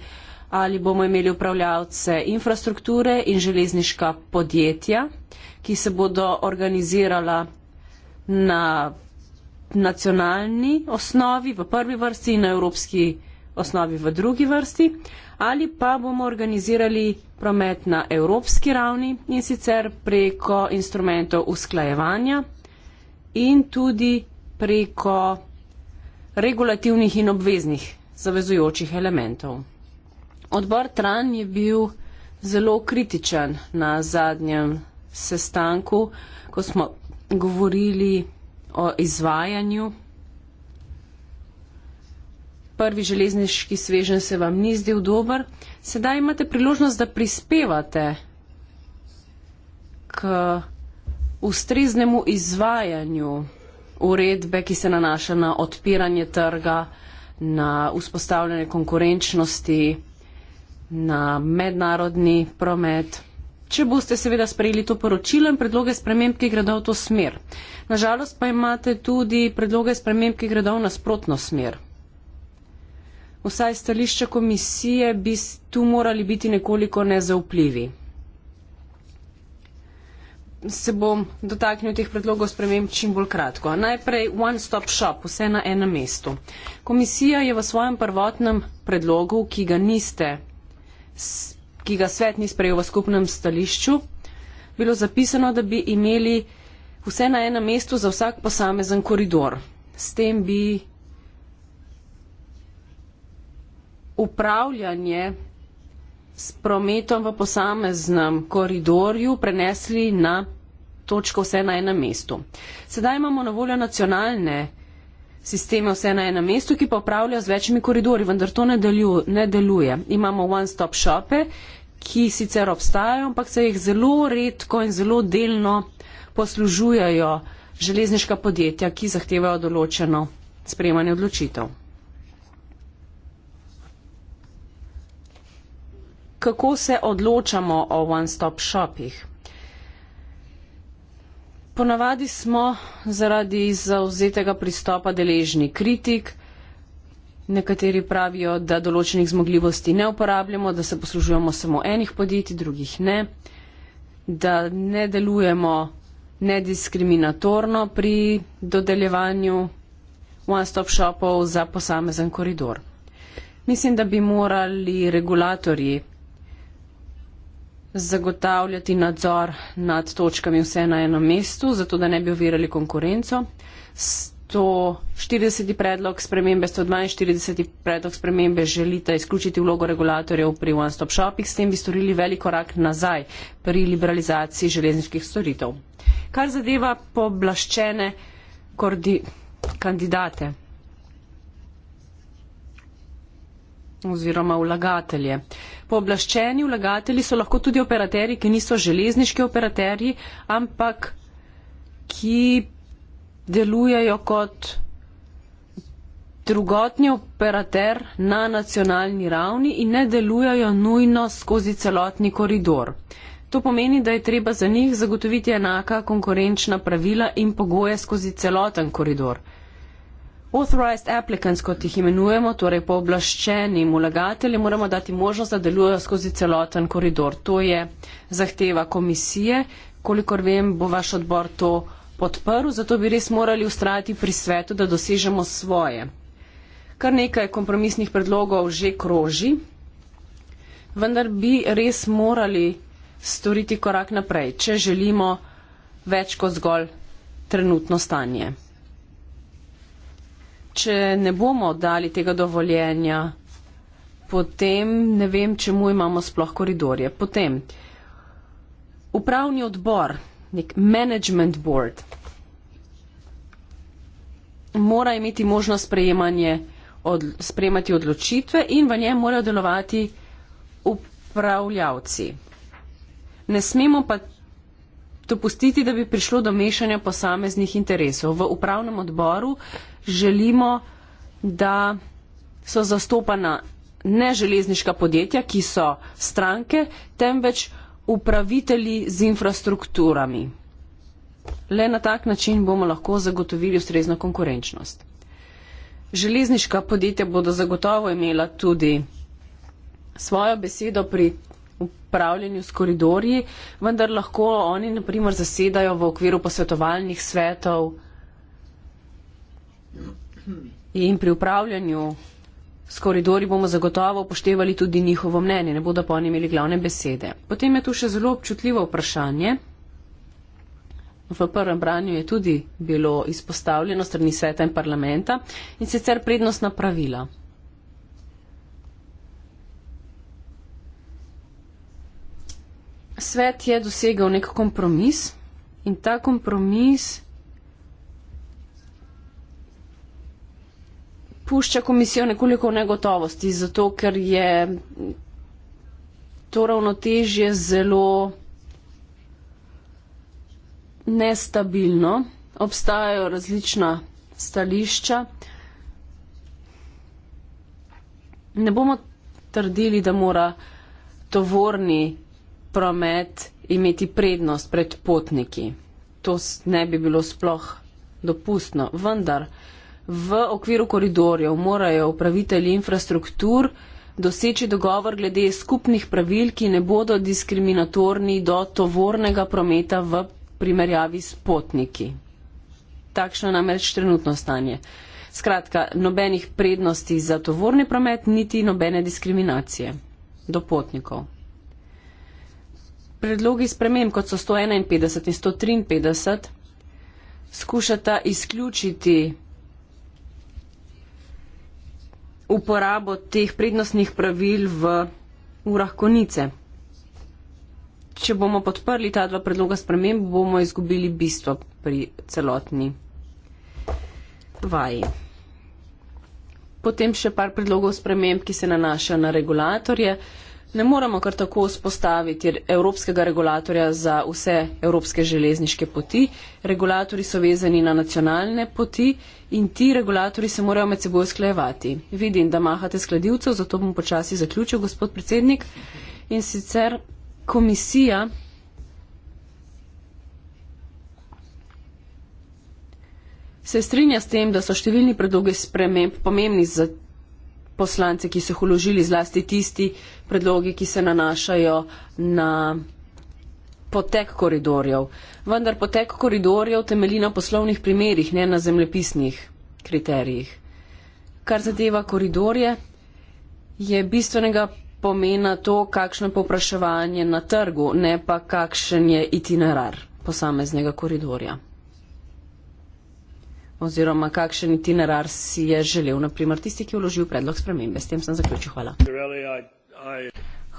ali bomo imeli upravljavce infrastrukture in železniška podjetja, ki se bodo organizirala na nacionalni osnovi v prvi vrsti in na evropski osnovi v drugi vrsti, ali pa bomo organizirali promet na evropski ravni in sicer preko instrumentov usklajevanja in tudi preko regulativnih in obveznih zavezujočih elementov. Odbor Tran je bil zelo kritičen na zadnjem sestanku, ko smo govorili o izvajanju. Prvi železniški svežen se vam ni zdel dober. Sedaj imate priložnost, da prispevate k ustreznemu izvajanju uredbe, ki se nanaša na odpiranje trga, na vzpostavljanje konkurenčnosti, na mednarodni promet. Če boste seveda sprejeli to poročilo in predloge sprememb, ki gredo v to smer. Nažalost pa imate tudi predloge sprememb, ki gredo v nasprotno smer. Vsaj stališča komisije bi tu morali biti nekoliko nezaupljivi se bom dotaknil teh predlogov sprememb čim bolj kratko. Najprej one stop shop, vse na enem mestu. Komisija je v svojem prvotnem predlogu, ki ga niste, ki ga svet ni sprejel v skupnem stališču, bilo zapisano, da bi imeli vse na enem mestu za vsak posamezen koridor. S tem bi upravljanje s prometom v posameznem koridorju prenesli na točko vse na enem mestu. Sedaj imamo na voljo nacionalne sisteme vse na enem mestu, ki pa upravljajo z večjimi koridori, vendar to ne, delju, ne deluje. Imamo one-stop shope, ki sicer obstajajo, ampak se jih zelo redko in zelo delno poslužujejo železniška podjetja, ki zahtevajo določeno sprejemanje odločitev. kako se odločamo o one-stop-shopih. Ponavadi smo zaradi zauzetega pristopa deležni kritik, nekateri pravijo, da določenih zmogljivosti ne uporabljamo, da se poslužujemo samo enih podjetij, drugih ne, da ne delujemo nediskriminatorno pri dodeljevanju one-stop-shopov za posamezen koridor. Mislim, da bi morali regulatorji zagotavljati nadzor nad točkami vse na enem mestu, zato da ne bi ovirali konkurenco. 140. predlog spremembe, 142. predlog spremembe želite izključiti vlogo regulatorjev pri One Stop Shopih, s tem bi storili velik korak nazaj pri liberalizaciji železniških storitev. Kar zadeva poblaščene kordi, kandidate oziroma vlagatelje. Pooblaščeni vlagatelji so lahko tudi operaterji, ki niso železniški operaterji, ampak ki delujejo kot drugotni operater na nacionalni ravni in ne delujejo nujno skozi celotni koridor. To pomeni, da je treba za njih zagotoviti enaka konkurenčna pravila in pogoje skozi celoten koridor. Authorized applicants, kot jih imenujemo, torej pooblaščenim ulagateljem, moramo dati možnost, da delujejo skozi celoten koridor. To je zahteva komisije. Kolikor vem, bo vaš odbor to podprl, zato bi res morali ustrajati pri svetu, da dosežemo svoje. Kar nekaj kompromisnih predlogov že kroži, vendar bi res morali storiti korak naprej, če želimo več kot zgolj trenutno stanje če ne bomo dali tega dovoljenja, potem ne vem, čemu imamo sploh koridorje. Potem upravni odbor, nek management board, mora imeti možnost od, sprejemati odločitve in v njem morajo delovati upravljavci. Ne smemo pa dopustiti, da bi prišlo do mešanja posameznih interesov. V upravnem odboru želimo, da so zastopana ne železniška podjetja, ki so stranke, temveč upravitelji z infrastrukturami. Le na tak način bomo lahko zagotovili ustrezno konkurenčnost. Železniška podjetja bodo zagotovo imela tudi svojo besedo pri upravljanju s koridorji, vendar lahko oni naprimer zasedajo v okviru posvetovalnih svetov, In pri upravljanju s koridori bomo zagotovo upoštevali tudi njihovo mnenje, ne bodo pa oni imeli glavne besede. Potem je tu še zelo občutljivo vprašanje. V prvem branju je tudi bilo izpostavljeno strani sveta in parlamenta in sicer prednostna pravila. Svet je dosegal nek kompromis in ta kompromis pušča komisijo nekoliko v negotovosti, zato ker je to ravnotežje zelo nestabilno. Obstajajo različna stališča. Ne bomo trdili, da mora tovorni promet imeti prednost pred potniki. To ne bi bilo sploh dopustno. Vendar, v okviru koridorjev morajo upravitelji infrastruktur doseči dogovor glede skupnih pravil, ki ne bodo diskriminatorni do tovornega prometa v primerjavi s potniki. Takšno namreč trenutno stanje. Skratka, nobenih prednosti za tovorni promet, niti nobene diskriminacije do potnikov. Predlogi sprememb, kot so 151 in 153, skušata izključiti uporabo teh prednostnih pravil v urah konice. Če bomo podprli ta dva predloga sprememb, bomo izgubili bistvo pri celotni vaji. Potem še par predlogov sprememb, ki se nanašajo na regulatorje. Uh, ne moremo kar tako spostaviti evropskega regulatorja za vse evropske železniške poti. Regulatori so vezani na nacionalne poti in ti regulatori se morajo med seboj sklejevati. Vidim, da mahate skladivcev, zato bom počasi zaključil, gospod predsednik. In sicer komisija. Se strinja s tem, da so številni predloge sprememb pomembni za poslance, ki so uložili zlasti tisti predlogi, ki se nanašajo na potek koridorjev. Vendar potek koridorjev temelji na poslovnih primerjih, ne na zemljepisnih kriterijih. Kar zadeva koridorje, je bistvenega pomena to, kakšno je popraševanje na trgu, ne pa kakšen je itinerar posameznega koridorja oziroma kakšen itinerar si je želel, naprimer tisti, ki je vložil predlog spremembe. S tem sem zaključil. Hvala.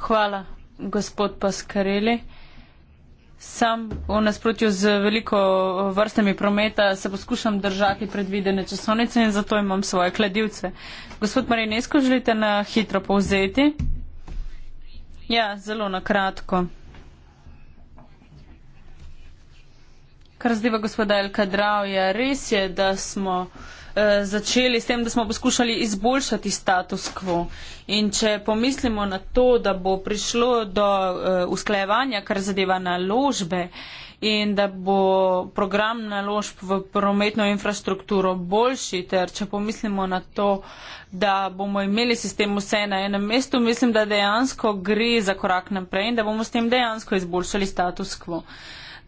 Hvala, gospod Paskareli. Sam v nasprotju z veliko vrstami prometa se poskušam držati predvidene časovnice in zato imam svoje kladivce. Gospod Marinesko, želite na hitro povzeti? Ja, zelo na kratko. Kar zdiva gospoda El Kadravja, res je, da smo eh, začeli s tem, da smo poskušali izboljšati status quo. In če pomislimo na to, da bo prišlo do eh, usklajevanja, kar zadeva naložbe in da bo program naložb v prometno infrastrukturo boljši, ter če pomislimo na to, da bomo imeli sistem vse na enem mestu, mislim, da dejansko gre za korak naprej in da bomo s tem dejansko izboljšali status quo.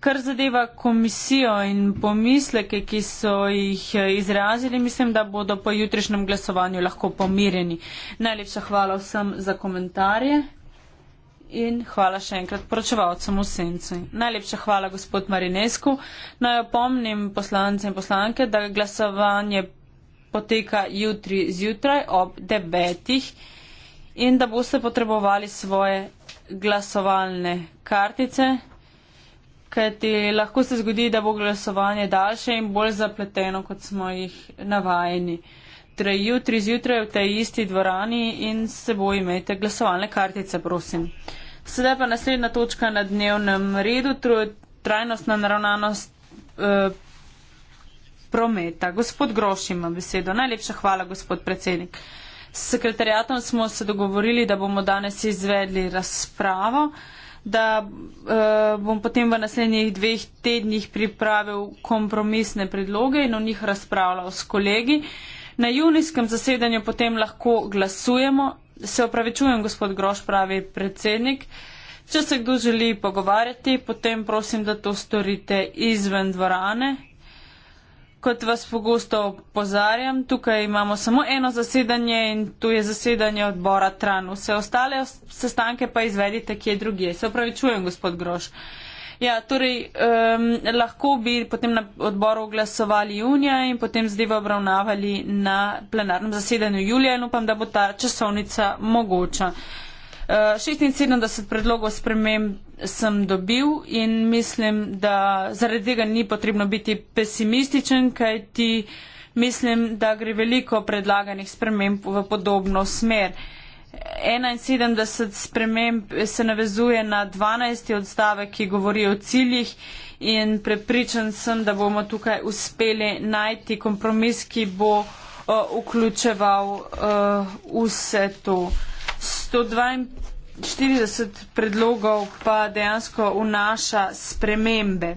Kar zadeva komisijo in pomisleke, ki so jih eh, izrazili, mislim, da bodo po jutrišnjem glasovanju lahko pomirjeni. Najlepša hvala vsem za komentarje in hvala še enkrat poročevalcem v Sencu. Najlepša hvala gospod Marinesku. Naj opomnim poslance in poslanke, da glasovanje poteka jutri zjutraj ob debetih in da boste potrebovali svoje glasovalne kartice kajti lahko se zgodi, da bo glasovanje daljše in bolj zapleteno, kot smo jih navajeni. Torej, jutri zjutraj v tej isti dvorani in s seboj imejte glasovalne kartice, prosim. Sedaj pa naslednja točka na dnevnem redu, trajnostna naravnanost eh, prometa. Gospod Groš ima besedo. Najlepša hvala, gospod predsednik. S sekretarjatom smo se dogovorili, da bomo danes izvedli razpravo. Eh, da uh, bom potem v naslednjih dveh tednih pripravil kompromisne predloge in o njih razpravljal s kolegi. Na junijskem zasedanju potem lahko glasujemo. Se opravičujem, gospod Groš, pravi predsednik. Če se kdo želi pogovarjati, potem prosim, da to storite izven dvorane. Kot vas pogosto opozarjam, tukaj imamo samo eno zasedanje in tu je zasedanje odbora Tran. Vse ostale sestanke pa izvedite kje drugje. Se pravi, čujem, gospod Groš. Ja, torej, um, lahko bi potem na odboru glasovali junija in potem zdaj obravnavali na plenarnem zasedanju julija in upam, da bo ta časovnica mogoča. Uh, 76 predlogov sprememb sem dobil in mislim, da zaradi tega ni potrebno biti pesimističen, kajti mislim, da gre veliko predlaganih sprememb v podobno smer. 71 sprememb se navezuje na 12. odstavek, ki govori o ciljih in prepričan sem, da bomo tukaj uspeli najti kompromis, ki bo uh, vključeval uh, vse to. Uh, 142 predlogov pa dejansko vnaša spremembe eh,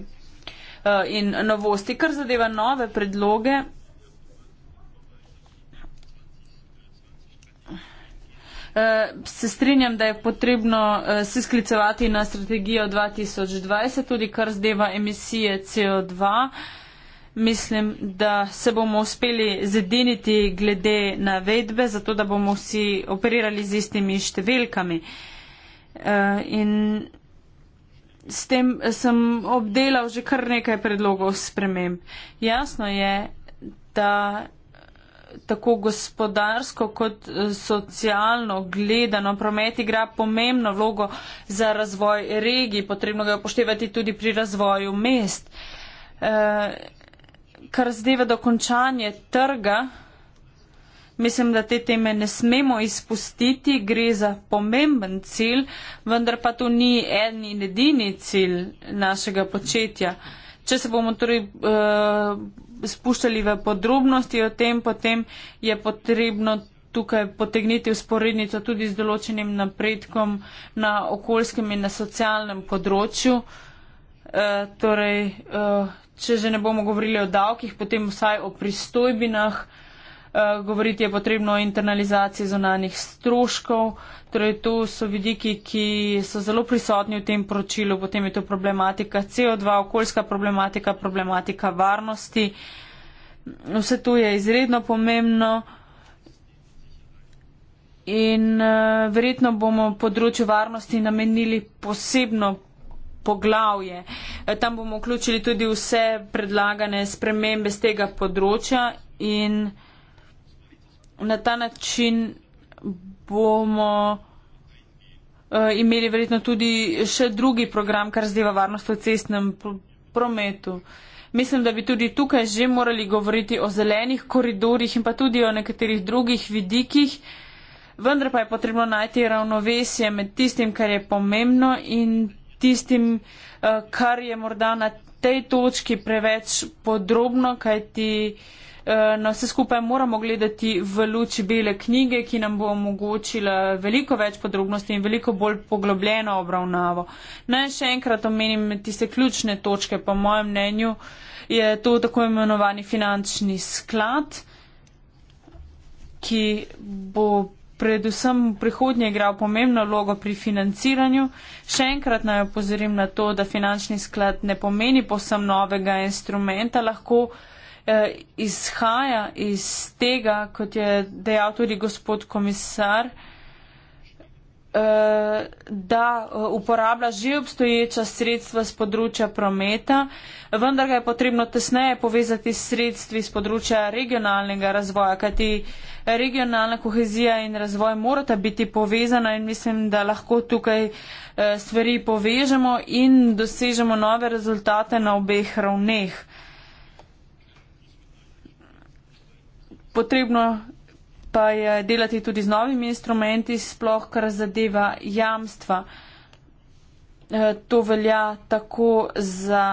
in novosti, kar zadeva nove predloge. Eh, se strinjam, da je potrebno eh, se sklicevati na strategijo 2020, tudi kar zadeva emisije CO2 mislim, da se bomo uspeli zediniti glede navedbe, zato da bomo vsi operirali z istimi številkami. Eh, in s tem sem obdelal že kar nekaj predlogov sprememb. Jasno je, da tako gospodarsko kot eh, socialno gledano promet igra pomembno vlogo za razvoj regij, potrebno ga je upoštevati tudi pri razvoju mest. Eh, kar zdeva dokončanje trga, mislim, da te teme ne smemo izpustiti, gre za pomemben cilj, vendar pa to ni en in edini cilj našega početja. Če se bomo torej uh, spuščali v podrobnosti o tem, potem je potrebno tukaj potegniti usporednico tudi z določenim napredkom na okoljskem in na socialnem področju. Uh, torej, uh, če že ne bomo govorili o davkih, potem vsaj o pristojbinah. Eh, govoriti je potrebno o internalizaciji zonanih stroškov, torej to so vidiki, ki so zelo prisotni v tem poročilu, potem je to problematika CO2, okoljska problematika, problematika varnosti. Vse to je izredno pomembno in eh, verjetno bomo področju varnosti namenili posebno poglavje. E, tam bomo vključili tudi vse predlagane spremembe z tega področja in na ta način bomo e, imeli verjetno tudi še drugi program, kar zdeva varnost v cestnem prometu. Mislim, da bi tudi tukaj že morali govoriti o zelenih koridorjih in pa tudi o nekaterih drugih vidikih, vendar pa je potrebno najti ravnovesje med tistim, kar je pomembno in tistim, eh, kar je morda na tej točki preveč podrobno, kajti eh, na vse skupaj moramo gledati v luči bele knjige, ki nam bo omogočila veliko več podrobnosti in veliko bolj poglobljeno obravnavo. Naj še enkrat omenim tiste ključne točke, po mojem mnenju je to tako imenovani finančni sklad, ki bo predvsem v prihodnje igral pomembno logo pri financiranju. Še enkrat naj opozorim na to, da finančni sklad ne pomeni posem novega instrumenta, lahko eh, izhaja iz tega, kot je dejal tudi gospod komisar. Eh, Eh, da eh, uporablja že obstoječa sredstva z področja prometa, vendar ga je potrebno tesneje povezati s sredstvi z področja regionalnega razvoja, kajti regionalna kohezija in razvoj morata biti povezana in mislim, da lahko tukaj eh, stvari povežemo in dosežemo nove rezultate na obeh ravneh. Potrebno pa je delati tudi z novimi instrumenti, sploh kar zadeva jamstva. E, to velja tako za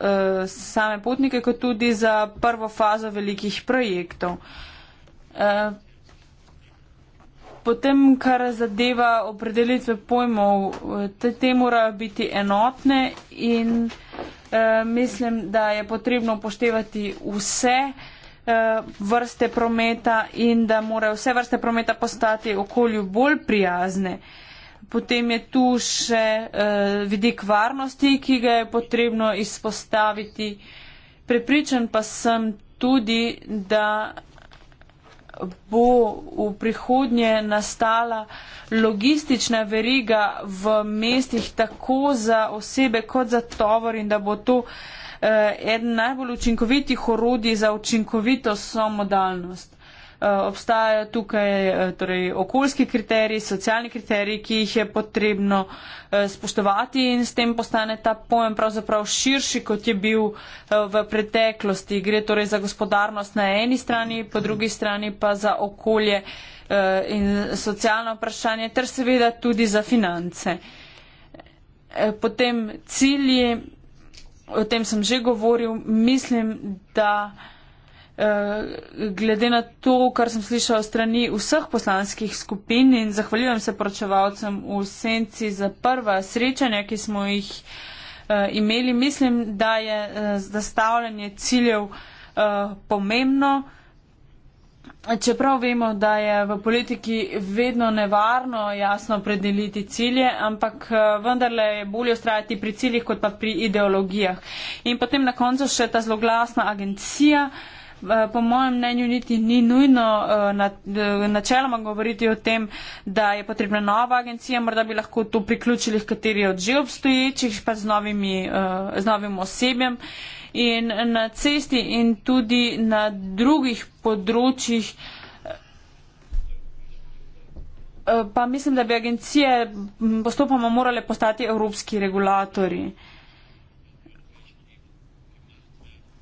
e, same potnike, kot tudi za prvo fazo velikih projektov. E, potem, kar zadeva opredelitve pojmov, te, te morajo biti enotne in eh, mislim, da je potrebno upoštevati vse eh, Eh, vrste prometa in da morajo vse vrste prometa postati okolju bolj prijazne. Potem je tu še uh, vidik varnosti, ki ga je potrebno izpostaviti. Prepričan pa sem tudi, da bo v prihodnje nastala logistična veriga v mestih tako za osebe kot za tovor in da bo to uh, Eh, eden najbolj učinkovitih orodij za učinkovito samodalnost. Eh, obstajajo tukaj eh, torej, okoljski kriteriji, socialni kriteriji, ki jih je potrebno spoštovati in s tem postane ta pojem pravzaprav širši, kot je bil v preteklosti. Gre torej za gospodarnost na eni strani, po drugi strani pa za okolje in socialno vprašanje, ter seveda tudi za finance. Potem cilji. O tem sem že govoril. Mislim, da eh, glede na to, kar sem slišal strani vseh poslanskih skupin in zahvaljujem se poročevalcem v senci za prva srečanja, ki smo jih eh, imeli, mislim, da je eh, zastavljanje ciljev pomembno. Čeprav vemo, da je v politiki vedno nevarno jasno predeliti cilje, ampak eh, vendarle je bolje ustrajati pri ciljih, kot pa pri ideologijah. In potem na koncu še ta zloglasna agencija. Eh, po mojem mnenju niti ni nujno eh, načeloma govoriti o tem, da je potrebna nova agencija, morda bi lahko to priključili h kateri od že obstoječih, pa z, novimi, z novim osebjem in na cesti in tudi na drugih področjih. Eh, pa mislim, da bi agencije postopoma morale postati evropski regulatori.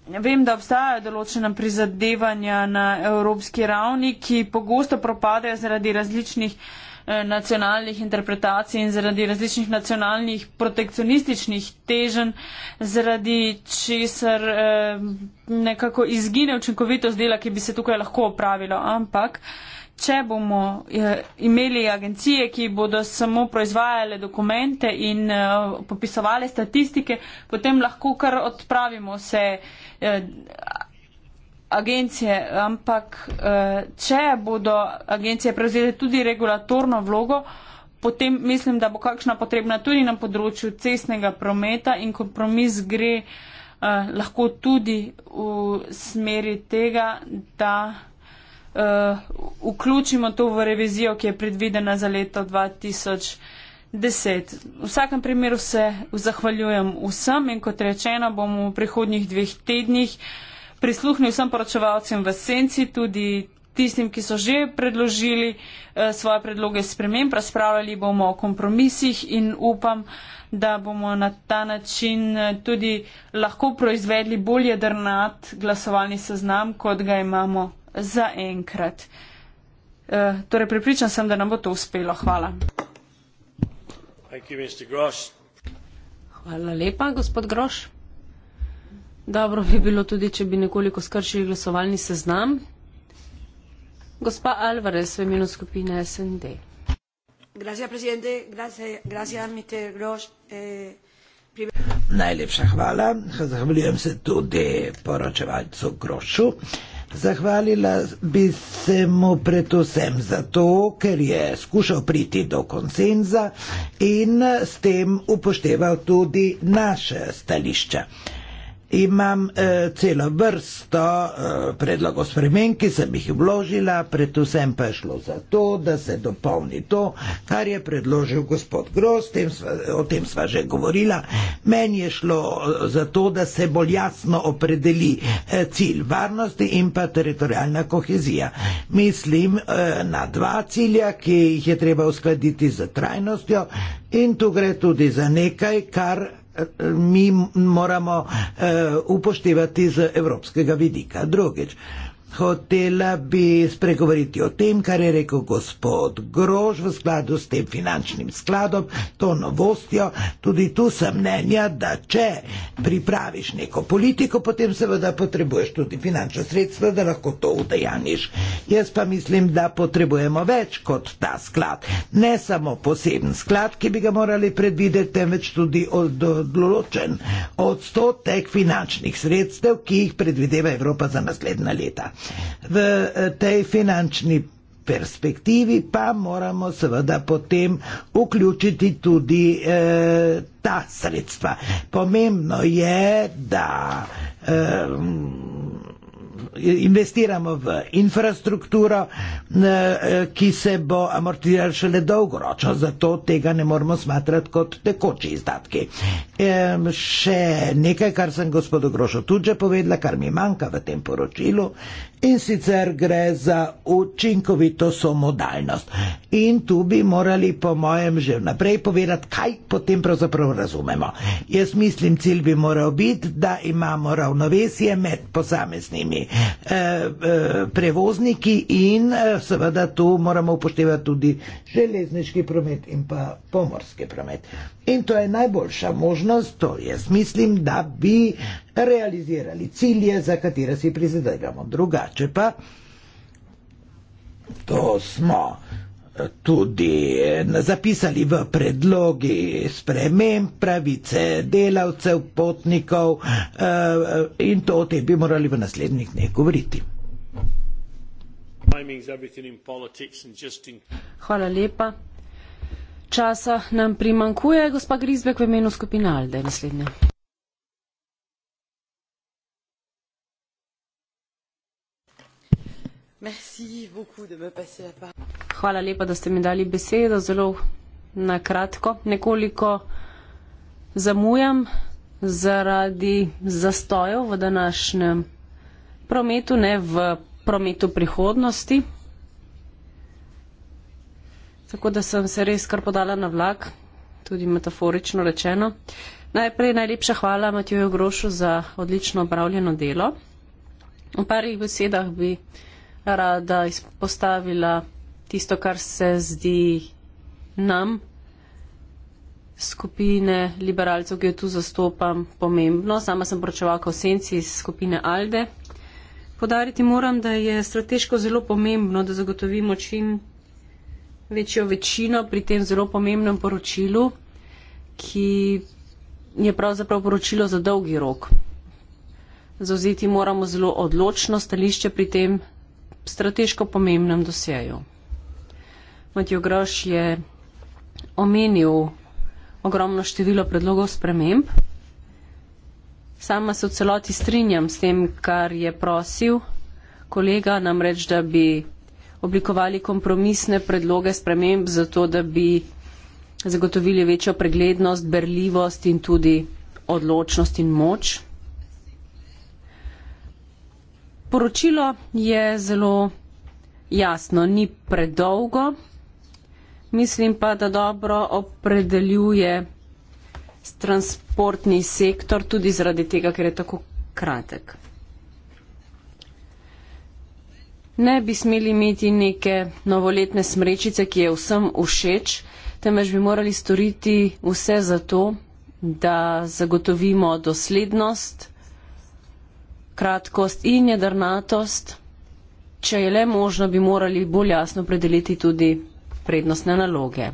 Vem, da obstajajo določena prizadevanja na evropski ravni, ki pogosto propadajo zaradi različnih uh, Eh, nacionalnih interpretacij in zaradi različnih nacionalnih protekcionističnih težen, zaradi česar eh, nekako izgine učinkovitost dela, ki bi se tukaj lahko opravilo. Ampak, če bomo eh, imeli agencije, ki bodo samo proizvajale dokumente in popisovale statistike, potem lahko kar odpravimo vse agencije, ampak eh, če bodo agencije prevzeli tudi regulatorno vlogo, potem mislim, da bo kakšna potrebna tudi na področju cestnega prometa in kompromis gre eh, lahko tudi v smeri tega, da eh, vključimo to v revizijo, ki je predvidena za leto 2000. Deset. V vsakem primeru se zahvaljujem vsem in kot rečeno bomo v prihodnjih dveh tednih uh, prisluhnil vsem poročevalcem v senci, tudi tistim, ki so že predložili eh, svoje predloge sprememb. Razpravljali bomo o kompromisih in upam, da bomo na ta način eh, tudi lahko proizvedli bolje drnat glasovalni seznam, kot ga imamo za enkrat. Eh, torej, pripričan sem, da nam bo to uspelo. Hvala. Hvala lepa, gospod Groš. Dobro bi bilo tudi, če bi nekoliko skrčili glasovalni seznam. Gospa Alvarez, v imenu skupine SND. Eh, Najlepša hvala. Zahvaljujem se tudi poročevalcu Grošu. Zahvalila bi se mu predvsem zato, ker je skušal priti do konsenza in s tem upošteval tudi naše stališče imam uh, celo vrsto uh, predlogov spremen, ki sem jih vložila, predvsem pa je šlo za to, da se dopolni to, kar je predložil gospod Gross, tem sva, o tem sva že govorila. Meni je šlo eh, za to, da se bolj jasno opredeli uh, cilj varnosti in pa teritorijalna kohezija. Mislim uh, na dva cilja, ki jih je treba uskladiti z trajnostjo in tu gre tudi za nekaj, kar mi moramo eh, upoštevati z evropskega vidika. Drugič, Hotela bi spregovoriti o tem, kar je rekel gospod Grož v skladu s tem finančnim skladom, to novostjo. Tudi tu sem mnenja, da če pripraviš neko politiko, potem seveda potrebuješ tudi finančna sredstva, da lahko to udejaniš. Jaz pa mislim, da potrebujemo več kot ta sklad. Ne samo poseben sklad, ki bi ga morali predvideti, temveč tudi odločen odstotek finančnih sredstev, ki jih predvideva Evropa za naslednja leta. V eh, tej finančni perspektivi pa moramo seveda potem vključiti tudi e, ta sredstva. Pomembno je, da e, investiramo v infrastrukturo, ki se bo amortizirala šele dolgoročno, zato tega ne moramo smatrati kot tekoči izdatki. Še nekaj, kar sem gospodu Grošo tudi že povedala, kar mi manjka v tem poročilu, In sicer gre za učinkovito somodalnost. In tu bi morali, po mojem, že naprej povedati, kaj potem pravzaprav razumemo. Jaz mislim, cilj bi moral biti, da imamo ravnovesje med posameznimi eh, eh, prevozniki in eh, seveda tu moramo upoštevati tudi železniški promet in pa pomorski promet. In to je najboljša možnost, to jaz mislim, da bi realizirali cilje, za katere si prizadevamo. Drugače pa, to smo eh, tudi eh, zapisali v predlogi sprememb pravice delavcev, potnikov eh, in to o tem bi morali v naslednjih dneh govoriti. Hvala lepa. Časa nam primankuje, gospa Grizbek v imenu skupine Alde. Naslednja. Hvala lepa, da ste mi dali besedo. Zelo na kratko. Nekoliko zamujam zaradi zastojev v današnjem prometu, ne v prometu prihodnosti. Tako da sem se res kar podala na vlak, tudi metaforično rečeno. Najprej najlepša hvala Matiju Grošu za odlično opravljeno delo. V parih besedah bi rada izpostavila tisto, kar se zdi nam, skupine liberalcev, ki jo tu zastopam, pomembno. Sama sem poročevalka v senci iz skupine Alde. Podariti moram, da je strateško zelo pomembno, da zagotovimo čim večjo večino pri tem zelo pomembnem poročilu, ki je pravzaprav poročilo za dolgi rok. Zauzeti moramo zelo odločno stališče pri tem strateško pomembnem dosjeju. Matijo Groš je omenil ogromno število predlogov sprememb. Sama se v celoti strinjam s tem, kar je prosil kolega, namreč, da bi oblikovali kompromisne predloge sprememb, zato da bi zagotovili večjo preglednost, berljivost in tudi odločnost in moč Poročilo je zelo jasno, ni predolgo, mislim pa, da dobro opredeljuje transportni sektor tudi zaradi tega, ker je tako kratek. Ne bi smeli imeti neke novoletne smrečice, ki je vsem všeč, temveč bi morali storiti vse za to, da zagotovimo doslednost kratkost in jedrnatost. Če je le možno, bi morali bolj jasno predeliti tudi prednostne naloge.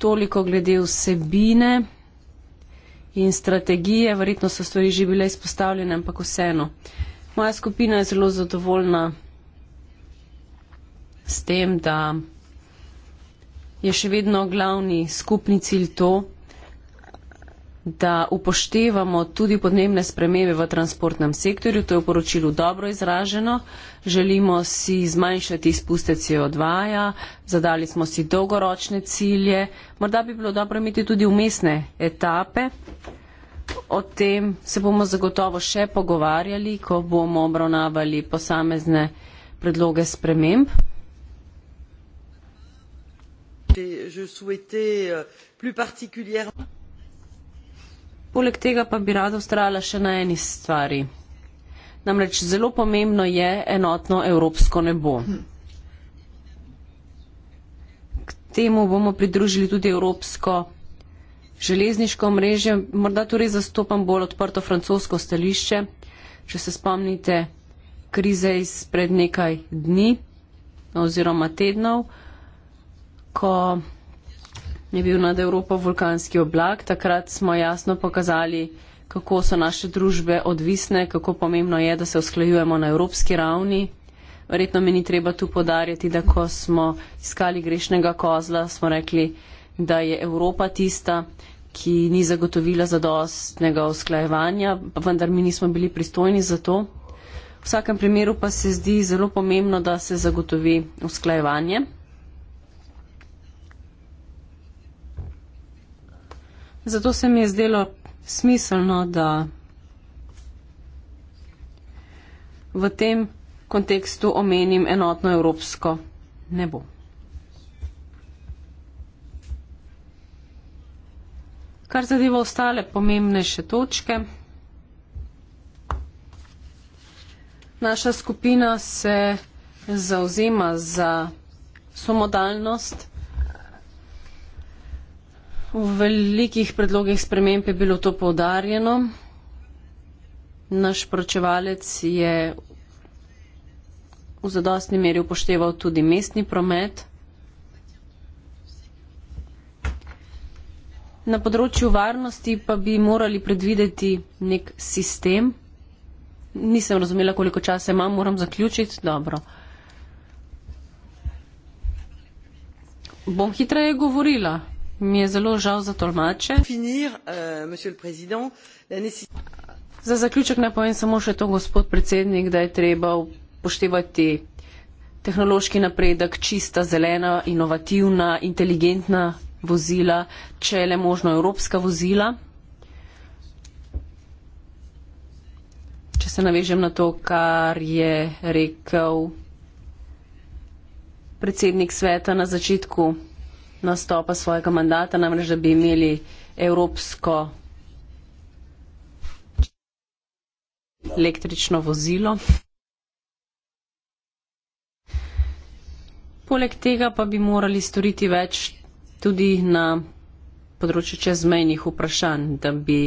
Toliko glede vsebine in strategije, verjetno so stvari že bile izpostavljene, ampak vseeno. Moja skupina je zelo zadovoljna s tem, da je še vedno glavni skupni cilj to, da upoštevamo tudi podnebne spremembe v transportnem sektorju. To je v poročilu dobro izraženo. Želimo si zmanjšati izpuste CO2, -ja, zadali smo si dolgoročne cilje. Morda bi bilo dobro imeti tudi umestne etape. O tem se bomo zagotovo še pogovarjali, ko bomo obravnavali posamezne predloge sprememb. Euh, plus particulièrement... Poleg tega pa bi rada ustrajala še na eni stvari. Namreč zelo pomembno je enotno evropsko nebo. K temu bomo pridružili tudi evropsko železniško mrežje, morda tudi zastopam bolj odprto francosko stališče, če se spomnite krize izpred nekaj dni oziroma tednov, ko je bil nad Evropo vulkanski oblak. Takrat smo jasno pokazali, kako so naše družbe odvisne, kako pomembno je, da se usklajujemo na evropski ravni. Verjetno mi ni treba tu podarjati, da ko smo iskali grešnega kozla, smo rekli, da je Evropa tista, ki ni zagotovila zadostnega usklajevanja, vendar mi nismo bili pristojni za to. V vsakem primeru pa se zdi zelo pomembno, da se zagotovi usklajevanje. Zato se mi je zdelo smiselno, da v tem kontekstu omenim enotno evropsko nebo. Kar zadeva ostale pomembnejše točke, naša skupina se zauzema za somodalnost V velikih predlogih sprememb je bilo to povdarjeno. Naš pročevalec je v zadostni meri upošteval tudi mestni promet. Na področju varnosti pa bi morali predvideti nek sistem. Nisem razumela, koliko časa imam, moram zaključiti. Dobro. Bom hitreje govorila. Mi je zelo žal za tolmače. Eh, za zaključek naj povem samo še to, gospod predsednik, da je treba upoštevati tehnološki napredek, čista, zelena, inovativna, inteligentna vozila, če je le možno evropska vozila. Če se navežem na to, kar je rekel predsednik sveta na začetku nastopa svojega mandata, namreč da bi imeli evropsko električno vozilo. Poleg tega pa bi morali storiti več tudi na področju čezmejnih vprašanj, da bi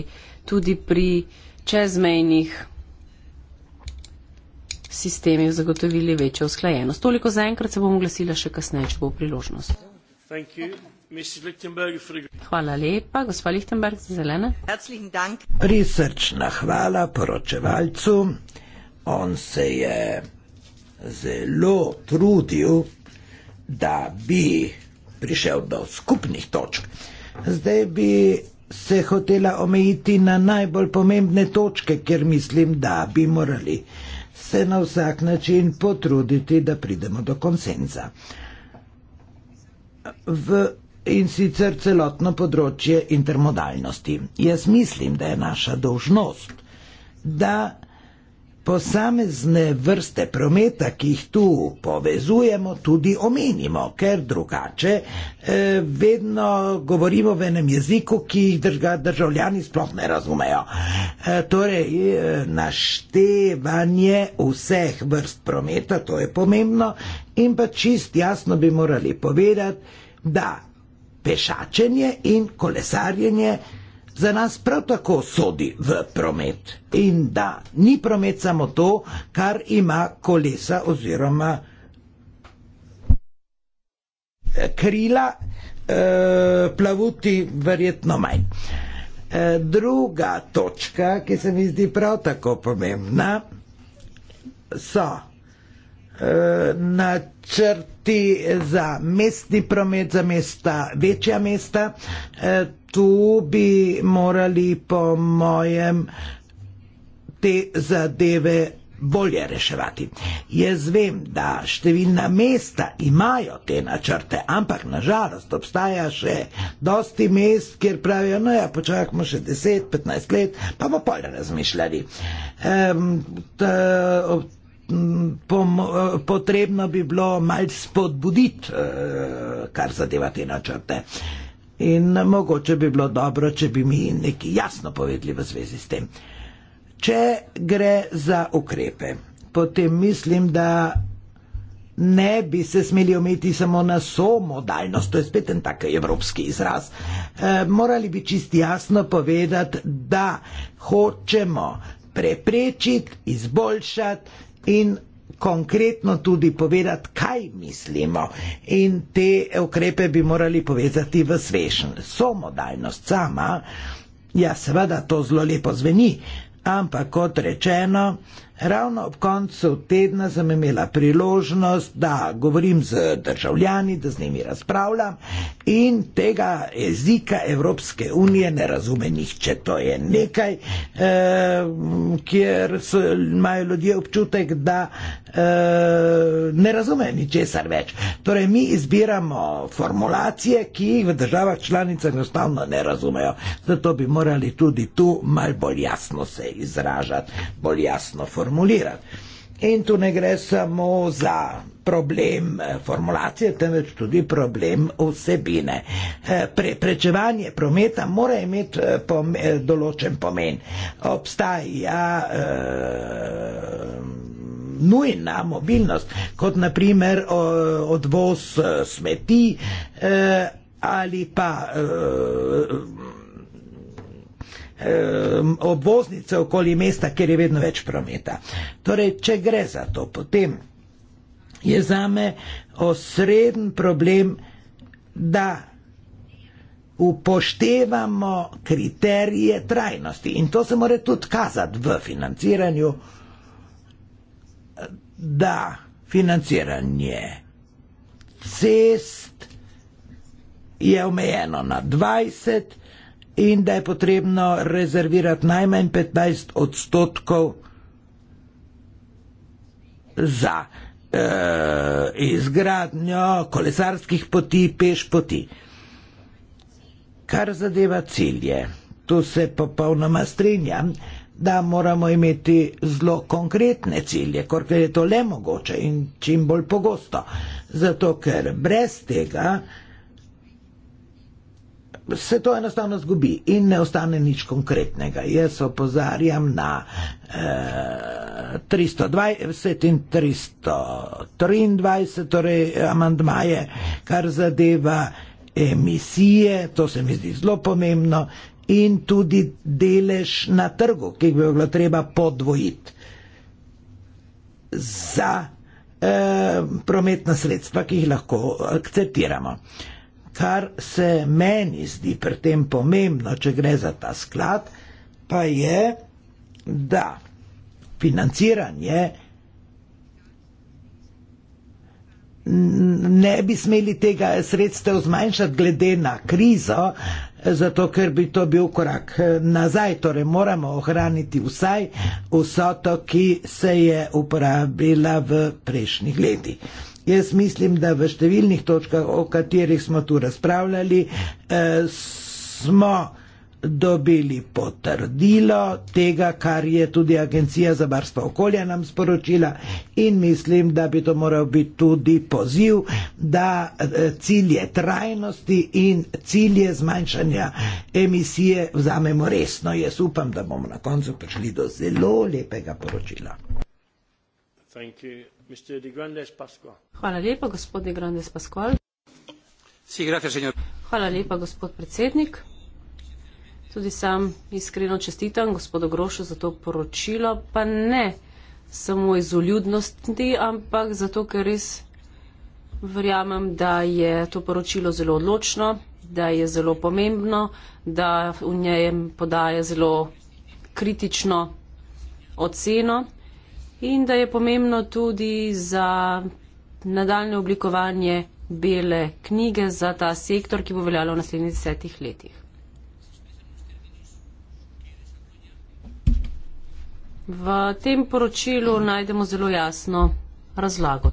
tudi pri čezmejnih sistemih zagotovili večjo usklajenost. Toliko za enkrat se bom oglasila še kasneje, če bo priložnost. Hvala lepa, gospod Lichtenberg, za zelene. Prisrčna hvala poročevalcu. On se je zelo trudil, da bi prišel do skupnih točk. Zdaj bi se hotela omejiti na najbolj pomembne točke, ker mislim, da bi morali se na vsak način potruditi, da pridemo do konsenza v in sicer celotno področje intermodalnosti. Jaz mislim, da je naša dožnost, da Posamezne vrste prometa, ki jih tu povezujemo, tudi omenimo, ker drugače eh, vedno govorimo v enem jeziku, ki jih državljani sploh ne razumejo. Eh, torej, eh, naštevanje vseh vrst prometa, to je pomembno in pa čist jasno bi morali povedati, da pešačenje in kolesarjenje za nas prav tako sodi v promet. In da ni promet samo to, kar ima kolesa oziroma eh, krila, eh, plavuti verjetno manj. Eh, druga točka, ki se mi zdi prav tako pomembna, so načrti za mestni promet, za mesta, večja mesta tu bi morali po mojem te zadeve bolje reševati. Jaz vem, da številna mesta imajo te načrte, ampak nažalost obstaja še dosti mest, kjer pravijo, no ja, počakamo še 10-15 let, pa bo polje razmišljali. Ehm, ta, pom, potrebno bi bilo malce spodbuditi, eh, kar zadeva te načrte. Ehm, In mogoče bi bilo dobro, če bi mi nekaj jasno povedali v zvezi s tem. Če gre za ukrepe, potem mislim, da ne bi se smeli ometi samo na somodalnost, to je spet en tak evropski izraz. E, morali bi čist jasno povedati, da hočemo preprečiti, izboljšati in konkretno tudi povedati, kaj mislimo in te ukrepe bi morali povezati v svešen. Somodajnost sama, ja seveda to zelo lepo zveni, ampak kot rečeno, Ravno ob koncu tedna sem imela priložnost, da govorim z državljani, da z njimi razpravljam in tega jezika Evropske unije ne razume nihče. To je nekaj, eh, kjer so, imajo ljudje občutek, da eh, ne razume ničesar več. Torej, mi izbiramo formulacije, ki jih v državah članice enostavno ne razumejo. Zato bi morali tudi tu mal bolj jasno se izražati, bolj jasno formulirati formulirati. In tu ne gre samo za problem eh, formulacije, temveč tudi problem vsebine. Eh, Preprečevanje prometa mora imeti eh, določen pomen. Obstaja nujna mobilnost, kot naprimer odvoz smeti ali pa obvoznice okoli mesta, ker je vedno več prometa. Torej, če gre za to, potem je za me osreden problem, da upoštevamo kriterije trajnosti in to se mora tudi kazati v financiranju, da financiranje cest je omejeno na 20, in da je potrebno rezervirati najmanj 15 odstotkov za eh, izgradnjo kolesarskih poti, peš poti. Kar zadeva cilje, tu se popolnoma strinjam, da moramo imeti zelo konkretne cilje, kot je to le mogoče in čim bolj pogosto. Zato ker brez tega se to enostavno zgubi in ne ostane nič konkretnega. Jaz opozarjam na eh, 320 in 323, torej amandmaje, kar zadeva emisije, to se mi zdi zelo pomembno, in tudi delež na trgu, ki bi ga treba podvojiti za eh, prometna sredstva, ki jih lahko akceptiramo. Eh, Kar se meni zdi pri tem pomembno, če gre za ta sklad, pa je, da financiranje ne bi smeli tega sredstev zmanjšati glede na krizo, zato ker bi to bil korak eh, nazaj. Torej moramo ohraniti vsaj vsoto, ki se je uporabila v prejšnjih letih. Jaz mislim, da v številnih točkah, o katerih smo tu razpravljali, eh, smo dobili potrdilo tega, kar je tudi Agencija za varstvo okolja nam sporočila in mislim, da bi to moral biti tudi poziv, da eh, cilje trajnosti in cilje zmanjšanja emisije vzamemo resno. Jaz upam, da bomo na koncu prišli do zelo lepega poročila. Thank you. Hvala lepa, gospod de Grandes Pascual. Hvala lepa, gospod predsednik. Tudi sam iskreno čestitam gospodu Grošu za to poročilo, pa ne samo iz uljudnosti, ampak zato, ker res verjamem, da je to poročilo zelo odločno, da je zelo pomembno, da v njej podaja zelo kritično oceno in da je pomembno tudi za nadaljne oblikovanje bele knjige za ta sektor, ki bo veljala v naslednjih desetih letih. V tem poročilu najdemo zelo jasno razlago.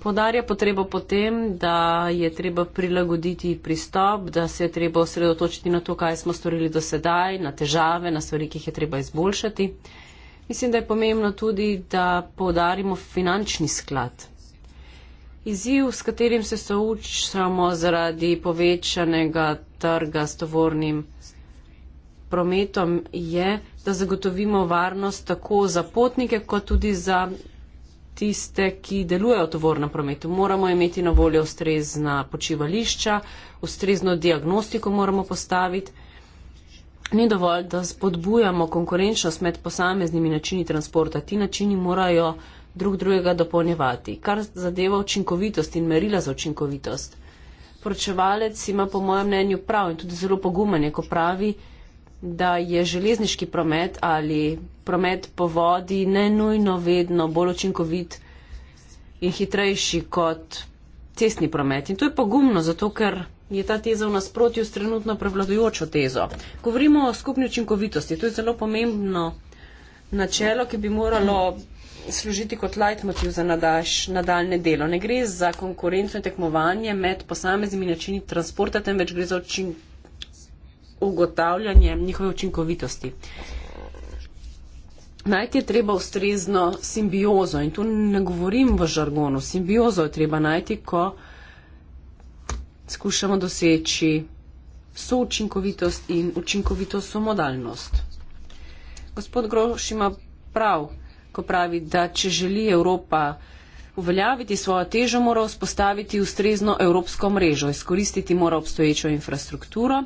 Podarja potrebo potem, da je treba prilagoditi pristop, da se je treba osredotočiti na to, kaj smo storili do sedaj, na težave, na stvari, ki jih je treba izboljšati. Mislim, da je pomembno tudi, da poudarimo finančni sklad. Izziv, s katerim se soočamo zaradi povečanega trga s tovornim prometom, je, da zagotovimo varnost tako za potnike, kot tudi za tiste, ki delujejo v tovornem prometu. Moramo imeti na voljo ustrezna počivališča, ustrezno diagnostiko moramo postaviti. Ni dovolj, da spodbujamo konkurenčnost med posameznimi načini transporta. Ti načini morajo drug drugega dopolnjevati, kar zadeva učinkovitost in merila za učinkovitost. Poročevalec ima po mojem mnenju prav in tudi zelo pogumen, ko pravi, da da je železniški promet ali promet po vodi ne nujno vedno bolj učinkovit in hitrejši kot cestni promet. In to je pogumno, zato ker je ta teza v nasprotju s trenutno prevladujočo tezo. Govorimo o skupni učinkovitosti. To je zelo pomembno načelo, ki bi moralo služiti kot leitmotiv za nadaš, nadaljne delo. Ne gre za konkurenčno tekmovanje med posameznimi načini transporta, temveč gre za učinkovitost ugotavljanjem njihove učinkovitosti. Najti je treba ustrezno simbiozo in tu ne govorim v žargonu. Simbiozo je treba najti, ko skušamo doseči součinkovitost in učinkovito somodalnost. Gospod Groš ima prav, ko pravi, da če želi Evropa uveljaviti svojo težo, mora vzpostaviti ustrezno evropsko mrežo, izkoristiti mora obstoječo infrastrukturo,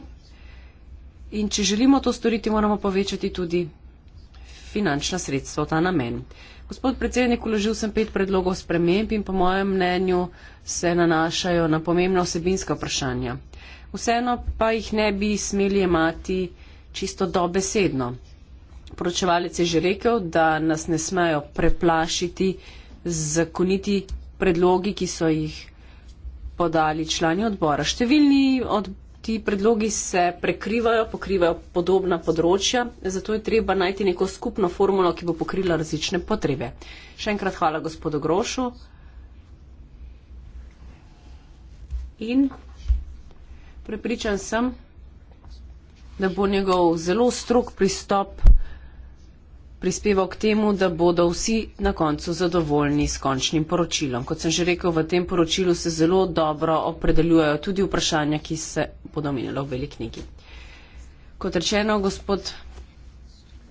In če želimo to storiti, moramo povečati tudi finančna sredstva v ta namen. Gospod predsednik, uložil sem pet predlogov sprememb in po mojem mnenju se nanašajo na pomembna osebinska vprašanja. Vseeno pa jih ne bi smeli imati čisto dobesedno. Poročevalec je že rekel, da nas ne smejo preplašiti z zakoniti predlogi, ki so jih podali člani odbora. Številni od ti predlogi se prekrivajo, pokrivajo podobna področja, zato je treba najti neko skupno formulo, ki bo pokrila različne potrebe. Še enkrat hvala gospodu Grošu. In prepričan sem, da bo njegov zelo strok pristop prispeval k temu, da bodo vsi na koncu zadovoljni s končnim poročilom. Kot sem že rekel, v tem poročilu se zelo dobro opredeljujejo tudi vprašanja, ki se bodo minjalo v veliki knjigi. Kot rečeno, gospod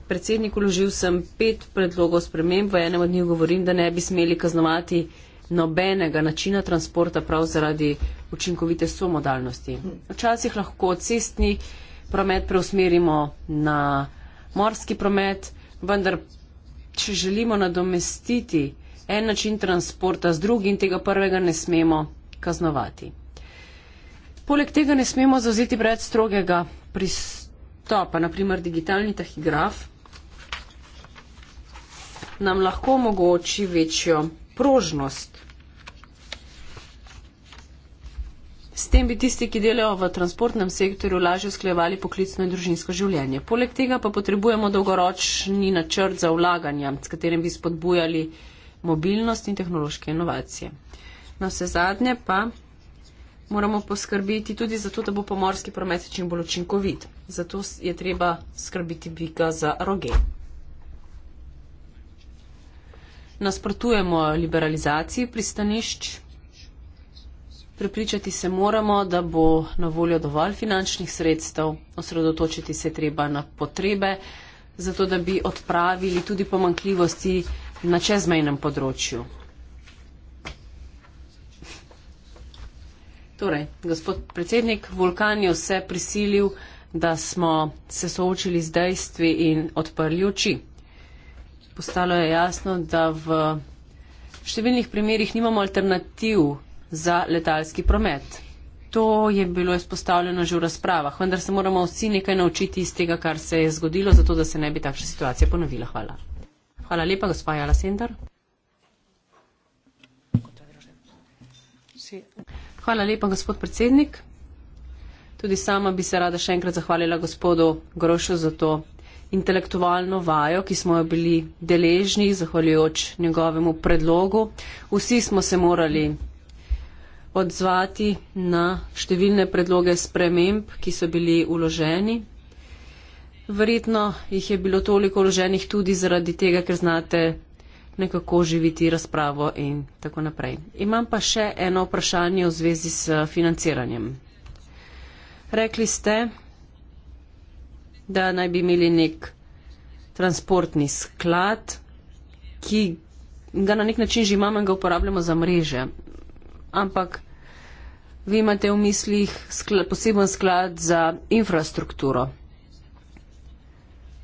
predsednik, uložil sem pet predlogov sprememb, v enem od njih govorim, da ne bi smeli kaznovati nobenega načina transporta prav zaradi učinkovite somodalnosti. Včasih lahko cestni promet preusmerimo na morski promet, vendar, če želimo nadomestiti en način transporta z drugim, tega prvega ne smemo kaznovati. Poleg tega ne smemo zauzeti pred strogega pristopa, naprimer digitalni tahigraf nam lahko omogoči večjo prožnost S tem bi tisti, ki delajo v transportnem sektorju, lažje sklevali poklicno in družinsko življenje. Poleg tega pa potrebujemo dolgoročni načrt za vlaganja, s katerim bi spodbujali mobilnost in tehnološke inovacije. Na vse zadnje pa moramo poskrbiti tudi za to, da bo pomorski promet čim bolj učinkovit. Zato je treba skrbiti biga za roge. Nasprotujemo liberalizaciji pristanišč. Prepričati se moramo, da bo na voljo dovolj finančnih sredstev, osredotočiti se treba na potrebe, zato da bi odpravili tudi pomankljivosti na čezmejnem področju. Torej, gospod predsednik, vulkan je vse prisilil, da smo se soočili z dejstvi in odprli oči. Postalo je jasno, da v številnih primerjih nimamo alternativ, za letalski promet. To je bilo izpostavljeno že v razpravah, vendar se moramo vsi nekaj naučiti iz tega, kar se je zgodilo, zato da se ne bi takšna situacija ponovila. Hvala. Hvala lepa, gospa Jala Sender. Hvala lepa, gospod predsednik. Tudi sama bi se rada še enkrat zahvalila gospodu Grošu za to intelektualno vajo, ki smo jo bili deležni, zahvaljujoč njegovemu predlogu. Vsi smo se morali odzvati na številne predloge sprememb, ki so bili uloženi. Verjetno jih je bilo toliko uloženih tudi zaradi tega, ker znate nekako živiti razpravo in tako naprej. Imam pa še eno vprašanje v zvezi s financiranjem. Rekli ste, da naj bi imeli nek transportni sklad, ki ga na nek način že imamo in ga uporabljamo za mreže ampak vi imate v mislih skla, poseben sklad za infrastrukturo,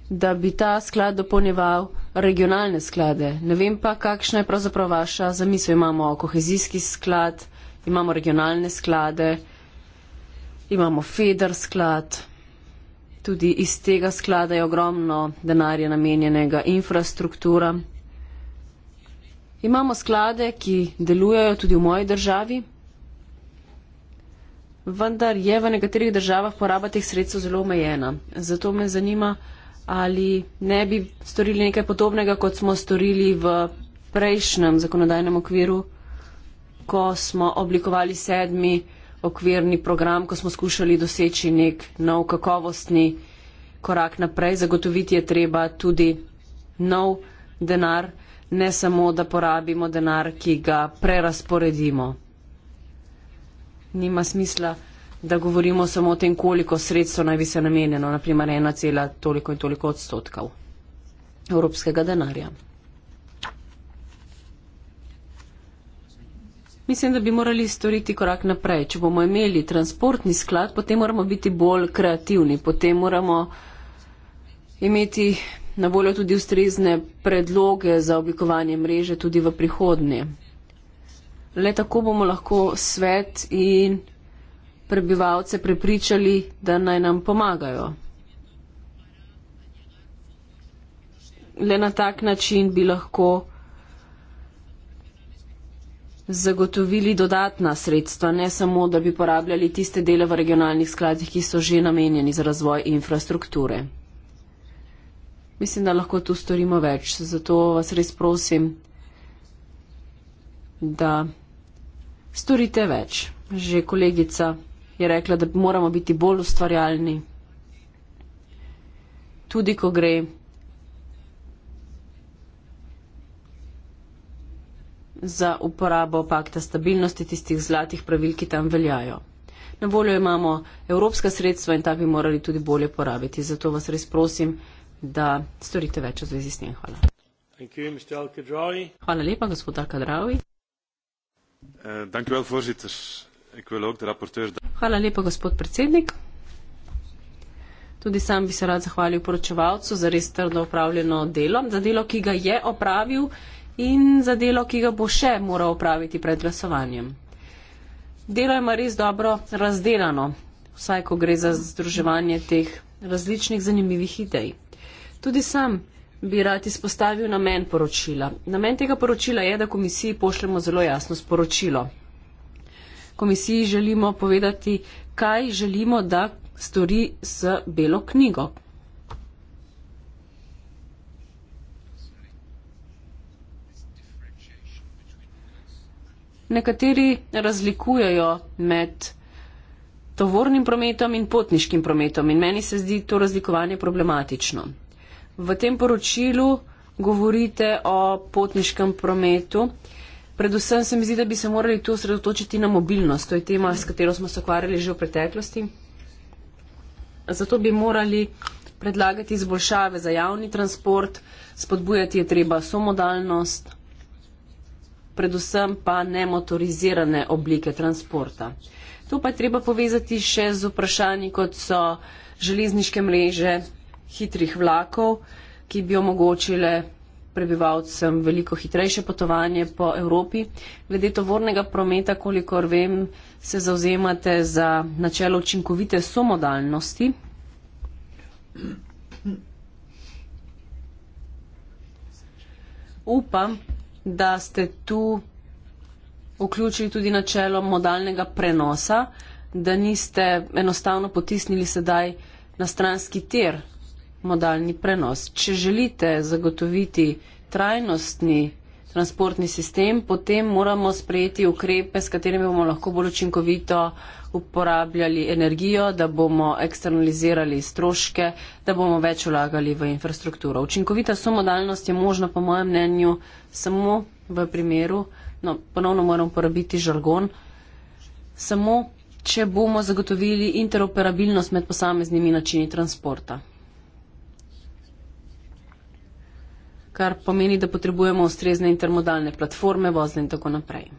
da bi ta sklad dopolneval regionalne sklade. Ne vem pa, kakšna je pravzaprav vaša zamisel. Imamo kohezijski sklad, imamo regionalne sklade, imamo feder sklad. Tudi iz tega sklada je ogromno denarja namenjenega infrastrukturam. Imamo sklade, ki delujejo tudi v moji državi, vendar je v nekaterih državah poraba teh sredstev zelo omejena. Zato me zanima, ali ne bi storili nekaj podobnega, kot smo storili v prejšnjem zakonodajnem okviru, ko smo oblikovali sedmi okvirni program, ko smo skušali doseči nek nov kakovostni korak naprej. Zagotoviti je treba tudi nov denar ne samo, da porabimo denar, ki ga prerasporedimo. Nima smisla, da govorimo samo o tem, koliko sredstva naj bi se namenjeno, naprimer ena cela toliko in toliko odstotkov evropskega denarja. Mislim, da bi morali storiti korak naprej. Če bomo imeli transportni sklad, potem moramo biti bolj kreativni, potem moramo imeti na voljo tudi ustrezne predloge za oblikovanje mreže tudi v prihodnje. Le tako bomo lahko svet in prebivalce prepričali, da naj nam pomagajo. Le na tak način bi lahko zagotovili dodatna sredstva, ne samo, da bi porabljali tiste dele v regionalnih skladih, ki so že namenjeni za razvoj infrastrukture mislim, da lahko tu storimo več. Zato vas res prosim, da storite več. Že kolegica je rekla, da moramo biti bolj ustvarjalni, tudi ko gre za uporabo pakta stabilnosti tistih zlatih pravil, ki tam veljajo. Na voljo imamo evropska sredstva in ta bi morali tudi bolje porabiti. Zato vas res prosim, da storite več v zvezi s tem. Hvala. Hvala lepa, gospod Alkadravi. Eh, Hvala lepa, gospod predsednik. Tudi sam bi se rad zahvalil poročevalcu za res trdo opravljeno delo, za delo, ki ga je opravil in za delo, ki ga bo še moral opraviti pred glasovanjem. Delo ima res dobro razdelano, vsaj ko gre za združevanje teh različnih zanimivih idej. Tudi sam bi rad izpostavil namen poročila. Namen tega poročila je, da komisiji pošljemo zelo jasno sporočilo. Komisiji želimo povedati, kaj želimo, da stori z belo knjigo. Nekateri razlikujejo med tovornim prometom in potniškim prometom in meni se zdi to razlikovanje problematično. V tem poročilu govorite o potniškem prometu. Predvsem se mi zdi, da bi se morali tu osredotočiti na mobilnost. To je tema, s katero smo se ukvarjali že v preteklosti. Zato bi morali predlagati izboljšave za javni transport, spodbujati je treba somodalnost, predvsem pa nemotorizirane oblike transporta. To pa je treba povezati še z vprašanji, kot so železniške mreže, hitrih vlakov, ki bi omogočile prebivalcem veliko hitrejše potovanje po Evropi. Glede tovornega prometa, kolikor vem, se zauzemate za načelo učinkovite somodalnosti. Upam, da ste tu vključili tudi načelo modalnega prenosa, da niste enostavno potisnili sedaj na stranski tir modalni prenos. Če želite zagotoviti trajnostni transportni sistem, potem moramo sprejeti ukrepe, s katerimi bomo lahko bolj učinkovito uporabljali energijo, da bomo eksternalizirali stroške, da bomo več ulagali v infrastrukturo. Učinkovita somodalnost je možna, po mojem mnenju, samo v primeru, no, ponovno moram uporabiti žargon, samo če bomo zagotovili interoperabilnost med posameznimi načini transporta. kar pomeni, da potrebujemo ustrezne intermodalne platforme, vozne in tako naprej.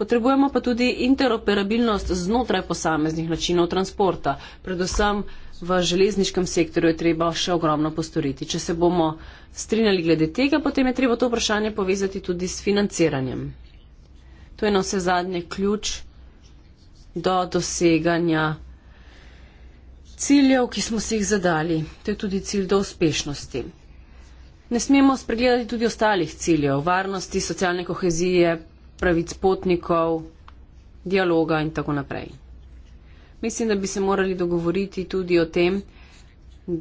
Potrebujemo pa tudi interoperabilnost znotraj posameznih načinov transporta. Predvsem v železniškem sektorju je treba še ogromno postoriti. Če se bomo strinjali glede tega, potem je treba to vprašanje povezati tudi s financiranjem. To je na vse zadnje ključ do doseganja ciljev, ki smo si jih zadali. To je tudi cilj do uspešnosti. Ne smemo spregledati tudi ostalih ciljev - varnosti, socialne kohezije, pravic potnikov, dialoga in tako naprej. Mislim, da bi se morali dogovoriti tudi o tem,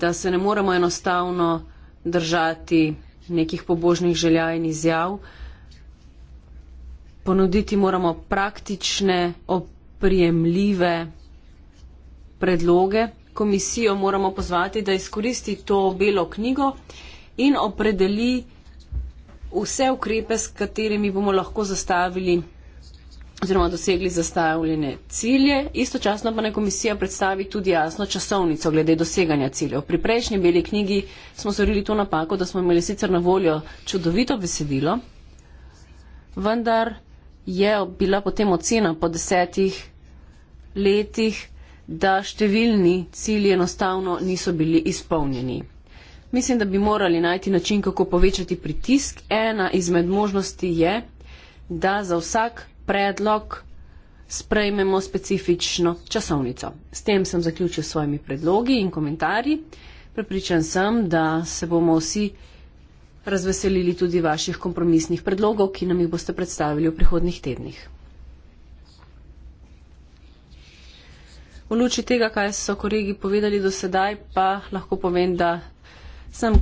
da se ne moremo enostavno držati nekih pobožnih želja in izjav. Ponuditi moramo praktične, oprijemljive predloge. Komisijo moramo pozvati, da izkoristi to belo knjigo in opredeli vse ukrepe, s katerimi bomo lahko zastavili oziroma dosegli zastavljene cilje. Istočasno pa naj komisija predstavi tudi jasno časovnico glede doseganja ciljev. Pri prejšnji beli knjigi smo storili to napako, da smo imeli sicer na voljo čudovito besedilo, vendar je bila potem ocena po desetih letih, da številni cilji enostavno niso bili izpolnjeni. Mislim, da bi morali najti način, kako povečati pritisk. Ena izmed možnosti je, da za vsak predlog sprejmemo specifično časovnico. S tem sem zaključil svojimi predlogi in komentarji. Prepričan sem, da se bomo vsi razveselili tudi vaših kompromisnih predlogov, ki nam jih boste predstavili v prihodnih tednih. V luči tega, kaj so kolegi povedali do sedaj, pa lahko povem, da sem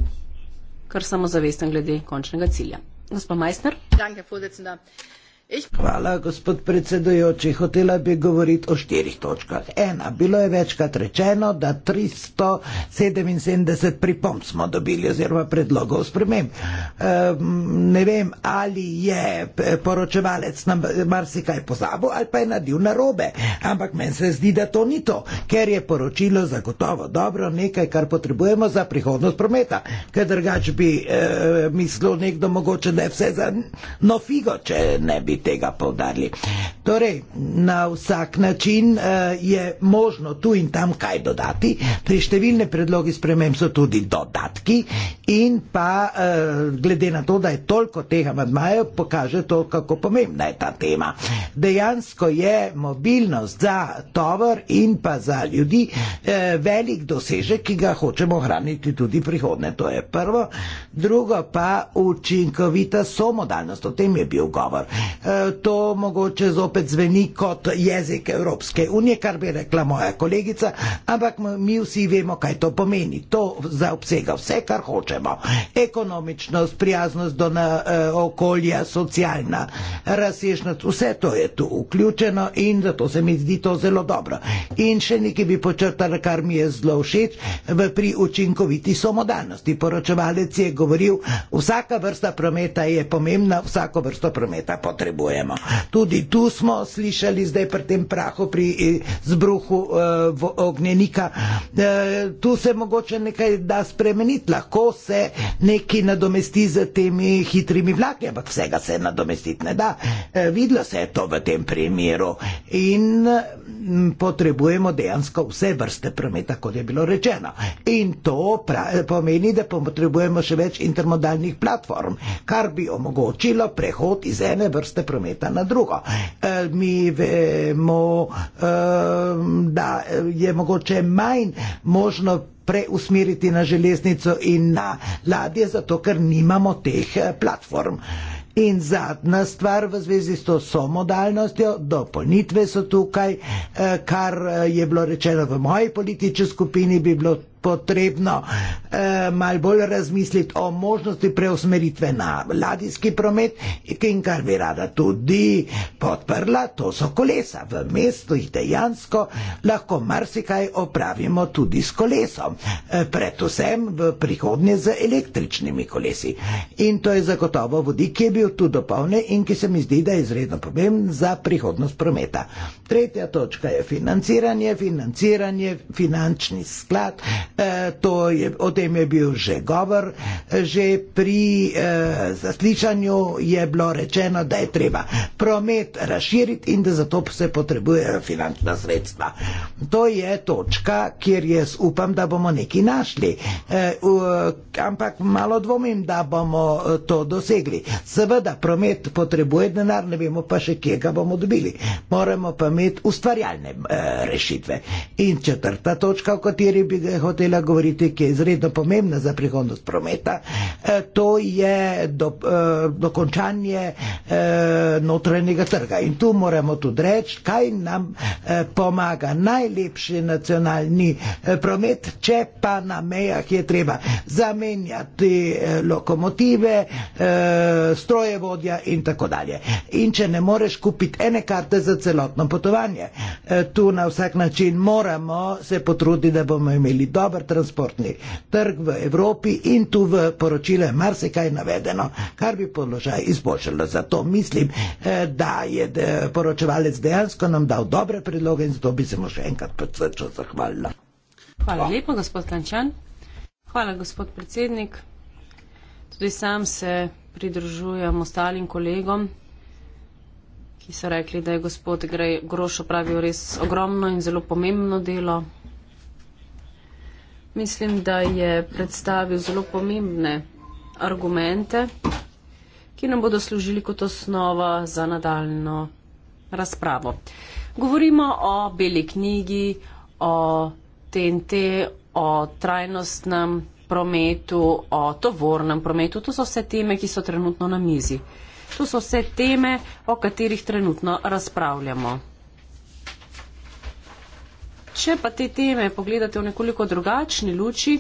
kar samozavesten glede končnega cilja. Gospa Majstner. Hvala, gospod predsedujoči. Hotela bi govoriti o štirih točkah. Ena, bilo je večkrat rečeno, da 377 pripomb smo dobili oziroma predlogov sprememb. Um, ne vem, ali je eh, poročevalec nam marsikaj pozabil ali pa je nadil narobe, ampak meni se zdi, da to ni to, ker je poročilo zagotovo dobro nekaj, kar potrebujemo za prihodnost prometa, ker drugač bi uh, mislil nekdo mogoče, da je vse za no figo, če ne bi tega povdarili. Torej, na vsak način uh, je možno tu in tam kaj dodati. Pri številne predlogi sprememb so tudi dodatki in pa uh, glede na to, da je toliko tega madmajev, pokaže to, kako pomembna je ta tema. Dejansko je mobilnost za tovor in pa za ljudi uh, velik dosežek, ki ga hočemo hraniti tudi prihodne. To je prvo. Drugo pa učinkovita somodalnost. O tem je bil govor. Uh, Eh, to mogoče zopet zveni kot jezik Evropske unije, kar bi rekla moja kolegica, ampak mi vsi vemo, kaj to pomeni. To zaobsega vse, kar hočemo. Ekonomičnost, prijaznost do na, eh, okolja, socialna razsežnost, vse to je tu vključeno in zato se mi zdi to zelo dobro. In še nekaj bi počrtala, kar mi je zelo všeč, pri učinkoviti somodalnosti. Poročevalec je govoril, vsaka vrsta prometa je pomembna, vsako vrsto prometa potrebna potrebujemo. Tudi tu smo slišali zdaj pri tem prahu, pri zbruhu eh, eh ognjenika. Eh, tu se mogoče nekaj da spremeniti, lahko se nekaj nadomesti z temi hitrimi vlaki, ampak vsega se nadomestiti ne da. Eh, videlo se je to v tem primeru in hm, potrebujemo dejansko vse vrste prometa, kot je bilo rečeno. In to pomeni, da potrebujemo še več intermodalnih platform, kar bi omogočilo prehod iz ene vrste prometa na drugo. E, mi vemo, e, da je mogoče manj možno preusmeriti na železnico in na ladje, zato ker nimamo teh e, platform. In zadnja stvar v zvezi s to somodalnostjo, dopolnitve so tukaj, kar je bilo rečeno v moji politični skupini, bi bilo potrebno eh, malo bolj razmisliti o možnosti preusmeritve na ladijski promet in kar bi rada tudi podprla, to so kolesa. V mestu jih dejansko lahko marsikaj opravimo tudi s kolesom, eh, predvsem v prihodnje z električnimi kolesi. In to je zagotovo vodik, ki je bil tu dopolne in ki se mi zdi, da je izredno pomemben za prihodnost prometa. Tretja točka je financiranje, financiranje, finančni sklad. E, to je, o tem je bil že govor, že pri eh, zaslišanju je bilo rečeno, da je treba promet razširiti in da zato se potrebujejo finančna sredstva. To je točka, kjer jaz upam, da bomo nekaj našli, eh, uh, ampak malo dvomim, da bomo e, to dosegli. Seveda, promet potrebuje denar, ne vemo pa še, kje ga bomo dobili. Moramo pa imeti ustvarjalne eh, rešitve. In četrta točka, o kateri bi ga hotel začela govoriti, ki je izredno pomembna za prihodnost prometa, eh, to je do, eh, dokončanje eh, notranjega trga. In tu moramo tudi reči, kaj nam pomaga najlepši nacionalni promet, če pa na mejah je treba zamenjati lokomotive, strojevodja in tako dalje. In če ne moreš kupiti ene karte za celotno potovanje, tu na vsak način moramo se potruditi, da bomo imeli dobro dober transportni trg v Evropi in tu v poročilu je marsikaj navedeno, kar bi položaj izboljšalo. Zato mislim, eh, da je eh, poročevalec dejansko nam dal dobre predloge in zato bi se mu še enkrat predsrčno zahvalila. Hvala oh. lepo, gospod Kančan. Hvala, gospod predsednik. Tudi sam se pridružujem ostalim kolegom ki so rekli, da je gospod Grošo pravil res ogromno in zelo pomembno delo, Mislim, da je predstavil zelo pomembne argumente, ki nam bodo služili kot osnova za nadaljno razpravo. Govorimo o beli knjigi, o TNT, o trajnostnem prometu, o tovornem prometu. To so vse teme, ki so trenutno na mizi. To so vse teme, o katerih trenutno razpravljamo. Če pa te teme pogledate v nekoliko drugačni luči,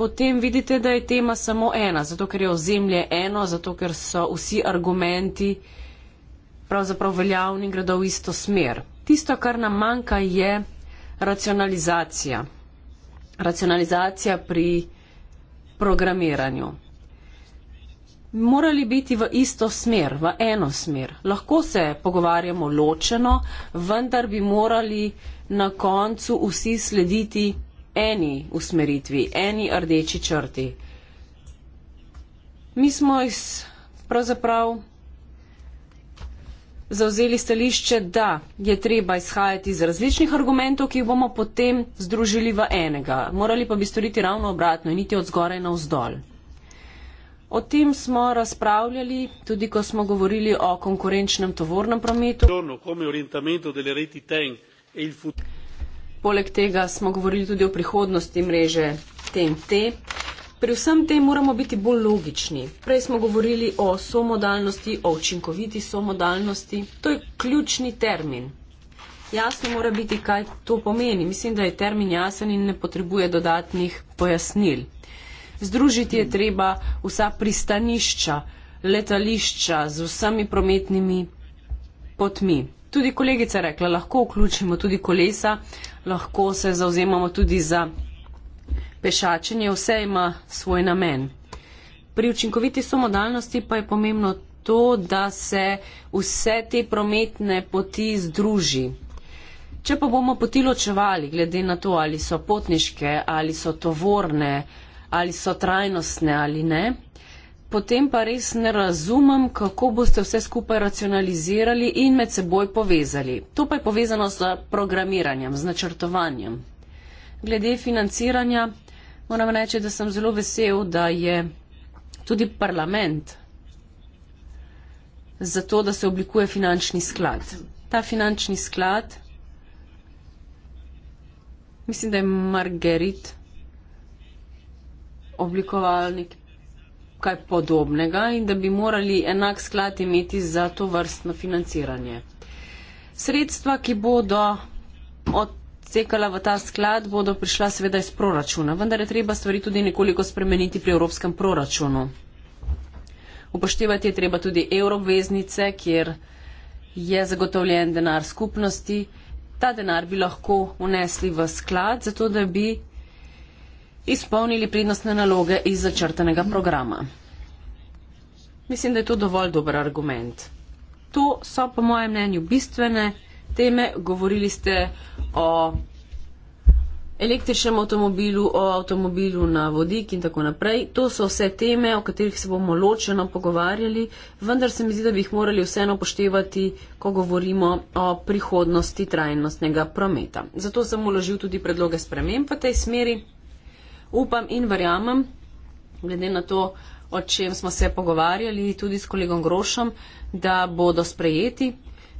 potem vidite, da je tema samo ena, zato ker je ozemlje eno, zato ker so vsi argumenti pravzaprav veljavni in gredo v isto smer. Tisto, kar nam manjka, je racionalizacija. Racionalizacija pri programiranju morali biti v isto smer, v eno smer. Lahko se pogovarjamo ločeno, vendar bi morali na koncu vsi slediti eni usmeritvi, eni rdeči črti. Mi smo iz pravzaprav zauzeli stališče, da je treba izhajati iz različnih argumentov, ki jih bomo potem združili v enega. Morali pa bi storiti ravno obratno in iti od zgoraj na vzdolj. O tem smo razpravljali tudi, ko smo govorili o konkurenčnem tovornem prometu. E Poleg tega smo govorili tudi o prihodnosti mreže TNT. Pri vsem tem moramo biti bolj logični. Prej smo govorili o somodalnosti, o učinkoviti somodalnosti. To je ključni termin. Jasno mora biti, kaj to pomeni. Mislim, da je termin jasen in ne potrebuje dodatnih pojasnil. Združiti je treba vsa pristanišča, letališča z vsemi prometnimi potmi. Tudi kolegica je rekla, lahko vključimo tudi kolesa, lahko se zauzemamo tudi za pešačenje, vse ima svoj namen. Pri učinkoviti somodalnosti pa je pomembno to, da se vse te prometne poti združi. Če pa bomo poti ločevali, glede na to, ali so potniške, ali so tovorne, ali so trajnostne ali ne. Potem pa res ne razumem, kako boste vse skupaj racionalizirali in med seboj povezali. To pa je povezano s programiranjem, z načrtovanjem. Glede financiranja moram reči, da sem zelo vesel, da je tudi parlament za to, da se oblikuje finančni sklad. Ta finančni sklad, mislim, da je Margerit oblikovali nekaj podobnega in da bi morali enak sklad imeti za to vrstno financiranje. Sredstva, ki bodo odsekala v ta sklad, bodo prišla seveda iz proračuna, vendar je treba stvari tudi nekoliko spremeniti pri evropskem proračunu. Upoštevati je treba tudi evrobveznice, kjer je zagotovljen denar skupnosti. Ta denar bi lahko unesli v sklad, zato da bi izpolnili prednostne naloge iz začrtenega programa. Mislim, da je to dovolj dober argument. To so po mojem mnenju bistvene teme. Govorili ste o električnem avtomobilu, o avtomobilu na vodik in tako naprej. To so vse teme, o katerih se bomo ločeno pogovarjali, vendar se mi zdi, da bi jih morali vseeno poštevati, ko govorimo o prihodnosti trajnostnega prometa. Zato sem uložil tudi predloge sprememb v tej smeri upam in verjamem, glede na to, o čem smo se pogovarjali tudi s kolegom Grošom, da bodo sprejeti.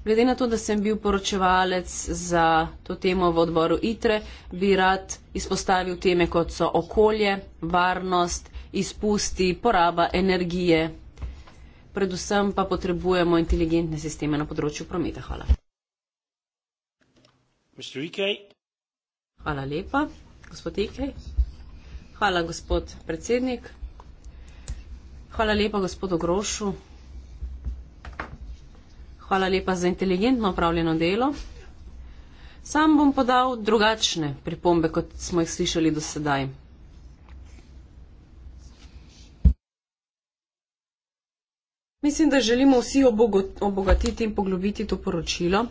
Glede na to, da sem bil poročevalec za to temo v odboru ITRE, bi rad izpostavil teme kot so okolje, varnost, izpusti, poraba energije. Predvsem pa potrebujemo inteligentne sisteme na področju prometa. Hvala. Hvala lepa. Gospod Ikej. Hvala, gospod predsednik. Hvala lepa, gospodu Grošu. Hvala lepa za inteligentno upravljeno delo. Sam bom podal drugačne pripombe, kot smo jih slišali do sedaj. Mislim, da želimo vsi obogatiti in poglobiti to poročilo.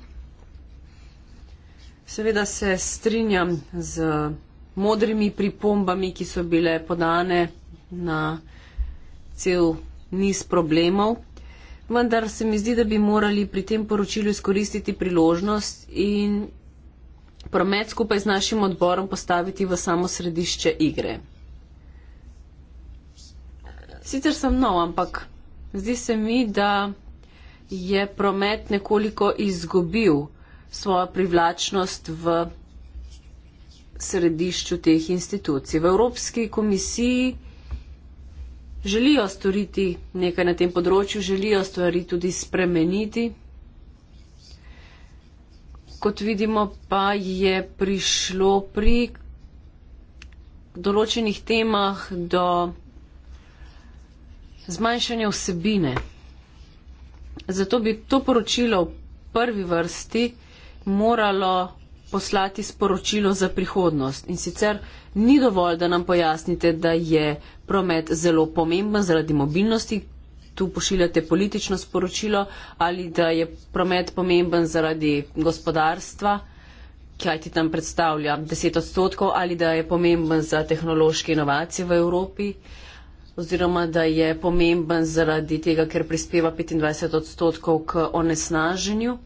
Seveda se strinjam z modrimi pripombami, ki so bile podane na cel niz problemov. Vendar se mi zdi, da bi morali pri tem poročilu izkoristiti priložnost in promet skupaj z našim odborom postaviti v samo središče igre. Sicer sem nov, ampak zdi se mi, da je promet nekoliko izgubil svojo privlačnost v središču teh institucij. V Evropski komisiji želijo storiti nekaj na tem področju, želijo stvari tudi spremeniti. Kot vidimo, pa je prišlo pri določenih temah do zmanjšanja vsebine. Zato bi to poročilo v prvi vrsti moralo poslati sporočilo za prihodnost. In sicer ni dovolj, da nam pojasnite, da je promet zelo pomemben zaradi mobilnosti, tu pošiljate politično sporočilo, ali da je promet pomemben zaradi gospodarstva, kaj ti tam predstavlja 10 odstotkov, ali da je pomemben za tehnološke inovacije v Evropi oziroma da je pomemben zaradi tega, ker prispeva 25 odstotkov k onesnaženju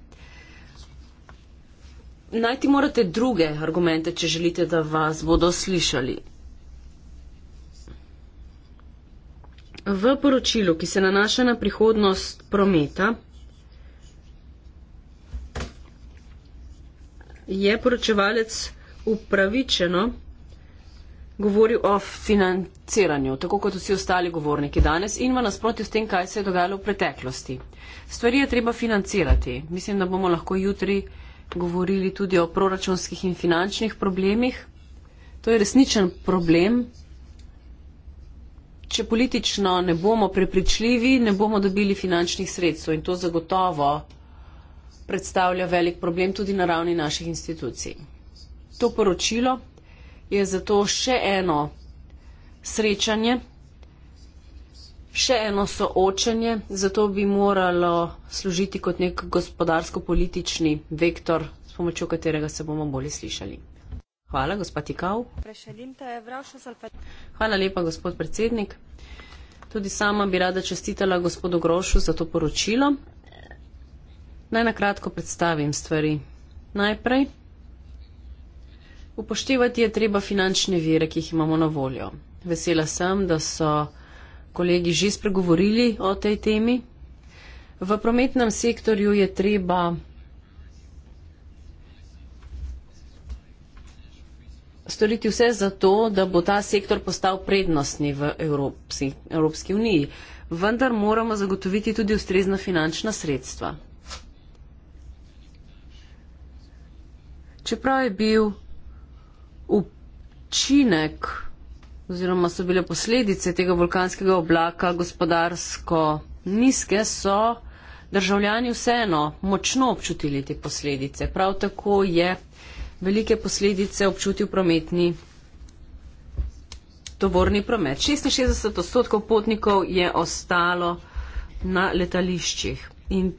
najti morate druge argumente, če želite, da vas bodo slišali. V poročilu, ki se nanaša na prihodnost prometa, je poročevalec upravičeno govoril o financiranju, tako kot vsi ostali govorniki danes in v nasprotju s tem, kaj se je dogajalo v preteklosti. Stvari je treba financirati. Mislim, da bomo lahko jutri govorili tudi o proračunskih in finančnih problemih. To je resničen problem. Če politično ne bomo prepričljivi, ne bomo dobili finančnih sredstev in to zagotovo predstavlja velik problem tudi na ravni naših institucij. To poročilo je zato še eno srečanje še eno soočenje, zato bi moralo služiti kot nek gospodarsko-politični vektor, s pomočjo katerega se bomo bolje slišali. Hvala, gospod Tikav. Hvala lepa, gospod predsednik. Tudi sama bi rada čestitala gospodu Grošu za to poročilo. Naj nakratko predstavim stvari. Najprej. Upoštevati je treba finančne vire, ki jih imamo na voljo. Vesela sem, da so kolegi že spregovorili o tej temi. V prometnem sektorju je treba storiti vse za to, da bo ta sektor postal prednostni v Evropski, Evropski uniji. Vendar moramo zagotoviti tudi ustrezna finančna sredstva. Čeprav je bil učinek oziroma so bile posledice tega vulkanskega oblaka gospodarsko nizke, so državljani vseeno močno občutili te posledice. Prav tako je velike posledice občutil prometni tovorni promet. 66 odstotkov potnikov je ostalo na letališčih in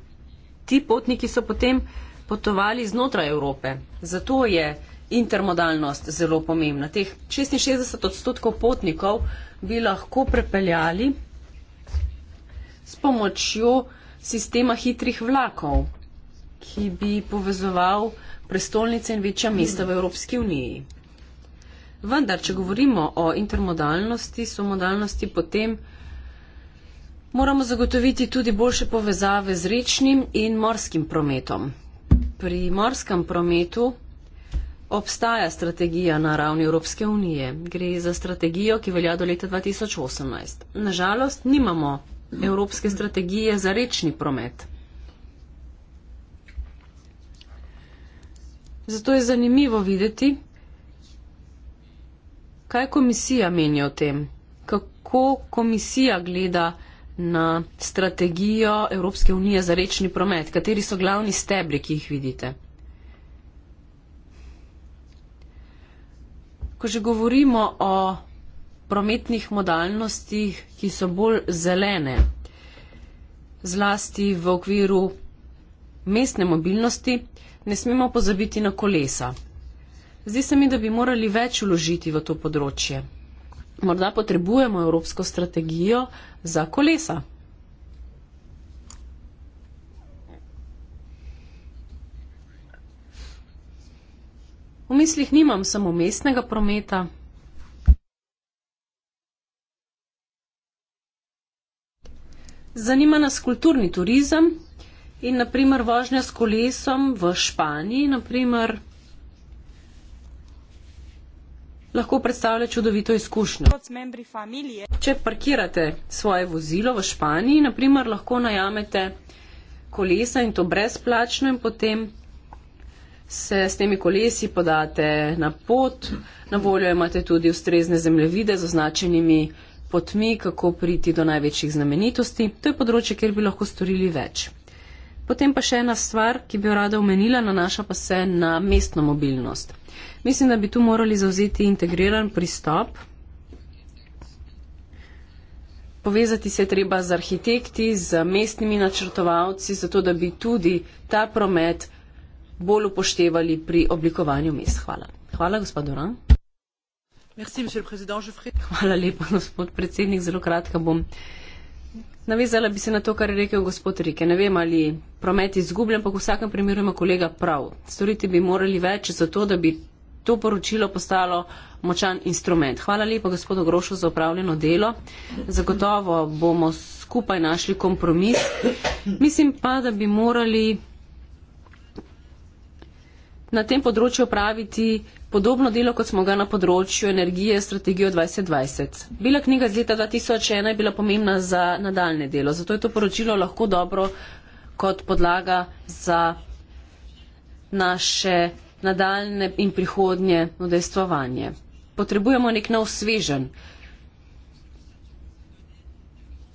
ti potniki so potem potovali znotraj Evrope. Zato je intermodalnost zelo pomembna. Teh 66 odstotkov potnikov bi lahko prepeljali s pomočjo sistema hitrih vlakov, ki bi povezoval prestolnice in večja mesta v Evropski uniji. Vendar, če govorimo o intermodalnosti, so modalnosti potem moramo zagotoviti tudi boljše povezave z rečnim in morskim prometom. Pri morskem prometu obstaja strategija na ravni Evropske unije. Gre za strategijo, ki velja do leta 2018. Nažalost, nimamo Evropske strategije za rečni promet. Zato je zanimivo videti, kaj komisija meni o tem, kako komisija gleda na strategijo Evropske unije za rečni promet, kateri so glavni stebri, ki jih vidite. ko že govorimo o prometnih modalnostih, ki so bolj zelene, zlasti v okviru mestne mobilnosti, ne smemo pozabiti na kolesa. Zdi se mi, da bi morali več uložiti v to področje. Morda potrebujemo evropsko strategijo za kolesa. V mislih nimam samo mestnega prometa. Zanima nas kulturni turizem in naprimer vožnja s kolesom v Španiji, naprimer lahko predstavlja čudovito izkušnjo. Če parkirate svoje vozilo v Španiji, naprimer lahko najamete kolesa in to brezplačno in potem se s temi kolesi podate na pot. Na voljo imate tudi ustrezne zemljevide z označenimi potmi, kako priti do največjih znamenitosti. To je področje, kjer bi lahko storili več. Potem pa še ena stvar, ki bi jo rada omenila, nanaša pa se na mestno mobilnost. Mislim, da bi tu morali zauzeti integriran pristop. Povezati se je treba z arhitekti, z mestnimi načrtovalci, zato da bi tudi ta promet bolj upoštevali pri oblikovanju mest. Hvala. Hvala, gospod Duran. Hvala lepa, gospod predsednik. Zelo kratka bom. Navezala bi se na to, kar je rekel gospod Rike. Ne vem, ali promet izgubljen, ampak v vsakem primeru ima kolega prav. Storiti bi morali več za to, da bi to poročilo postalo močan instrument. Hvala lepa, gospod Ogrošo, za upravljeno delo. Zagotovo bomo skupaj našli kompromis. Mislim pa, da bi morali na tem področju opraviti podobno delo, kot smo ga na področju energije strategijo 2020. Bila knjiga z leta 2001 je bila pomembna za nadaljne delo, zato je to poročilo lahko dobro kot podlaga za naše nadaljne in prihodnje udejstvovanje. Potrebujemo nek nov svežen.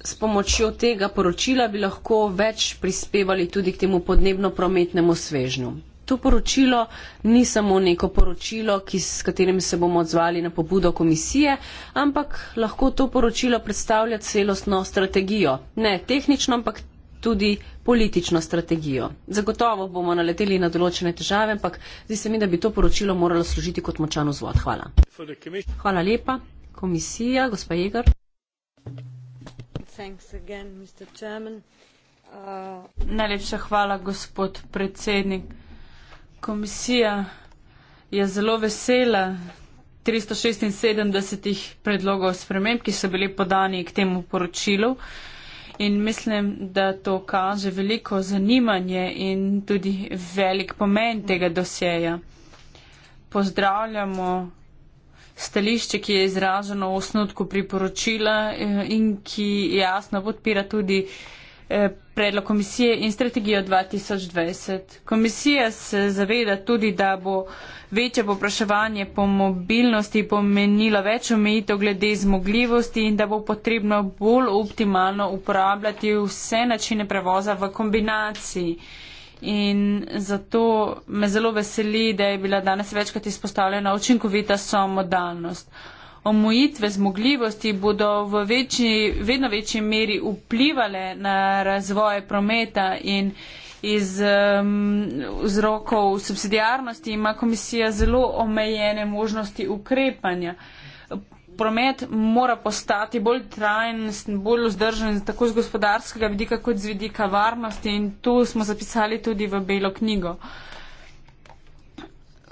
S pomočjo tega poročila bi lahko več prispevali tudi k temu podnebno-prometnemu svežnju to poročilo ni samo neko poročilo, ki, s katerim se bomo odzvali na pobudo komisije, ampak lahko to poročilo predstavlja celostno strategijo. Ne tehnično, ampak tudi politično strategijo. Zagotovo bomo naleteli na določene težave, ampak zdi se mi, da bi to poročilo moralo služiti kot močan vzvod. Hvala. Hvala lepa. Komisija, gospa Jegar. Again, uh... Najlepša hvala, gospod predsednik. Komisija je zelo vesela 376 predlogov sprememb, ki so bili podani k temu poročilu. In mislim, da to kaže veliko zanimanje in tudi velik pomen tega dosjeja. Pozdravljamo stališče, ki je izraženo v osnutku priporočila eh, in ki jasno podpira tudi Eh, predlog komisije in strategijo 2020. Komisija se zaveda tudi, da bo večje popraševanje po mobilnosti pomenilo več omejitev glede zmogljivosti in da bo potrebno bolj optimalno uporabljati vse načine prevoza v kombinaciji. In zato me zelo veseli, da je bila danes večkrat izpostavljena učinkovita samodalnost omojitve zmogljivosti bodo v večji, vedno večji meri vplivali na razvoj prometa in iz um, vzrokov subsidijarnosti ima komisija zelo omejene možnosti ukrepanja. Promet mora postati bolj trajen, bolj vzdržen, tako z gospodarskega vidika kot z vidika varnosti in to smo zapisali tudi v Belo knjigo. Uh,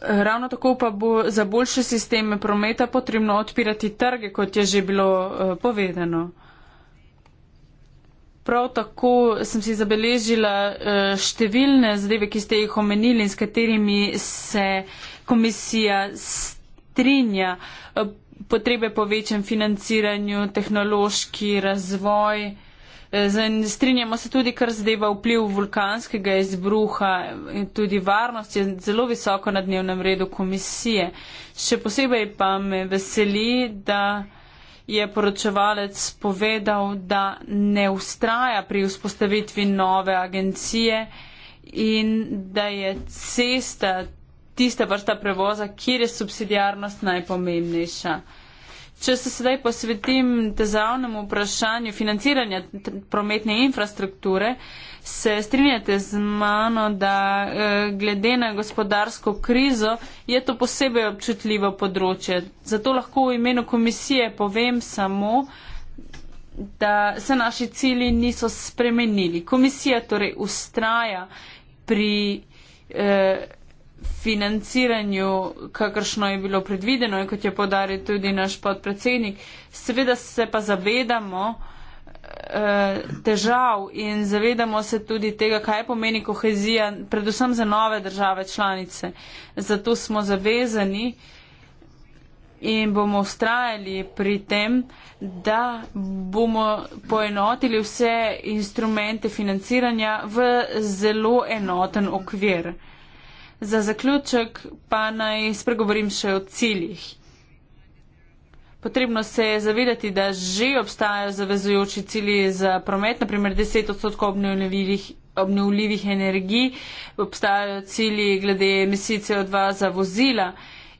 Ravno tako pa bo za boljše sisteme prometa potrebno odpirati trge, kot je že bilo eh, povedano. Prav tako sem si zabeležila eh, številne zadeve, ki ste jih omenili in s katerimi se komisija strinja. Eh, potrebe po večjem financiranju, tehnološki razvoj. Eh, strinjamo se tudi, kar zadeva vpliv vulkanskega izbruha in tudi varnost je zelo visoko na dnevnem redu komisije. Še posebej pa me veseli, da je poročevalec povedal, da ne ustraja pri vzpostavitvi nove agencije in da je cesta tista vrsta prevoza, kjer je subsidijarnost najpomembnejša. Če se sedaj posvetim tezavnemu vprašanju financiranja prometne infrastrukture, se strinjate z mano, da eh, glede na gospodarsko krizo je to posebej občutljivo področje. Zato lahko v imenu komisije povem samo, da se naši cili niso spremenili. Komisija torej ustraja pri. Eh, financiranju, kakršno je bilo predvideno in kot je podaril tudi naš podpredsednik. Seveda se pa zavedamo eh, težav in zavedamo se tudi tega, kaj pomeni kohezija, predvsem za nove države članice. Zato smo zavezani in bomo ustrajali pri tem, da bomo poenotili vse instrumente financiranja v zelo enoten okvir. Za zaključek pa naj spregovorim še o ciljih. Potrebno se je zavedati, da že obstajajo zavezujoči cilji za promet, naprimer 10 odstotkov obnovljivih, obnovljivih energij, obstajajo cilji glede emisij CO2 za vozila.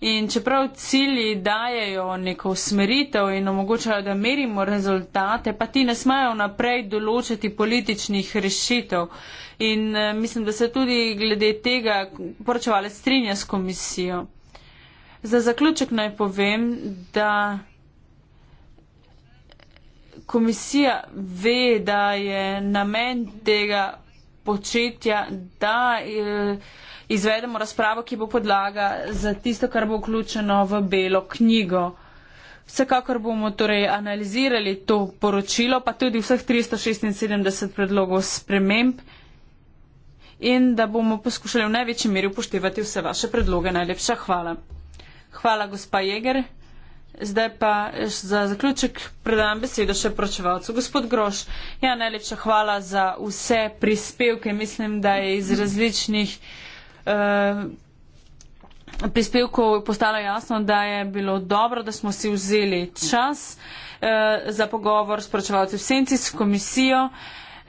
In čeprav cilji dajajo neko usmeritev in omogočajo, da merimo rezultate, pa ti ne smajo naprej določiti političnih rešitev in eh, mislim, da se tudi glede tega poročevalec strinja s komisijo. Za zaključek naj povem, da komisija ve, da je namen tega početja, da eh, izvedemo razpravo, ki bo podlaga za tisto, kar bo vključeno v belo knjigo. Vsekakor bomo torej analizirali to poročilo, pa tudi vseh 376 predlogov sprememb in da bomo poskušali v največji meri upoštevati vse vaše predloge. Najlepša hvala. Hvala, gospa Jeger. Zdaj pa eh, za zaključek predam besedo še pročevalcu. Gospod Groš, ja, najlepša hvala za vse prispevke. Mislim, da je iz različnih uh, prispevkov postalo jasno, da je bilo dobro, da smo si vzeli čas uh, za pogovor s pročevalcem v senci, s komisijo. Uh,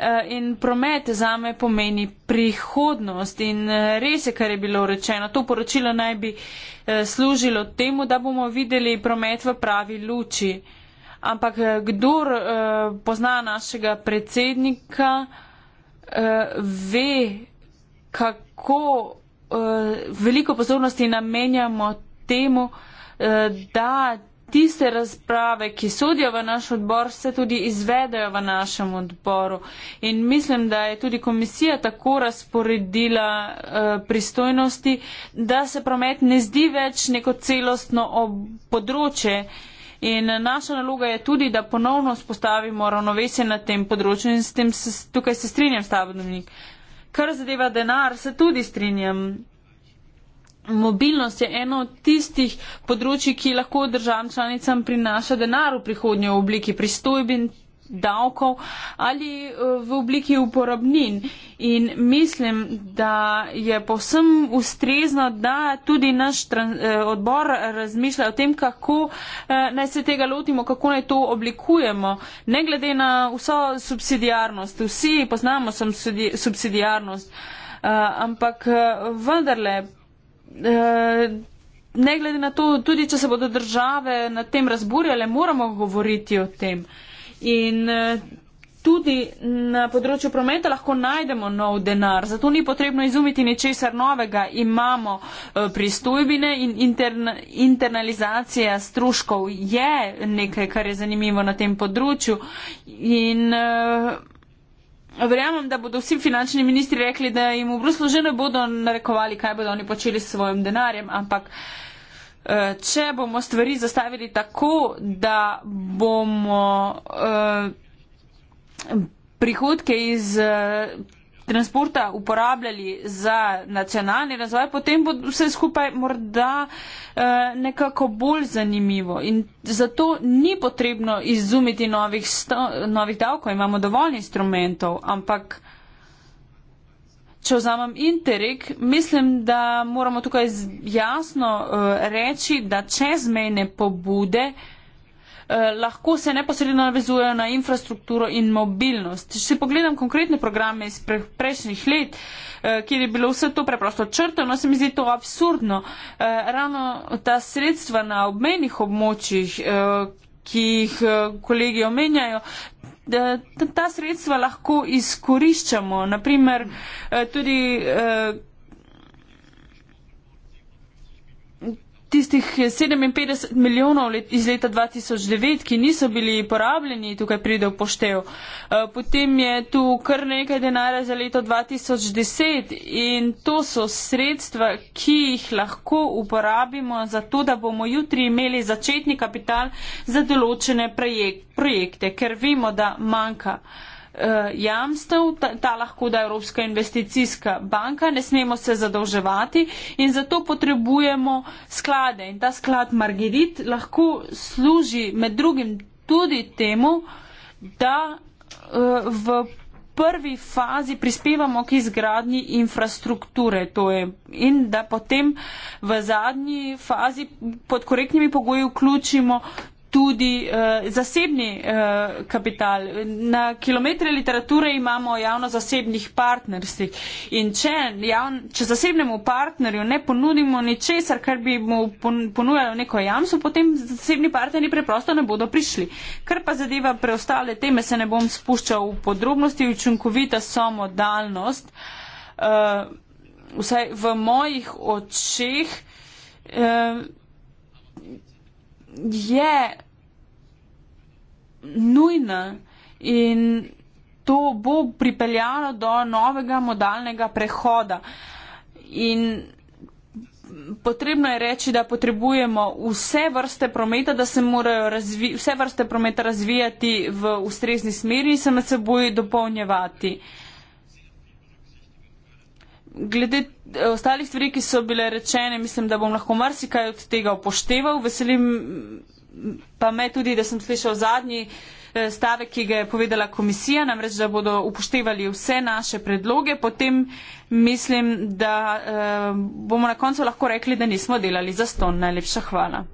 Eh, in promet za me pomeni prihodnost. In eh, res je, kar je bilo rečeno, to poročilo naj bi eh, služilo temu, da bomo videli promet v pravi luči. Ampak kdor pozna našega predsednika, ve, kako veliko pozornosti namenjamo temu, da tiste razprave, ki sodijo v naš odbor, se tudi izvedejo v našem odboru. In mislim, da je tudi komisija tako razporedila eh, pristojnosti, da se promet ne zdi več neko celostno področje. In naša naloga je tudi, da ponovno spostavimo ravnovesje na tem področju in s tem se, tukaj se strinjam, stavodnik. Kar zadeva denar, se tudi strinjam. Mobilnost je eno od tistih področji, ki lahko državam članicam prinaša denar v prihodnje v obliki pristojbin, davkov ali eh, v obliki uporabnin. In mislim, da je povsem ustrezno, da tudi naš eh, odbor razmišlja o tem, kako eh, naj se tega lotimo, kako naj to oblikujemo. Ne glede na vso subsidijarnost, vsi poznamo subsidijarnost, ampak vendarle Eh, ne glede na to, tudi če se bodo države na tem razburjale, moramo govoriti o tem. In eh, tudi na področju prometa lahko najdemo nov denar, zato ni potrebno izumiti ničesar novega. Imamo eh, pristojbine in interna, internalizacija stroškov je nekaj, kar je zanimivo na tem področju. In, Verjamem, da bodo vsi finančni ministri rekli, da jim v Bruslu že ne bodo narekovali, kaj bodo oni počeli s svojim denarjem, ampak eh, če bomo stvari zastavili tako, da bomo eh, prihodke iz eh, transporta uporabljali za nacionalni razvoj, potem bo vse skupaj morda eh, nekako bolj zanimivo. In zato ni potrebno izumiti novih, sto, novih davkov, imamo dovolj instrumentov, ampak če vzamem interreg, mislim, da moramo tukaj jasno eh, reči, da čezmejne pobude Eh, lahko se neposredno navezujejo na infrastrukturo in mobilnost. Če si pogledam konkretne programe iz pre prejšnjih let, eh, kjer je bilo vse to preprosto črteno, se mi zdi to absurdno. Eh, ravno ta sredstva na obmejnih območjih, ki jih kolegi omenjajo, ta sredstva lahko izkoriščamo. Naprimer, tudi tistih 57 milijonov let, iz leta 2009, ki niso bili porabljeni, tukaj pride v poštev. Eh, potem je tu kar nekaj denarja za leto 2010 in to so sredstva, ki jih lahko uporabimo za to, da bomo jutri imeli začetni kapital za določene projek projekte, ker vemo, da manjka uh, jamstev, ta, ta lahko da Evropska investicijska banka, ne smemo se zadolževati in zato potrebujemo sklade. In ta sklad Margerit lahko služi med drugim tudi temu, da uh, v prvi fazi prispevamo k izgradnji infrastrukture je, in da potem v zadnji fazi pod korektnimi pogoji vključimo tudi uh, zasebni uh, kapital. Na kilometre literature imamo javno-zasebnih partnerstvih in če, javn, če zasebnemu partnerju ne ponudimo ničesar, kar bi mu ponujalo neko jamstvo, potem zasebni partnerji preprosto ne bodo prišli. Kar pa zadeva preostale teme, se ne bom spuščal v podrobnosti, učinkovita samodalnost, uh, vsaj v mojih očeh. Uh, je nujna in to bo pripeljalo do novega modalnega prehoda. In potrebno je reči, da potrebujemo vse vrste prometa, da se morajo razvi vse vrste prometa razvijati v ustrezni smeri in se med seboj dopolnjevati. Uh, glede eh, ostalih stvari, ki so bile rečene, mislim, da bom lahko marsikaj od tega upošteval. Veselim pa me tudi, da sem slišal zadnji eh, stavek, ki ga je povedala komisija, namreč, da bodo upoštevali vse naše predloge. Potem mislim, da eh, bomo na koncu lahko rekli, da nismo delali za ston. Najlepša hvala.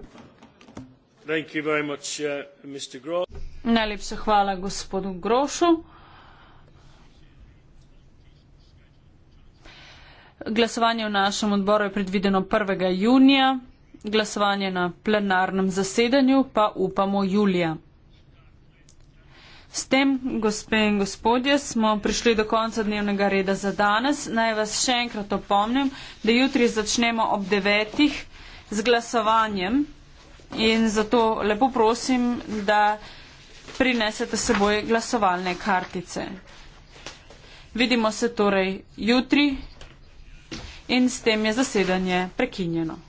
Much, uh, Najlepša hvala gospodu Grošu. Glasovanje v našem odboru je predvideno 1. junija, glasovanje na plenarnem zasedanju pa upamo julija. S tem, gospe in gospodje, smo prišli do konca dnevnega reda za danes. Naj vas še enkrat opomnim, da jutri začnemo ob 9. z glasovanjem in zato lepo prosim, da prinesete seboj glasovalne kartice. Vidimo se torej jutri in s tem je zasedanje prekinjeno.